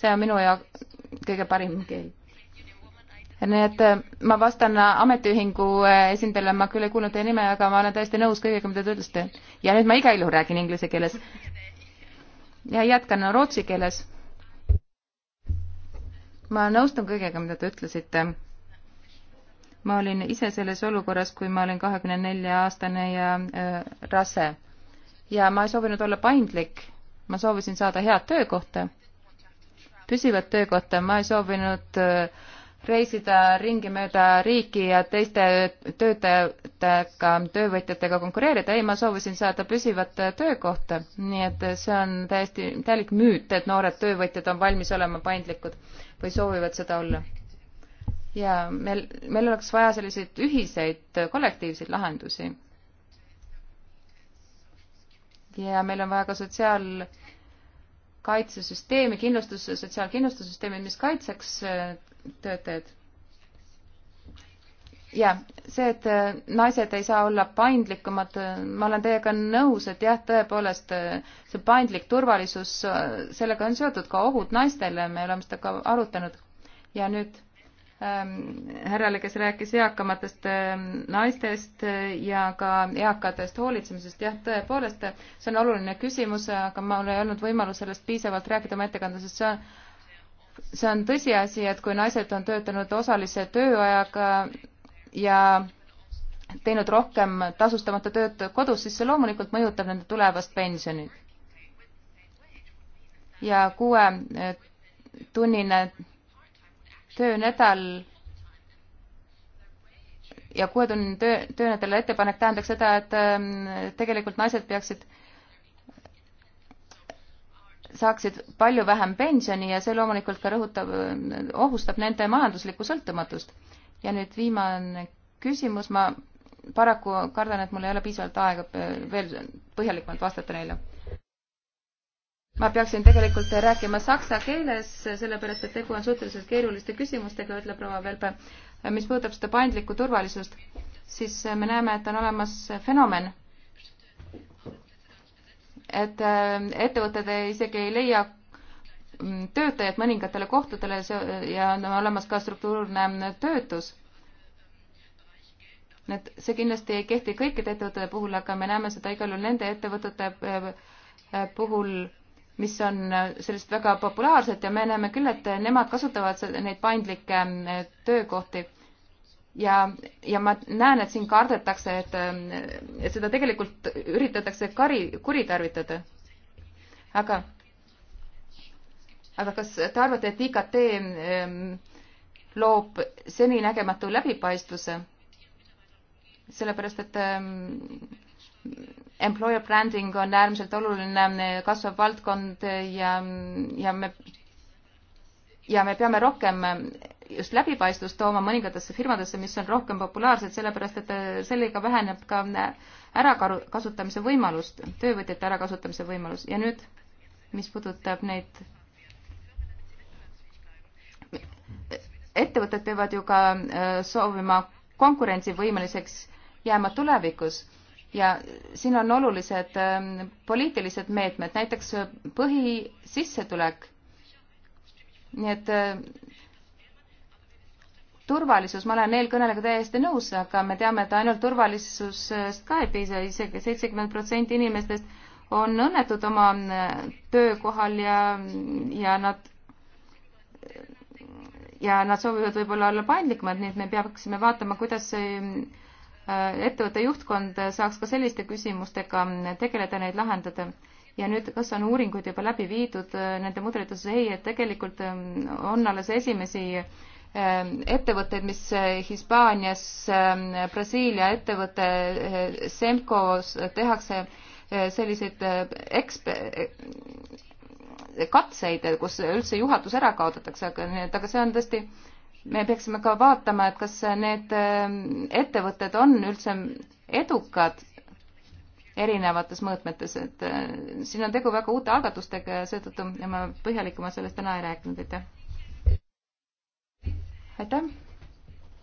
see on minu jaoks kõige parim keel. nii et äh, ma vastan äh, ametiühingu esindajale, ma küll ei kuulnud teie nime, aga ma olen täiesti nõus kõigega, mida te ütlesite. ja nüüd ma igal juhul räägin inglise keeles. ja jätkan rootsi keeles ma nõustun kõigega, mida te ütlesite ma olin ise selles olukorras, kui ma olin kahekümne nelja aastane ja äh, rase. ja ma ei soovinud olla paindlik, ma soovisin saada head töökohta, püsivat töökohta, ma ei soovinud äh, reisida ringi mööda riiki ja teiste töötajatega, töövõtjatega konkureerida, ei, ma soovisin saada püsivat äh, töökohta, nii et äh, see on täiesti täielik müüt, et noored töövõtjad on valmis olema paindlikud või soovivad seda olla ja meil, meil oleks vaja selliseid ühiseid kollektiivseid lahendusi. ja meil on vaja ka sotsiaalkaitsesüsteemi, kindlustus, sotsiaalkindlustussüsteemi, mis kaitseks äh, töötajaid. ja see, et äh, naised ei saa olla paindlikumad, äh, ma olen teiega nõus, et jah, tõepoolest see paindlik turvalisus, sellega on seotud ka ohud naistele, me oleme seda ka arutanud. ja nüüd Ähm, härrale, kes rääkis eakamatest ähm, naistest äh, ja ka eakatest hoolitsemisest. jah, tõepoolest, see on oluline küsimus, aga mul ei olnud võimalus sellest piisavalt rääkida oma ettekandes, sest see on, see on tõsiasi, et kui naised on töötanud osalise tööajaga ja teinud rohkem tasustamata tööd kodus, siis see loomulikult mõjutab nende tulevast pensionit. ja kuue äh, tunnine töönädal ja kuuetunnine töö, töönädala ettepanek tähendaks seda, et ähm, tegelikult naised peaksid, saaksid palju vähem pensioni ja see loomulikult ka rõhutab, ohustab nende majanduslikku sõltumatust. ja nüüd viimane küsimus, ma paraku kardan, et mul ei ole piisavalt aega äh, veel põhjalikumalt vastata neile ma peaksin tegelikult rääkima saksa keeles, sellepärast et tegu on suhteliselt keeruliste küsimustega, ütleb proua Velbe. mis puudutab seda paindlikku turvalisust, siis me näeme, et on olemas fenomen, et äh, ettevõtted isegi ei leia mm, töötajaid mõningatele kohtadele ja on olemas ka struktuurne töötus. et see kindlasti ei kehti kõikide ettevõtete puhul, aga me näeme seda igal juhul nende ettevõtete äh, äh, puhul mis on äh, sellest väga populaarsed ja me näeme küll, et nemad kasutavad neid paindlikke äh, töökohti. ja, ja ma näen, et siin kardetakse, et, äh, et seda tegelikult üritatakse kari, kuritarvitada. aga, aga kas te arvate, et IKT ähm, loob seninägematu läbipaistvuse? sellepärast, et ähm, employer branding on äärmiselt oluline kasvav valdkond ja, ja me, ja me peame rohkem just läbipaistvust tooma mõningatesse firmadesse, mis on rohkem populaarsed, sellepärast et sellega väheneb ka ärakasutamise võimalust, töövõtjate ärakasutamise võimalus ja nüüd, mis puudutab neid ettevõtted peavad ju ka äh, soovima konkurentsivõimeliseks jääma tulevikus ja siin on olulised ähm, poliitilised meetmed, näiteks äh, põhisissetulek. nii et äh, turvalisus, ma olen eelkõnelega täiesti nõus, aga me teame, et ainult turvalisusest ka ei piisa isegi, isegi seitsekümmend protsenti inimestest on õnnetud oma äh, töökohal ja, ja nad ja nad soovivad võib-olla olla paindlikumad, nii et me peaksime vaatama, kuidas see Äh, ettevõtte juhtkond saaks ka selliste küsimustega tegeleda, neid lahendada. ja nüüd, kas on uuringuid juba läbi viidud äh, nende mudelite osas? ei, et tegelikult ähm, on alles esimesi ähm, ettevõtteid, mis äh, Hispaanias ähm, Brasiilia ettevõte Semcos tehakse selliseid eksp-, katseid, kus üldse juhatus ära kaotatakse, aga nii et, aga see on tõesti äh, me peaksime ka vaatama, et kas need ähm, ettevõtted on üldse edukad erinevates mõõtmetes, et äh, siin on tegu väga uute algatustega ja seetõttu ma põhjalikumalt sellest täna ei rääkinud, aitäh. aitäh.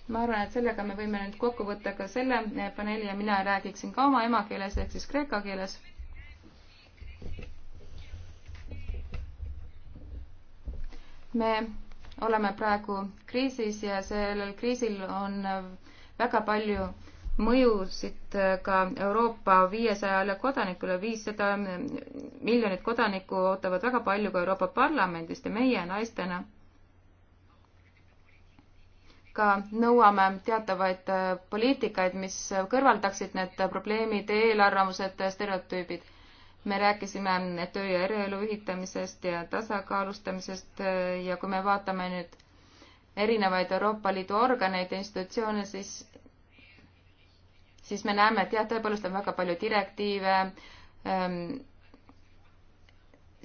ma arvan, et sellega me võime nüüd kokku võtta ka selle paneeli ja mina räägiksin ka oma emakeeles ehk siis kreeka keeles me oleme praegu kriisis ja sellel kriisil on väga palju mõjusid ka Euroopa viiesajale kodanikule, viissada miljonit kodanikku ootavad väga palju ka Euroopa Parlamendist ja meie naistena ka nõuame teatavaid poliitikaid, mis kõrvaldaksid need probleemid, eelarvamused, stereotüübid me rääkisime töö ja eraelu ühitamisest ja tasakaalustamisest äh, ja kui me vaatame nüüd erinevaid Euroopa Liidu organeid ja institutsioone, siis, siis me näeme, et jah, tõepoolest on väga palju direktiive ähm,,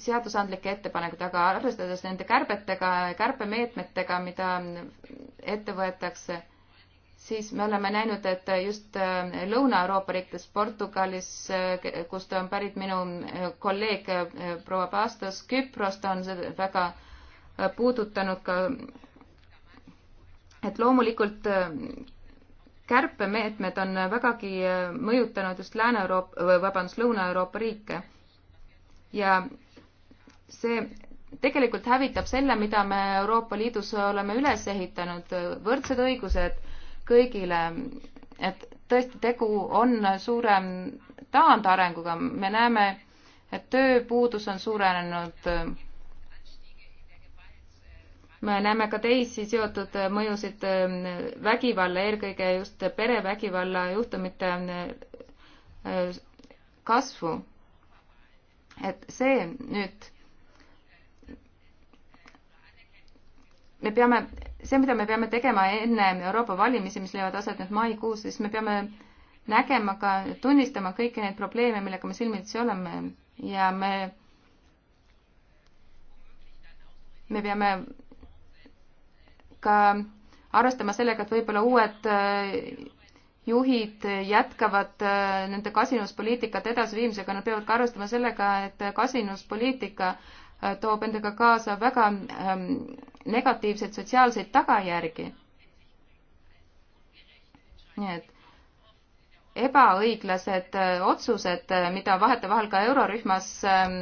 seadusandlikke ettepanekuid, aga arvestades nende kärbetega, kärpemeetmetega, mida ette võetakse siis me oleme näinud, et just äh, Lõuna-Euroopa riikides, Portugalis, äh, kust on pärit minu äh, kolleeg proua Paastos, Küprost on see väga puudutanud ka, et loomulikult kärpemeetmed on vägagi mõjutanud just Lääne-Euroopa, vabandust, Lõuna-Euroopa riike. ja see tegelikult hävitab selle, mida me Euroopa Liidus oleme üles ehitanud, võrdsed õigused kõigile, et tõesti, tegu on suure taandarenguga, me näeme, et tööpuudus on suurenenud. me näeme ka teisi seotud mõjusid vägivalla, eelkõige just perevägivalla juhtumite äh, kasvu. et see nüüd, me peame see, mida me peame tegema enne Euroopa valimisi, mis leiavad aset nüüd maikuus, siis me peame nägema ka, tunnistama kõiki neid probleeme, millega me silmitsi oleme ja me, me peame ka arvestama sellega, et võib-olla uued äh, juhid jätkavad äh, nende kasinuspoliitikat edasiviimisega, nad peavad ka arvestama sellega, et kasinuspoliitika toob endaga kaasa väga ähm, negatiivseid sotsiaalseid tagajärgi. nii et ebaõiglased äh, otsused, äh, mida vahetevahel ka eurorühmas ähm,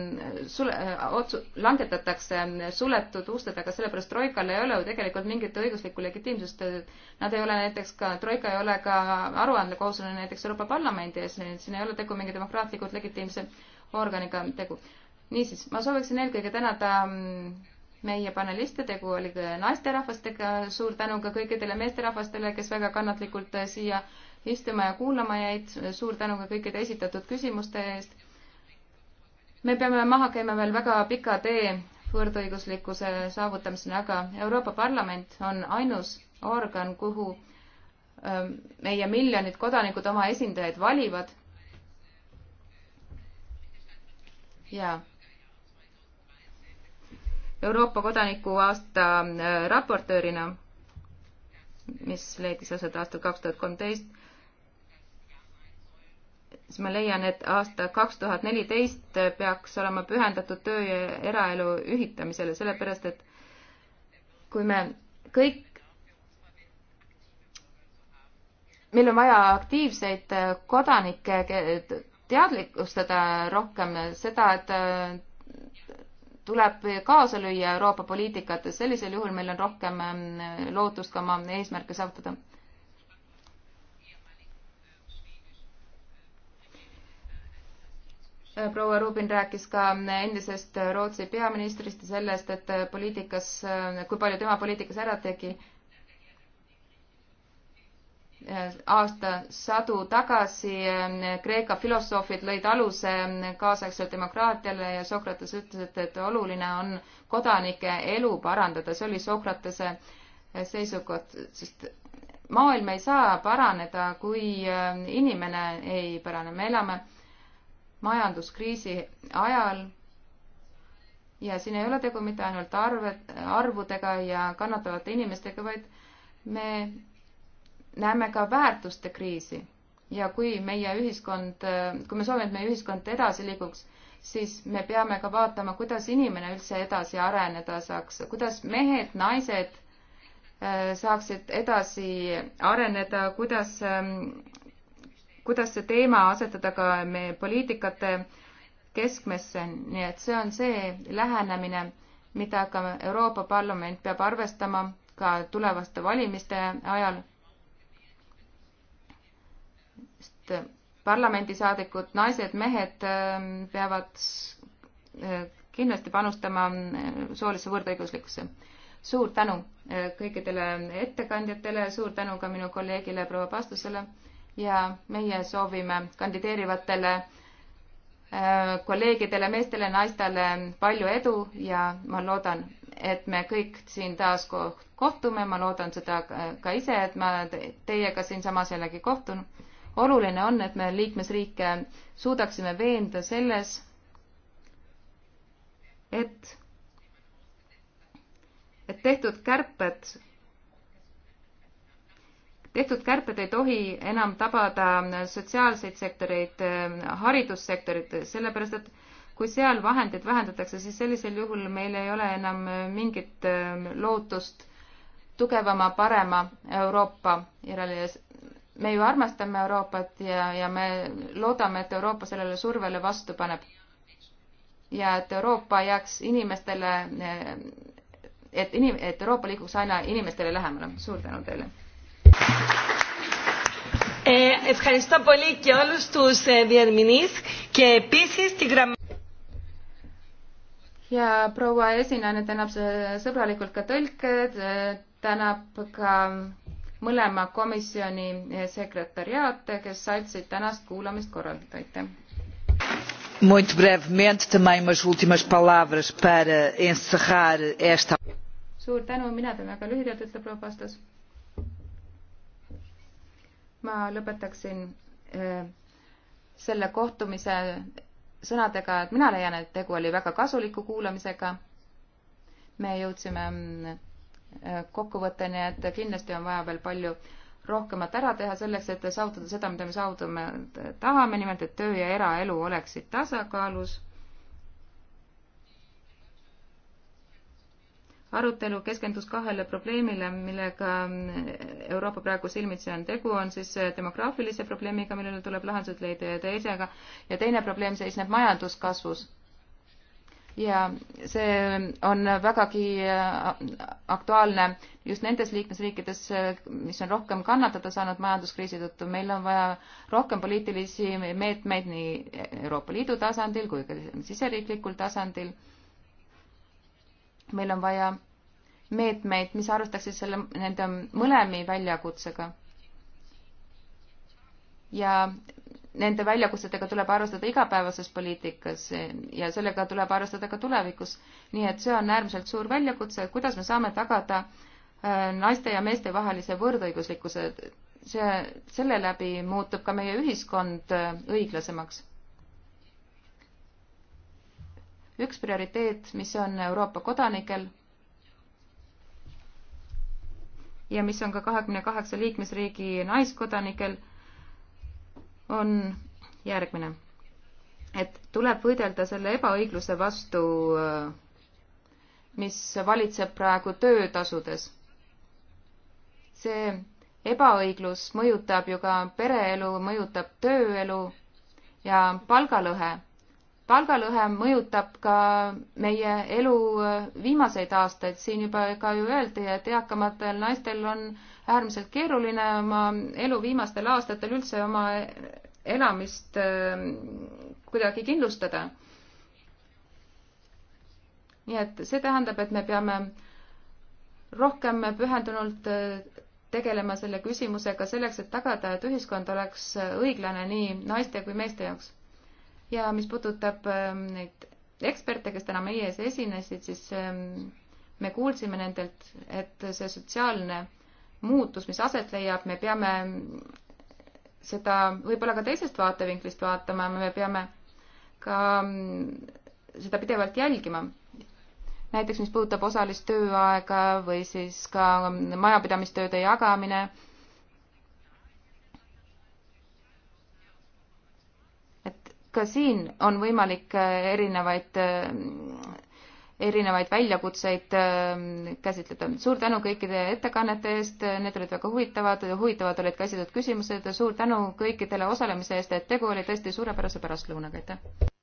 sule, äh, otsu-, langetatakse ähm, suletud uste taga, sellepärast Troikal ei ole ju tegelikult mingit õiguslikku legitiimsust. Nad ei ole näiteks ka, Troika ei ole ka aruandekohuslane näiteks Euroopa Parlamendi ees, nii et siin ei ole tegu mingi demokraatlikult legitiimse organiga tegu niisiis, ma sooviksin eelkõige tänada mm, meie paneliste, tegu oli naisterahvastega, suur tänu ka kõikidele meesterahvastele, kes väga kannatlikult äh, siia istuma ja kuulama jäid, suur tänu ka kõikide esitatud küsimuste eest. me peame maha käima veel väga pika tee võrdõiguslikkuse saavutamiseni, aga Euroopa Parlament on ainus organ, kuhu ähm, meie miljonid kodanikud oma esindajaid valivad. ja Euroopa kodaniku aasta äh, raportöörina, mis leidis aset aastal kaks tuhat kolmteist, siis ma leian, et aasta kaks tuhat neliteist peaks olema pühendatud töö ja eraelu ühitamisele, sellepärast et kui me kõik, meil on vaja aktiivseid äh, kodanikke teadlikustada rohkem seda, et äh, tuleb kaasa lüüa Euroopa poliitikates, sellisel juhul meil on rohkem ähm, lootust ka oma eesmärke saavutada. proua Rubin rääkis ka ähm, endisest Rootsi peaministrist ja sellest, et äh, poliitikas, äh, kui palju tema poliitikas ära tegi aastasadu tagasi eh, Kreeka filosoofid lõid aluse eh, kaasaegsele demokraatiale ja Sokrates ütles, et, et oluline on kodanike elu parandada, see oli Sokratese eh, seisukoht, sest maailm ei saa paraneda, kui inimene ei parane. me elame majanduskriisi ajal ja siin ei ole tegu mitte ainult arve, arvudega ja kannatavate inimestega, vaid me näeme ka väärtuste kriisi ja kui meie ühiskond, kui me soovime, et meie ühiskond edasi liiguks, siis me peame ka vaatama, kuidas inimene üldse edasi areneda saaks, kuidas mehed, naised äh, saaksid edasi areneda, kuidas, ähm, kuidas see teema asetada ka meie poliitikate keskmesse, nii et see on see lähenemine, mida ka Euroopa Parlament peab arvestama ka tulevaste valimiste ajal et parlamendisaadikud, naised, mehed ähm, peavad äh, kindlasti panustama äh, soolisse võrdõiguslikkusse. suur tänu äh, kõikidele ettekandjatele, suur tänu ka minu kolleegile proua Pastusele ja meie soovime kandideerivatele kolleegidele, meestele, naistele palju edu ja ma loodan, et me kõik siin taas kohtume, ma loodan seda ka ise, et ma teiega siinsamas jällegi kohtun oluline on, et me liikmesriike suudaksime veenda selles, et, et tehtud kärped, tehtud kärped ei tohi enam tabada sotsiaalseid sektoreid, haridussektorit, sellepärast et kui seal vahendeid vähendatakse, siis sellisel juhul meil ei ole enam mingit lootust tugevama, parema Euroopa järele me ju armastame Euroopat ja, ja me loodame, et Euroopa sellele survele vastu paneb. ja et Euroopa jääks inimestele, et inim-, et Euroopa liiguks aina inimestele lähemale. suur tänu teile. Eh, ευχαριστώ πολύ και όλους τους διερμηνείς και επίσης τη γραμμή ja proua esinejana tänab sõbralikult ka tõlke, eh, tänab ka mõlema komisjoni sekretariaate, kes aitasid tänast kuulamist korraldada, aitäh. Muito brevemente também umas últimas palavras para encerrar esta. Suur tänu, mina teen väga lühidalt, ütleb proua Pastas. ma lõpetaksin äh, selle kohtumise sõnadega, et mina leian, et tegu oli väga kasuliku kuulamisega. me jõudsime mm, kokkuvõte, nii et kindlasti on vaja veel palju rohkemat ära teha selleks, et saavutada seda, mida me saavutame, tahame, nimelt et töö ja eraelu oleksid tasakaalus. arutelu keskendus kahele probleemile, millega Euroopa praegu silmitsi on. tegu on siis demograafilise probleemiga, millele tuleb lahendused leida ja teisega ja teine probleem seisneb majanduskasvus ja see on vägagi äh, aktuaalne just nendes liikmesriikides, äh, mis on rohkem kannatada saanud majanduskriisi tõttu. meil on vaja rohkem poliitilisi meetmeid nii Euroopa Liidu tasandil kui ka siseriiklikul tasandil. meil on vaja meetmeid, mis arvestaksid selle, nende mõlemi väljakutsega. ja nende väljakutsetega tuleb arvestada igapäevases poliitikas ja sellega tuleb arvestada ka tulevikus. nii et see on äärmiselt suur väljakutse, et kuidas me saame tagada äh, naiste ja meeste vahelise võrdõiguslikkuse. see, selle läbi muutub ka meie ühiskond äh, õiglasemaks. üks prioriteet, mis on Euroopa kodanikel ja mis on ka kahekümne kaheksa liikmesriigi naiskodanikel on järgmine. et tuleb võidelda selle ebaõigluse vastu, äh, mis valitseb praegu töötasudes. see ebaõiglus mõjutab ju ka pereelu, mõjutab tööelu ja palgalõhe. palgalõhe mõjutab ka meie elu äh, viimaseid aastaid, siin juba ka ju öeldi, et eakamatel naistel on äärmiselt keeruline oma elu viimastel aastatel üldse oma elamist äh, kuidagi kindlustada. nii et see tähendab, et me peame rohkem pühendunult äh, tegelema selle küsimusega selleks, et tagada, et ühiskond oleks õiglane nii naiste kui meeste jaoks. ja mis puudutab äh, neid eksperte, kes täna meie ees esinesid, siis me kuulsime nendelt, et see sotsiaalne muutus, mis aset leiab, me peame seda võib-olla ka teisest vaatevinklist vaatama, me peame ka mm, seda pidevalt jälgima. näiteks, mis puudutab osalist tööaega või siis ka mm, majapidamistööde jagamine. et ka siin on võimalik äh, erinevaid äh, erinevaid väljakutseid ähm, käsitleda. suur tänu kõikide ettekannete eest, need olid väga huvitavad, huvitavad olid ka esitatud küsimused, suur tänu kõikidele osalemise eest, et tegu oli tõesti suurepärase pärastlõunaga, aitäh!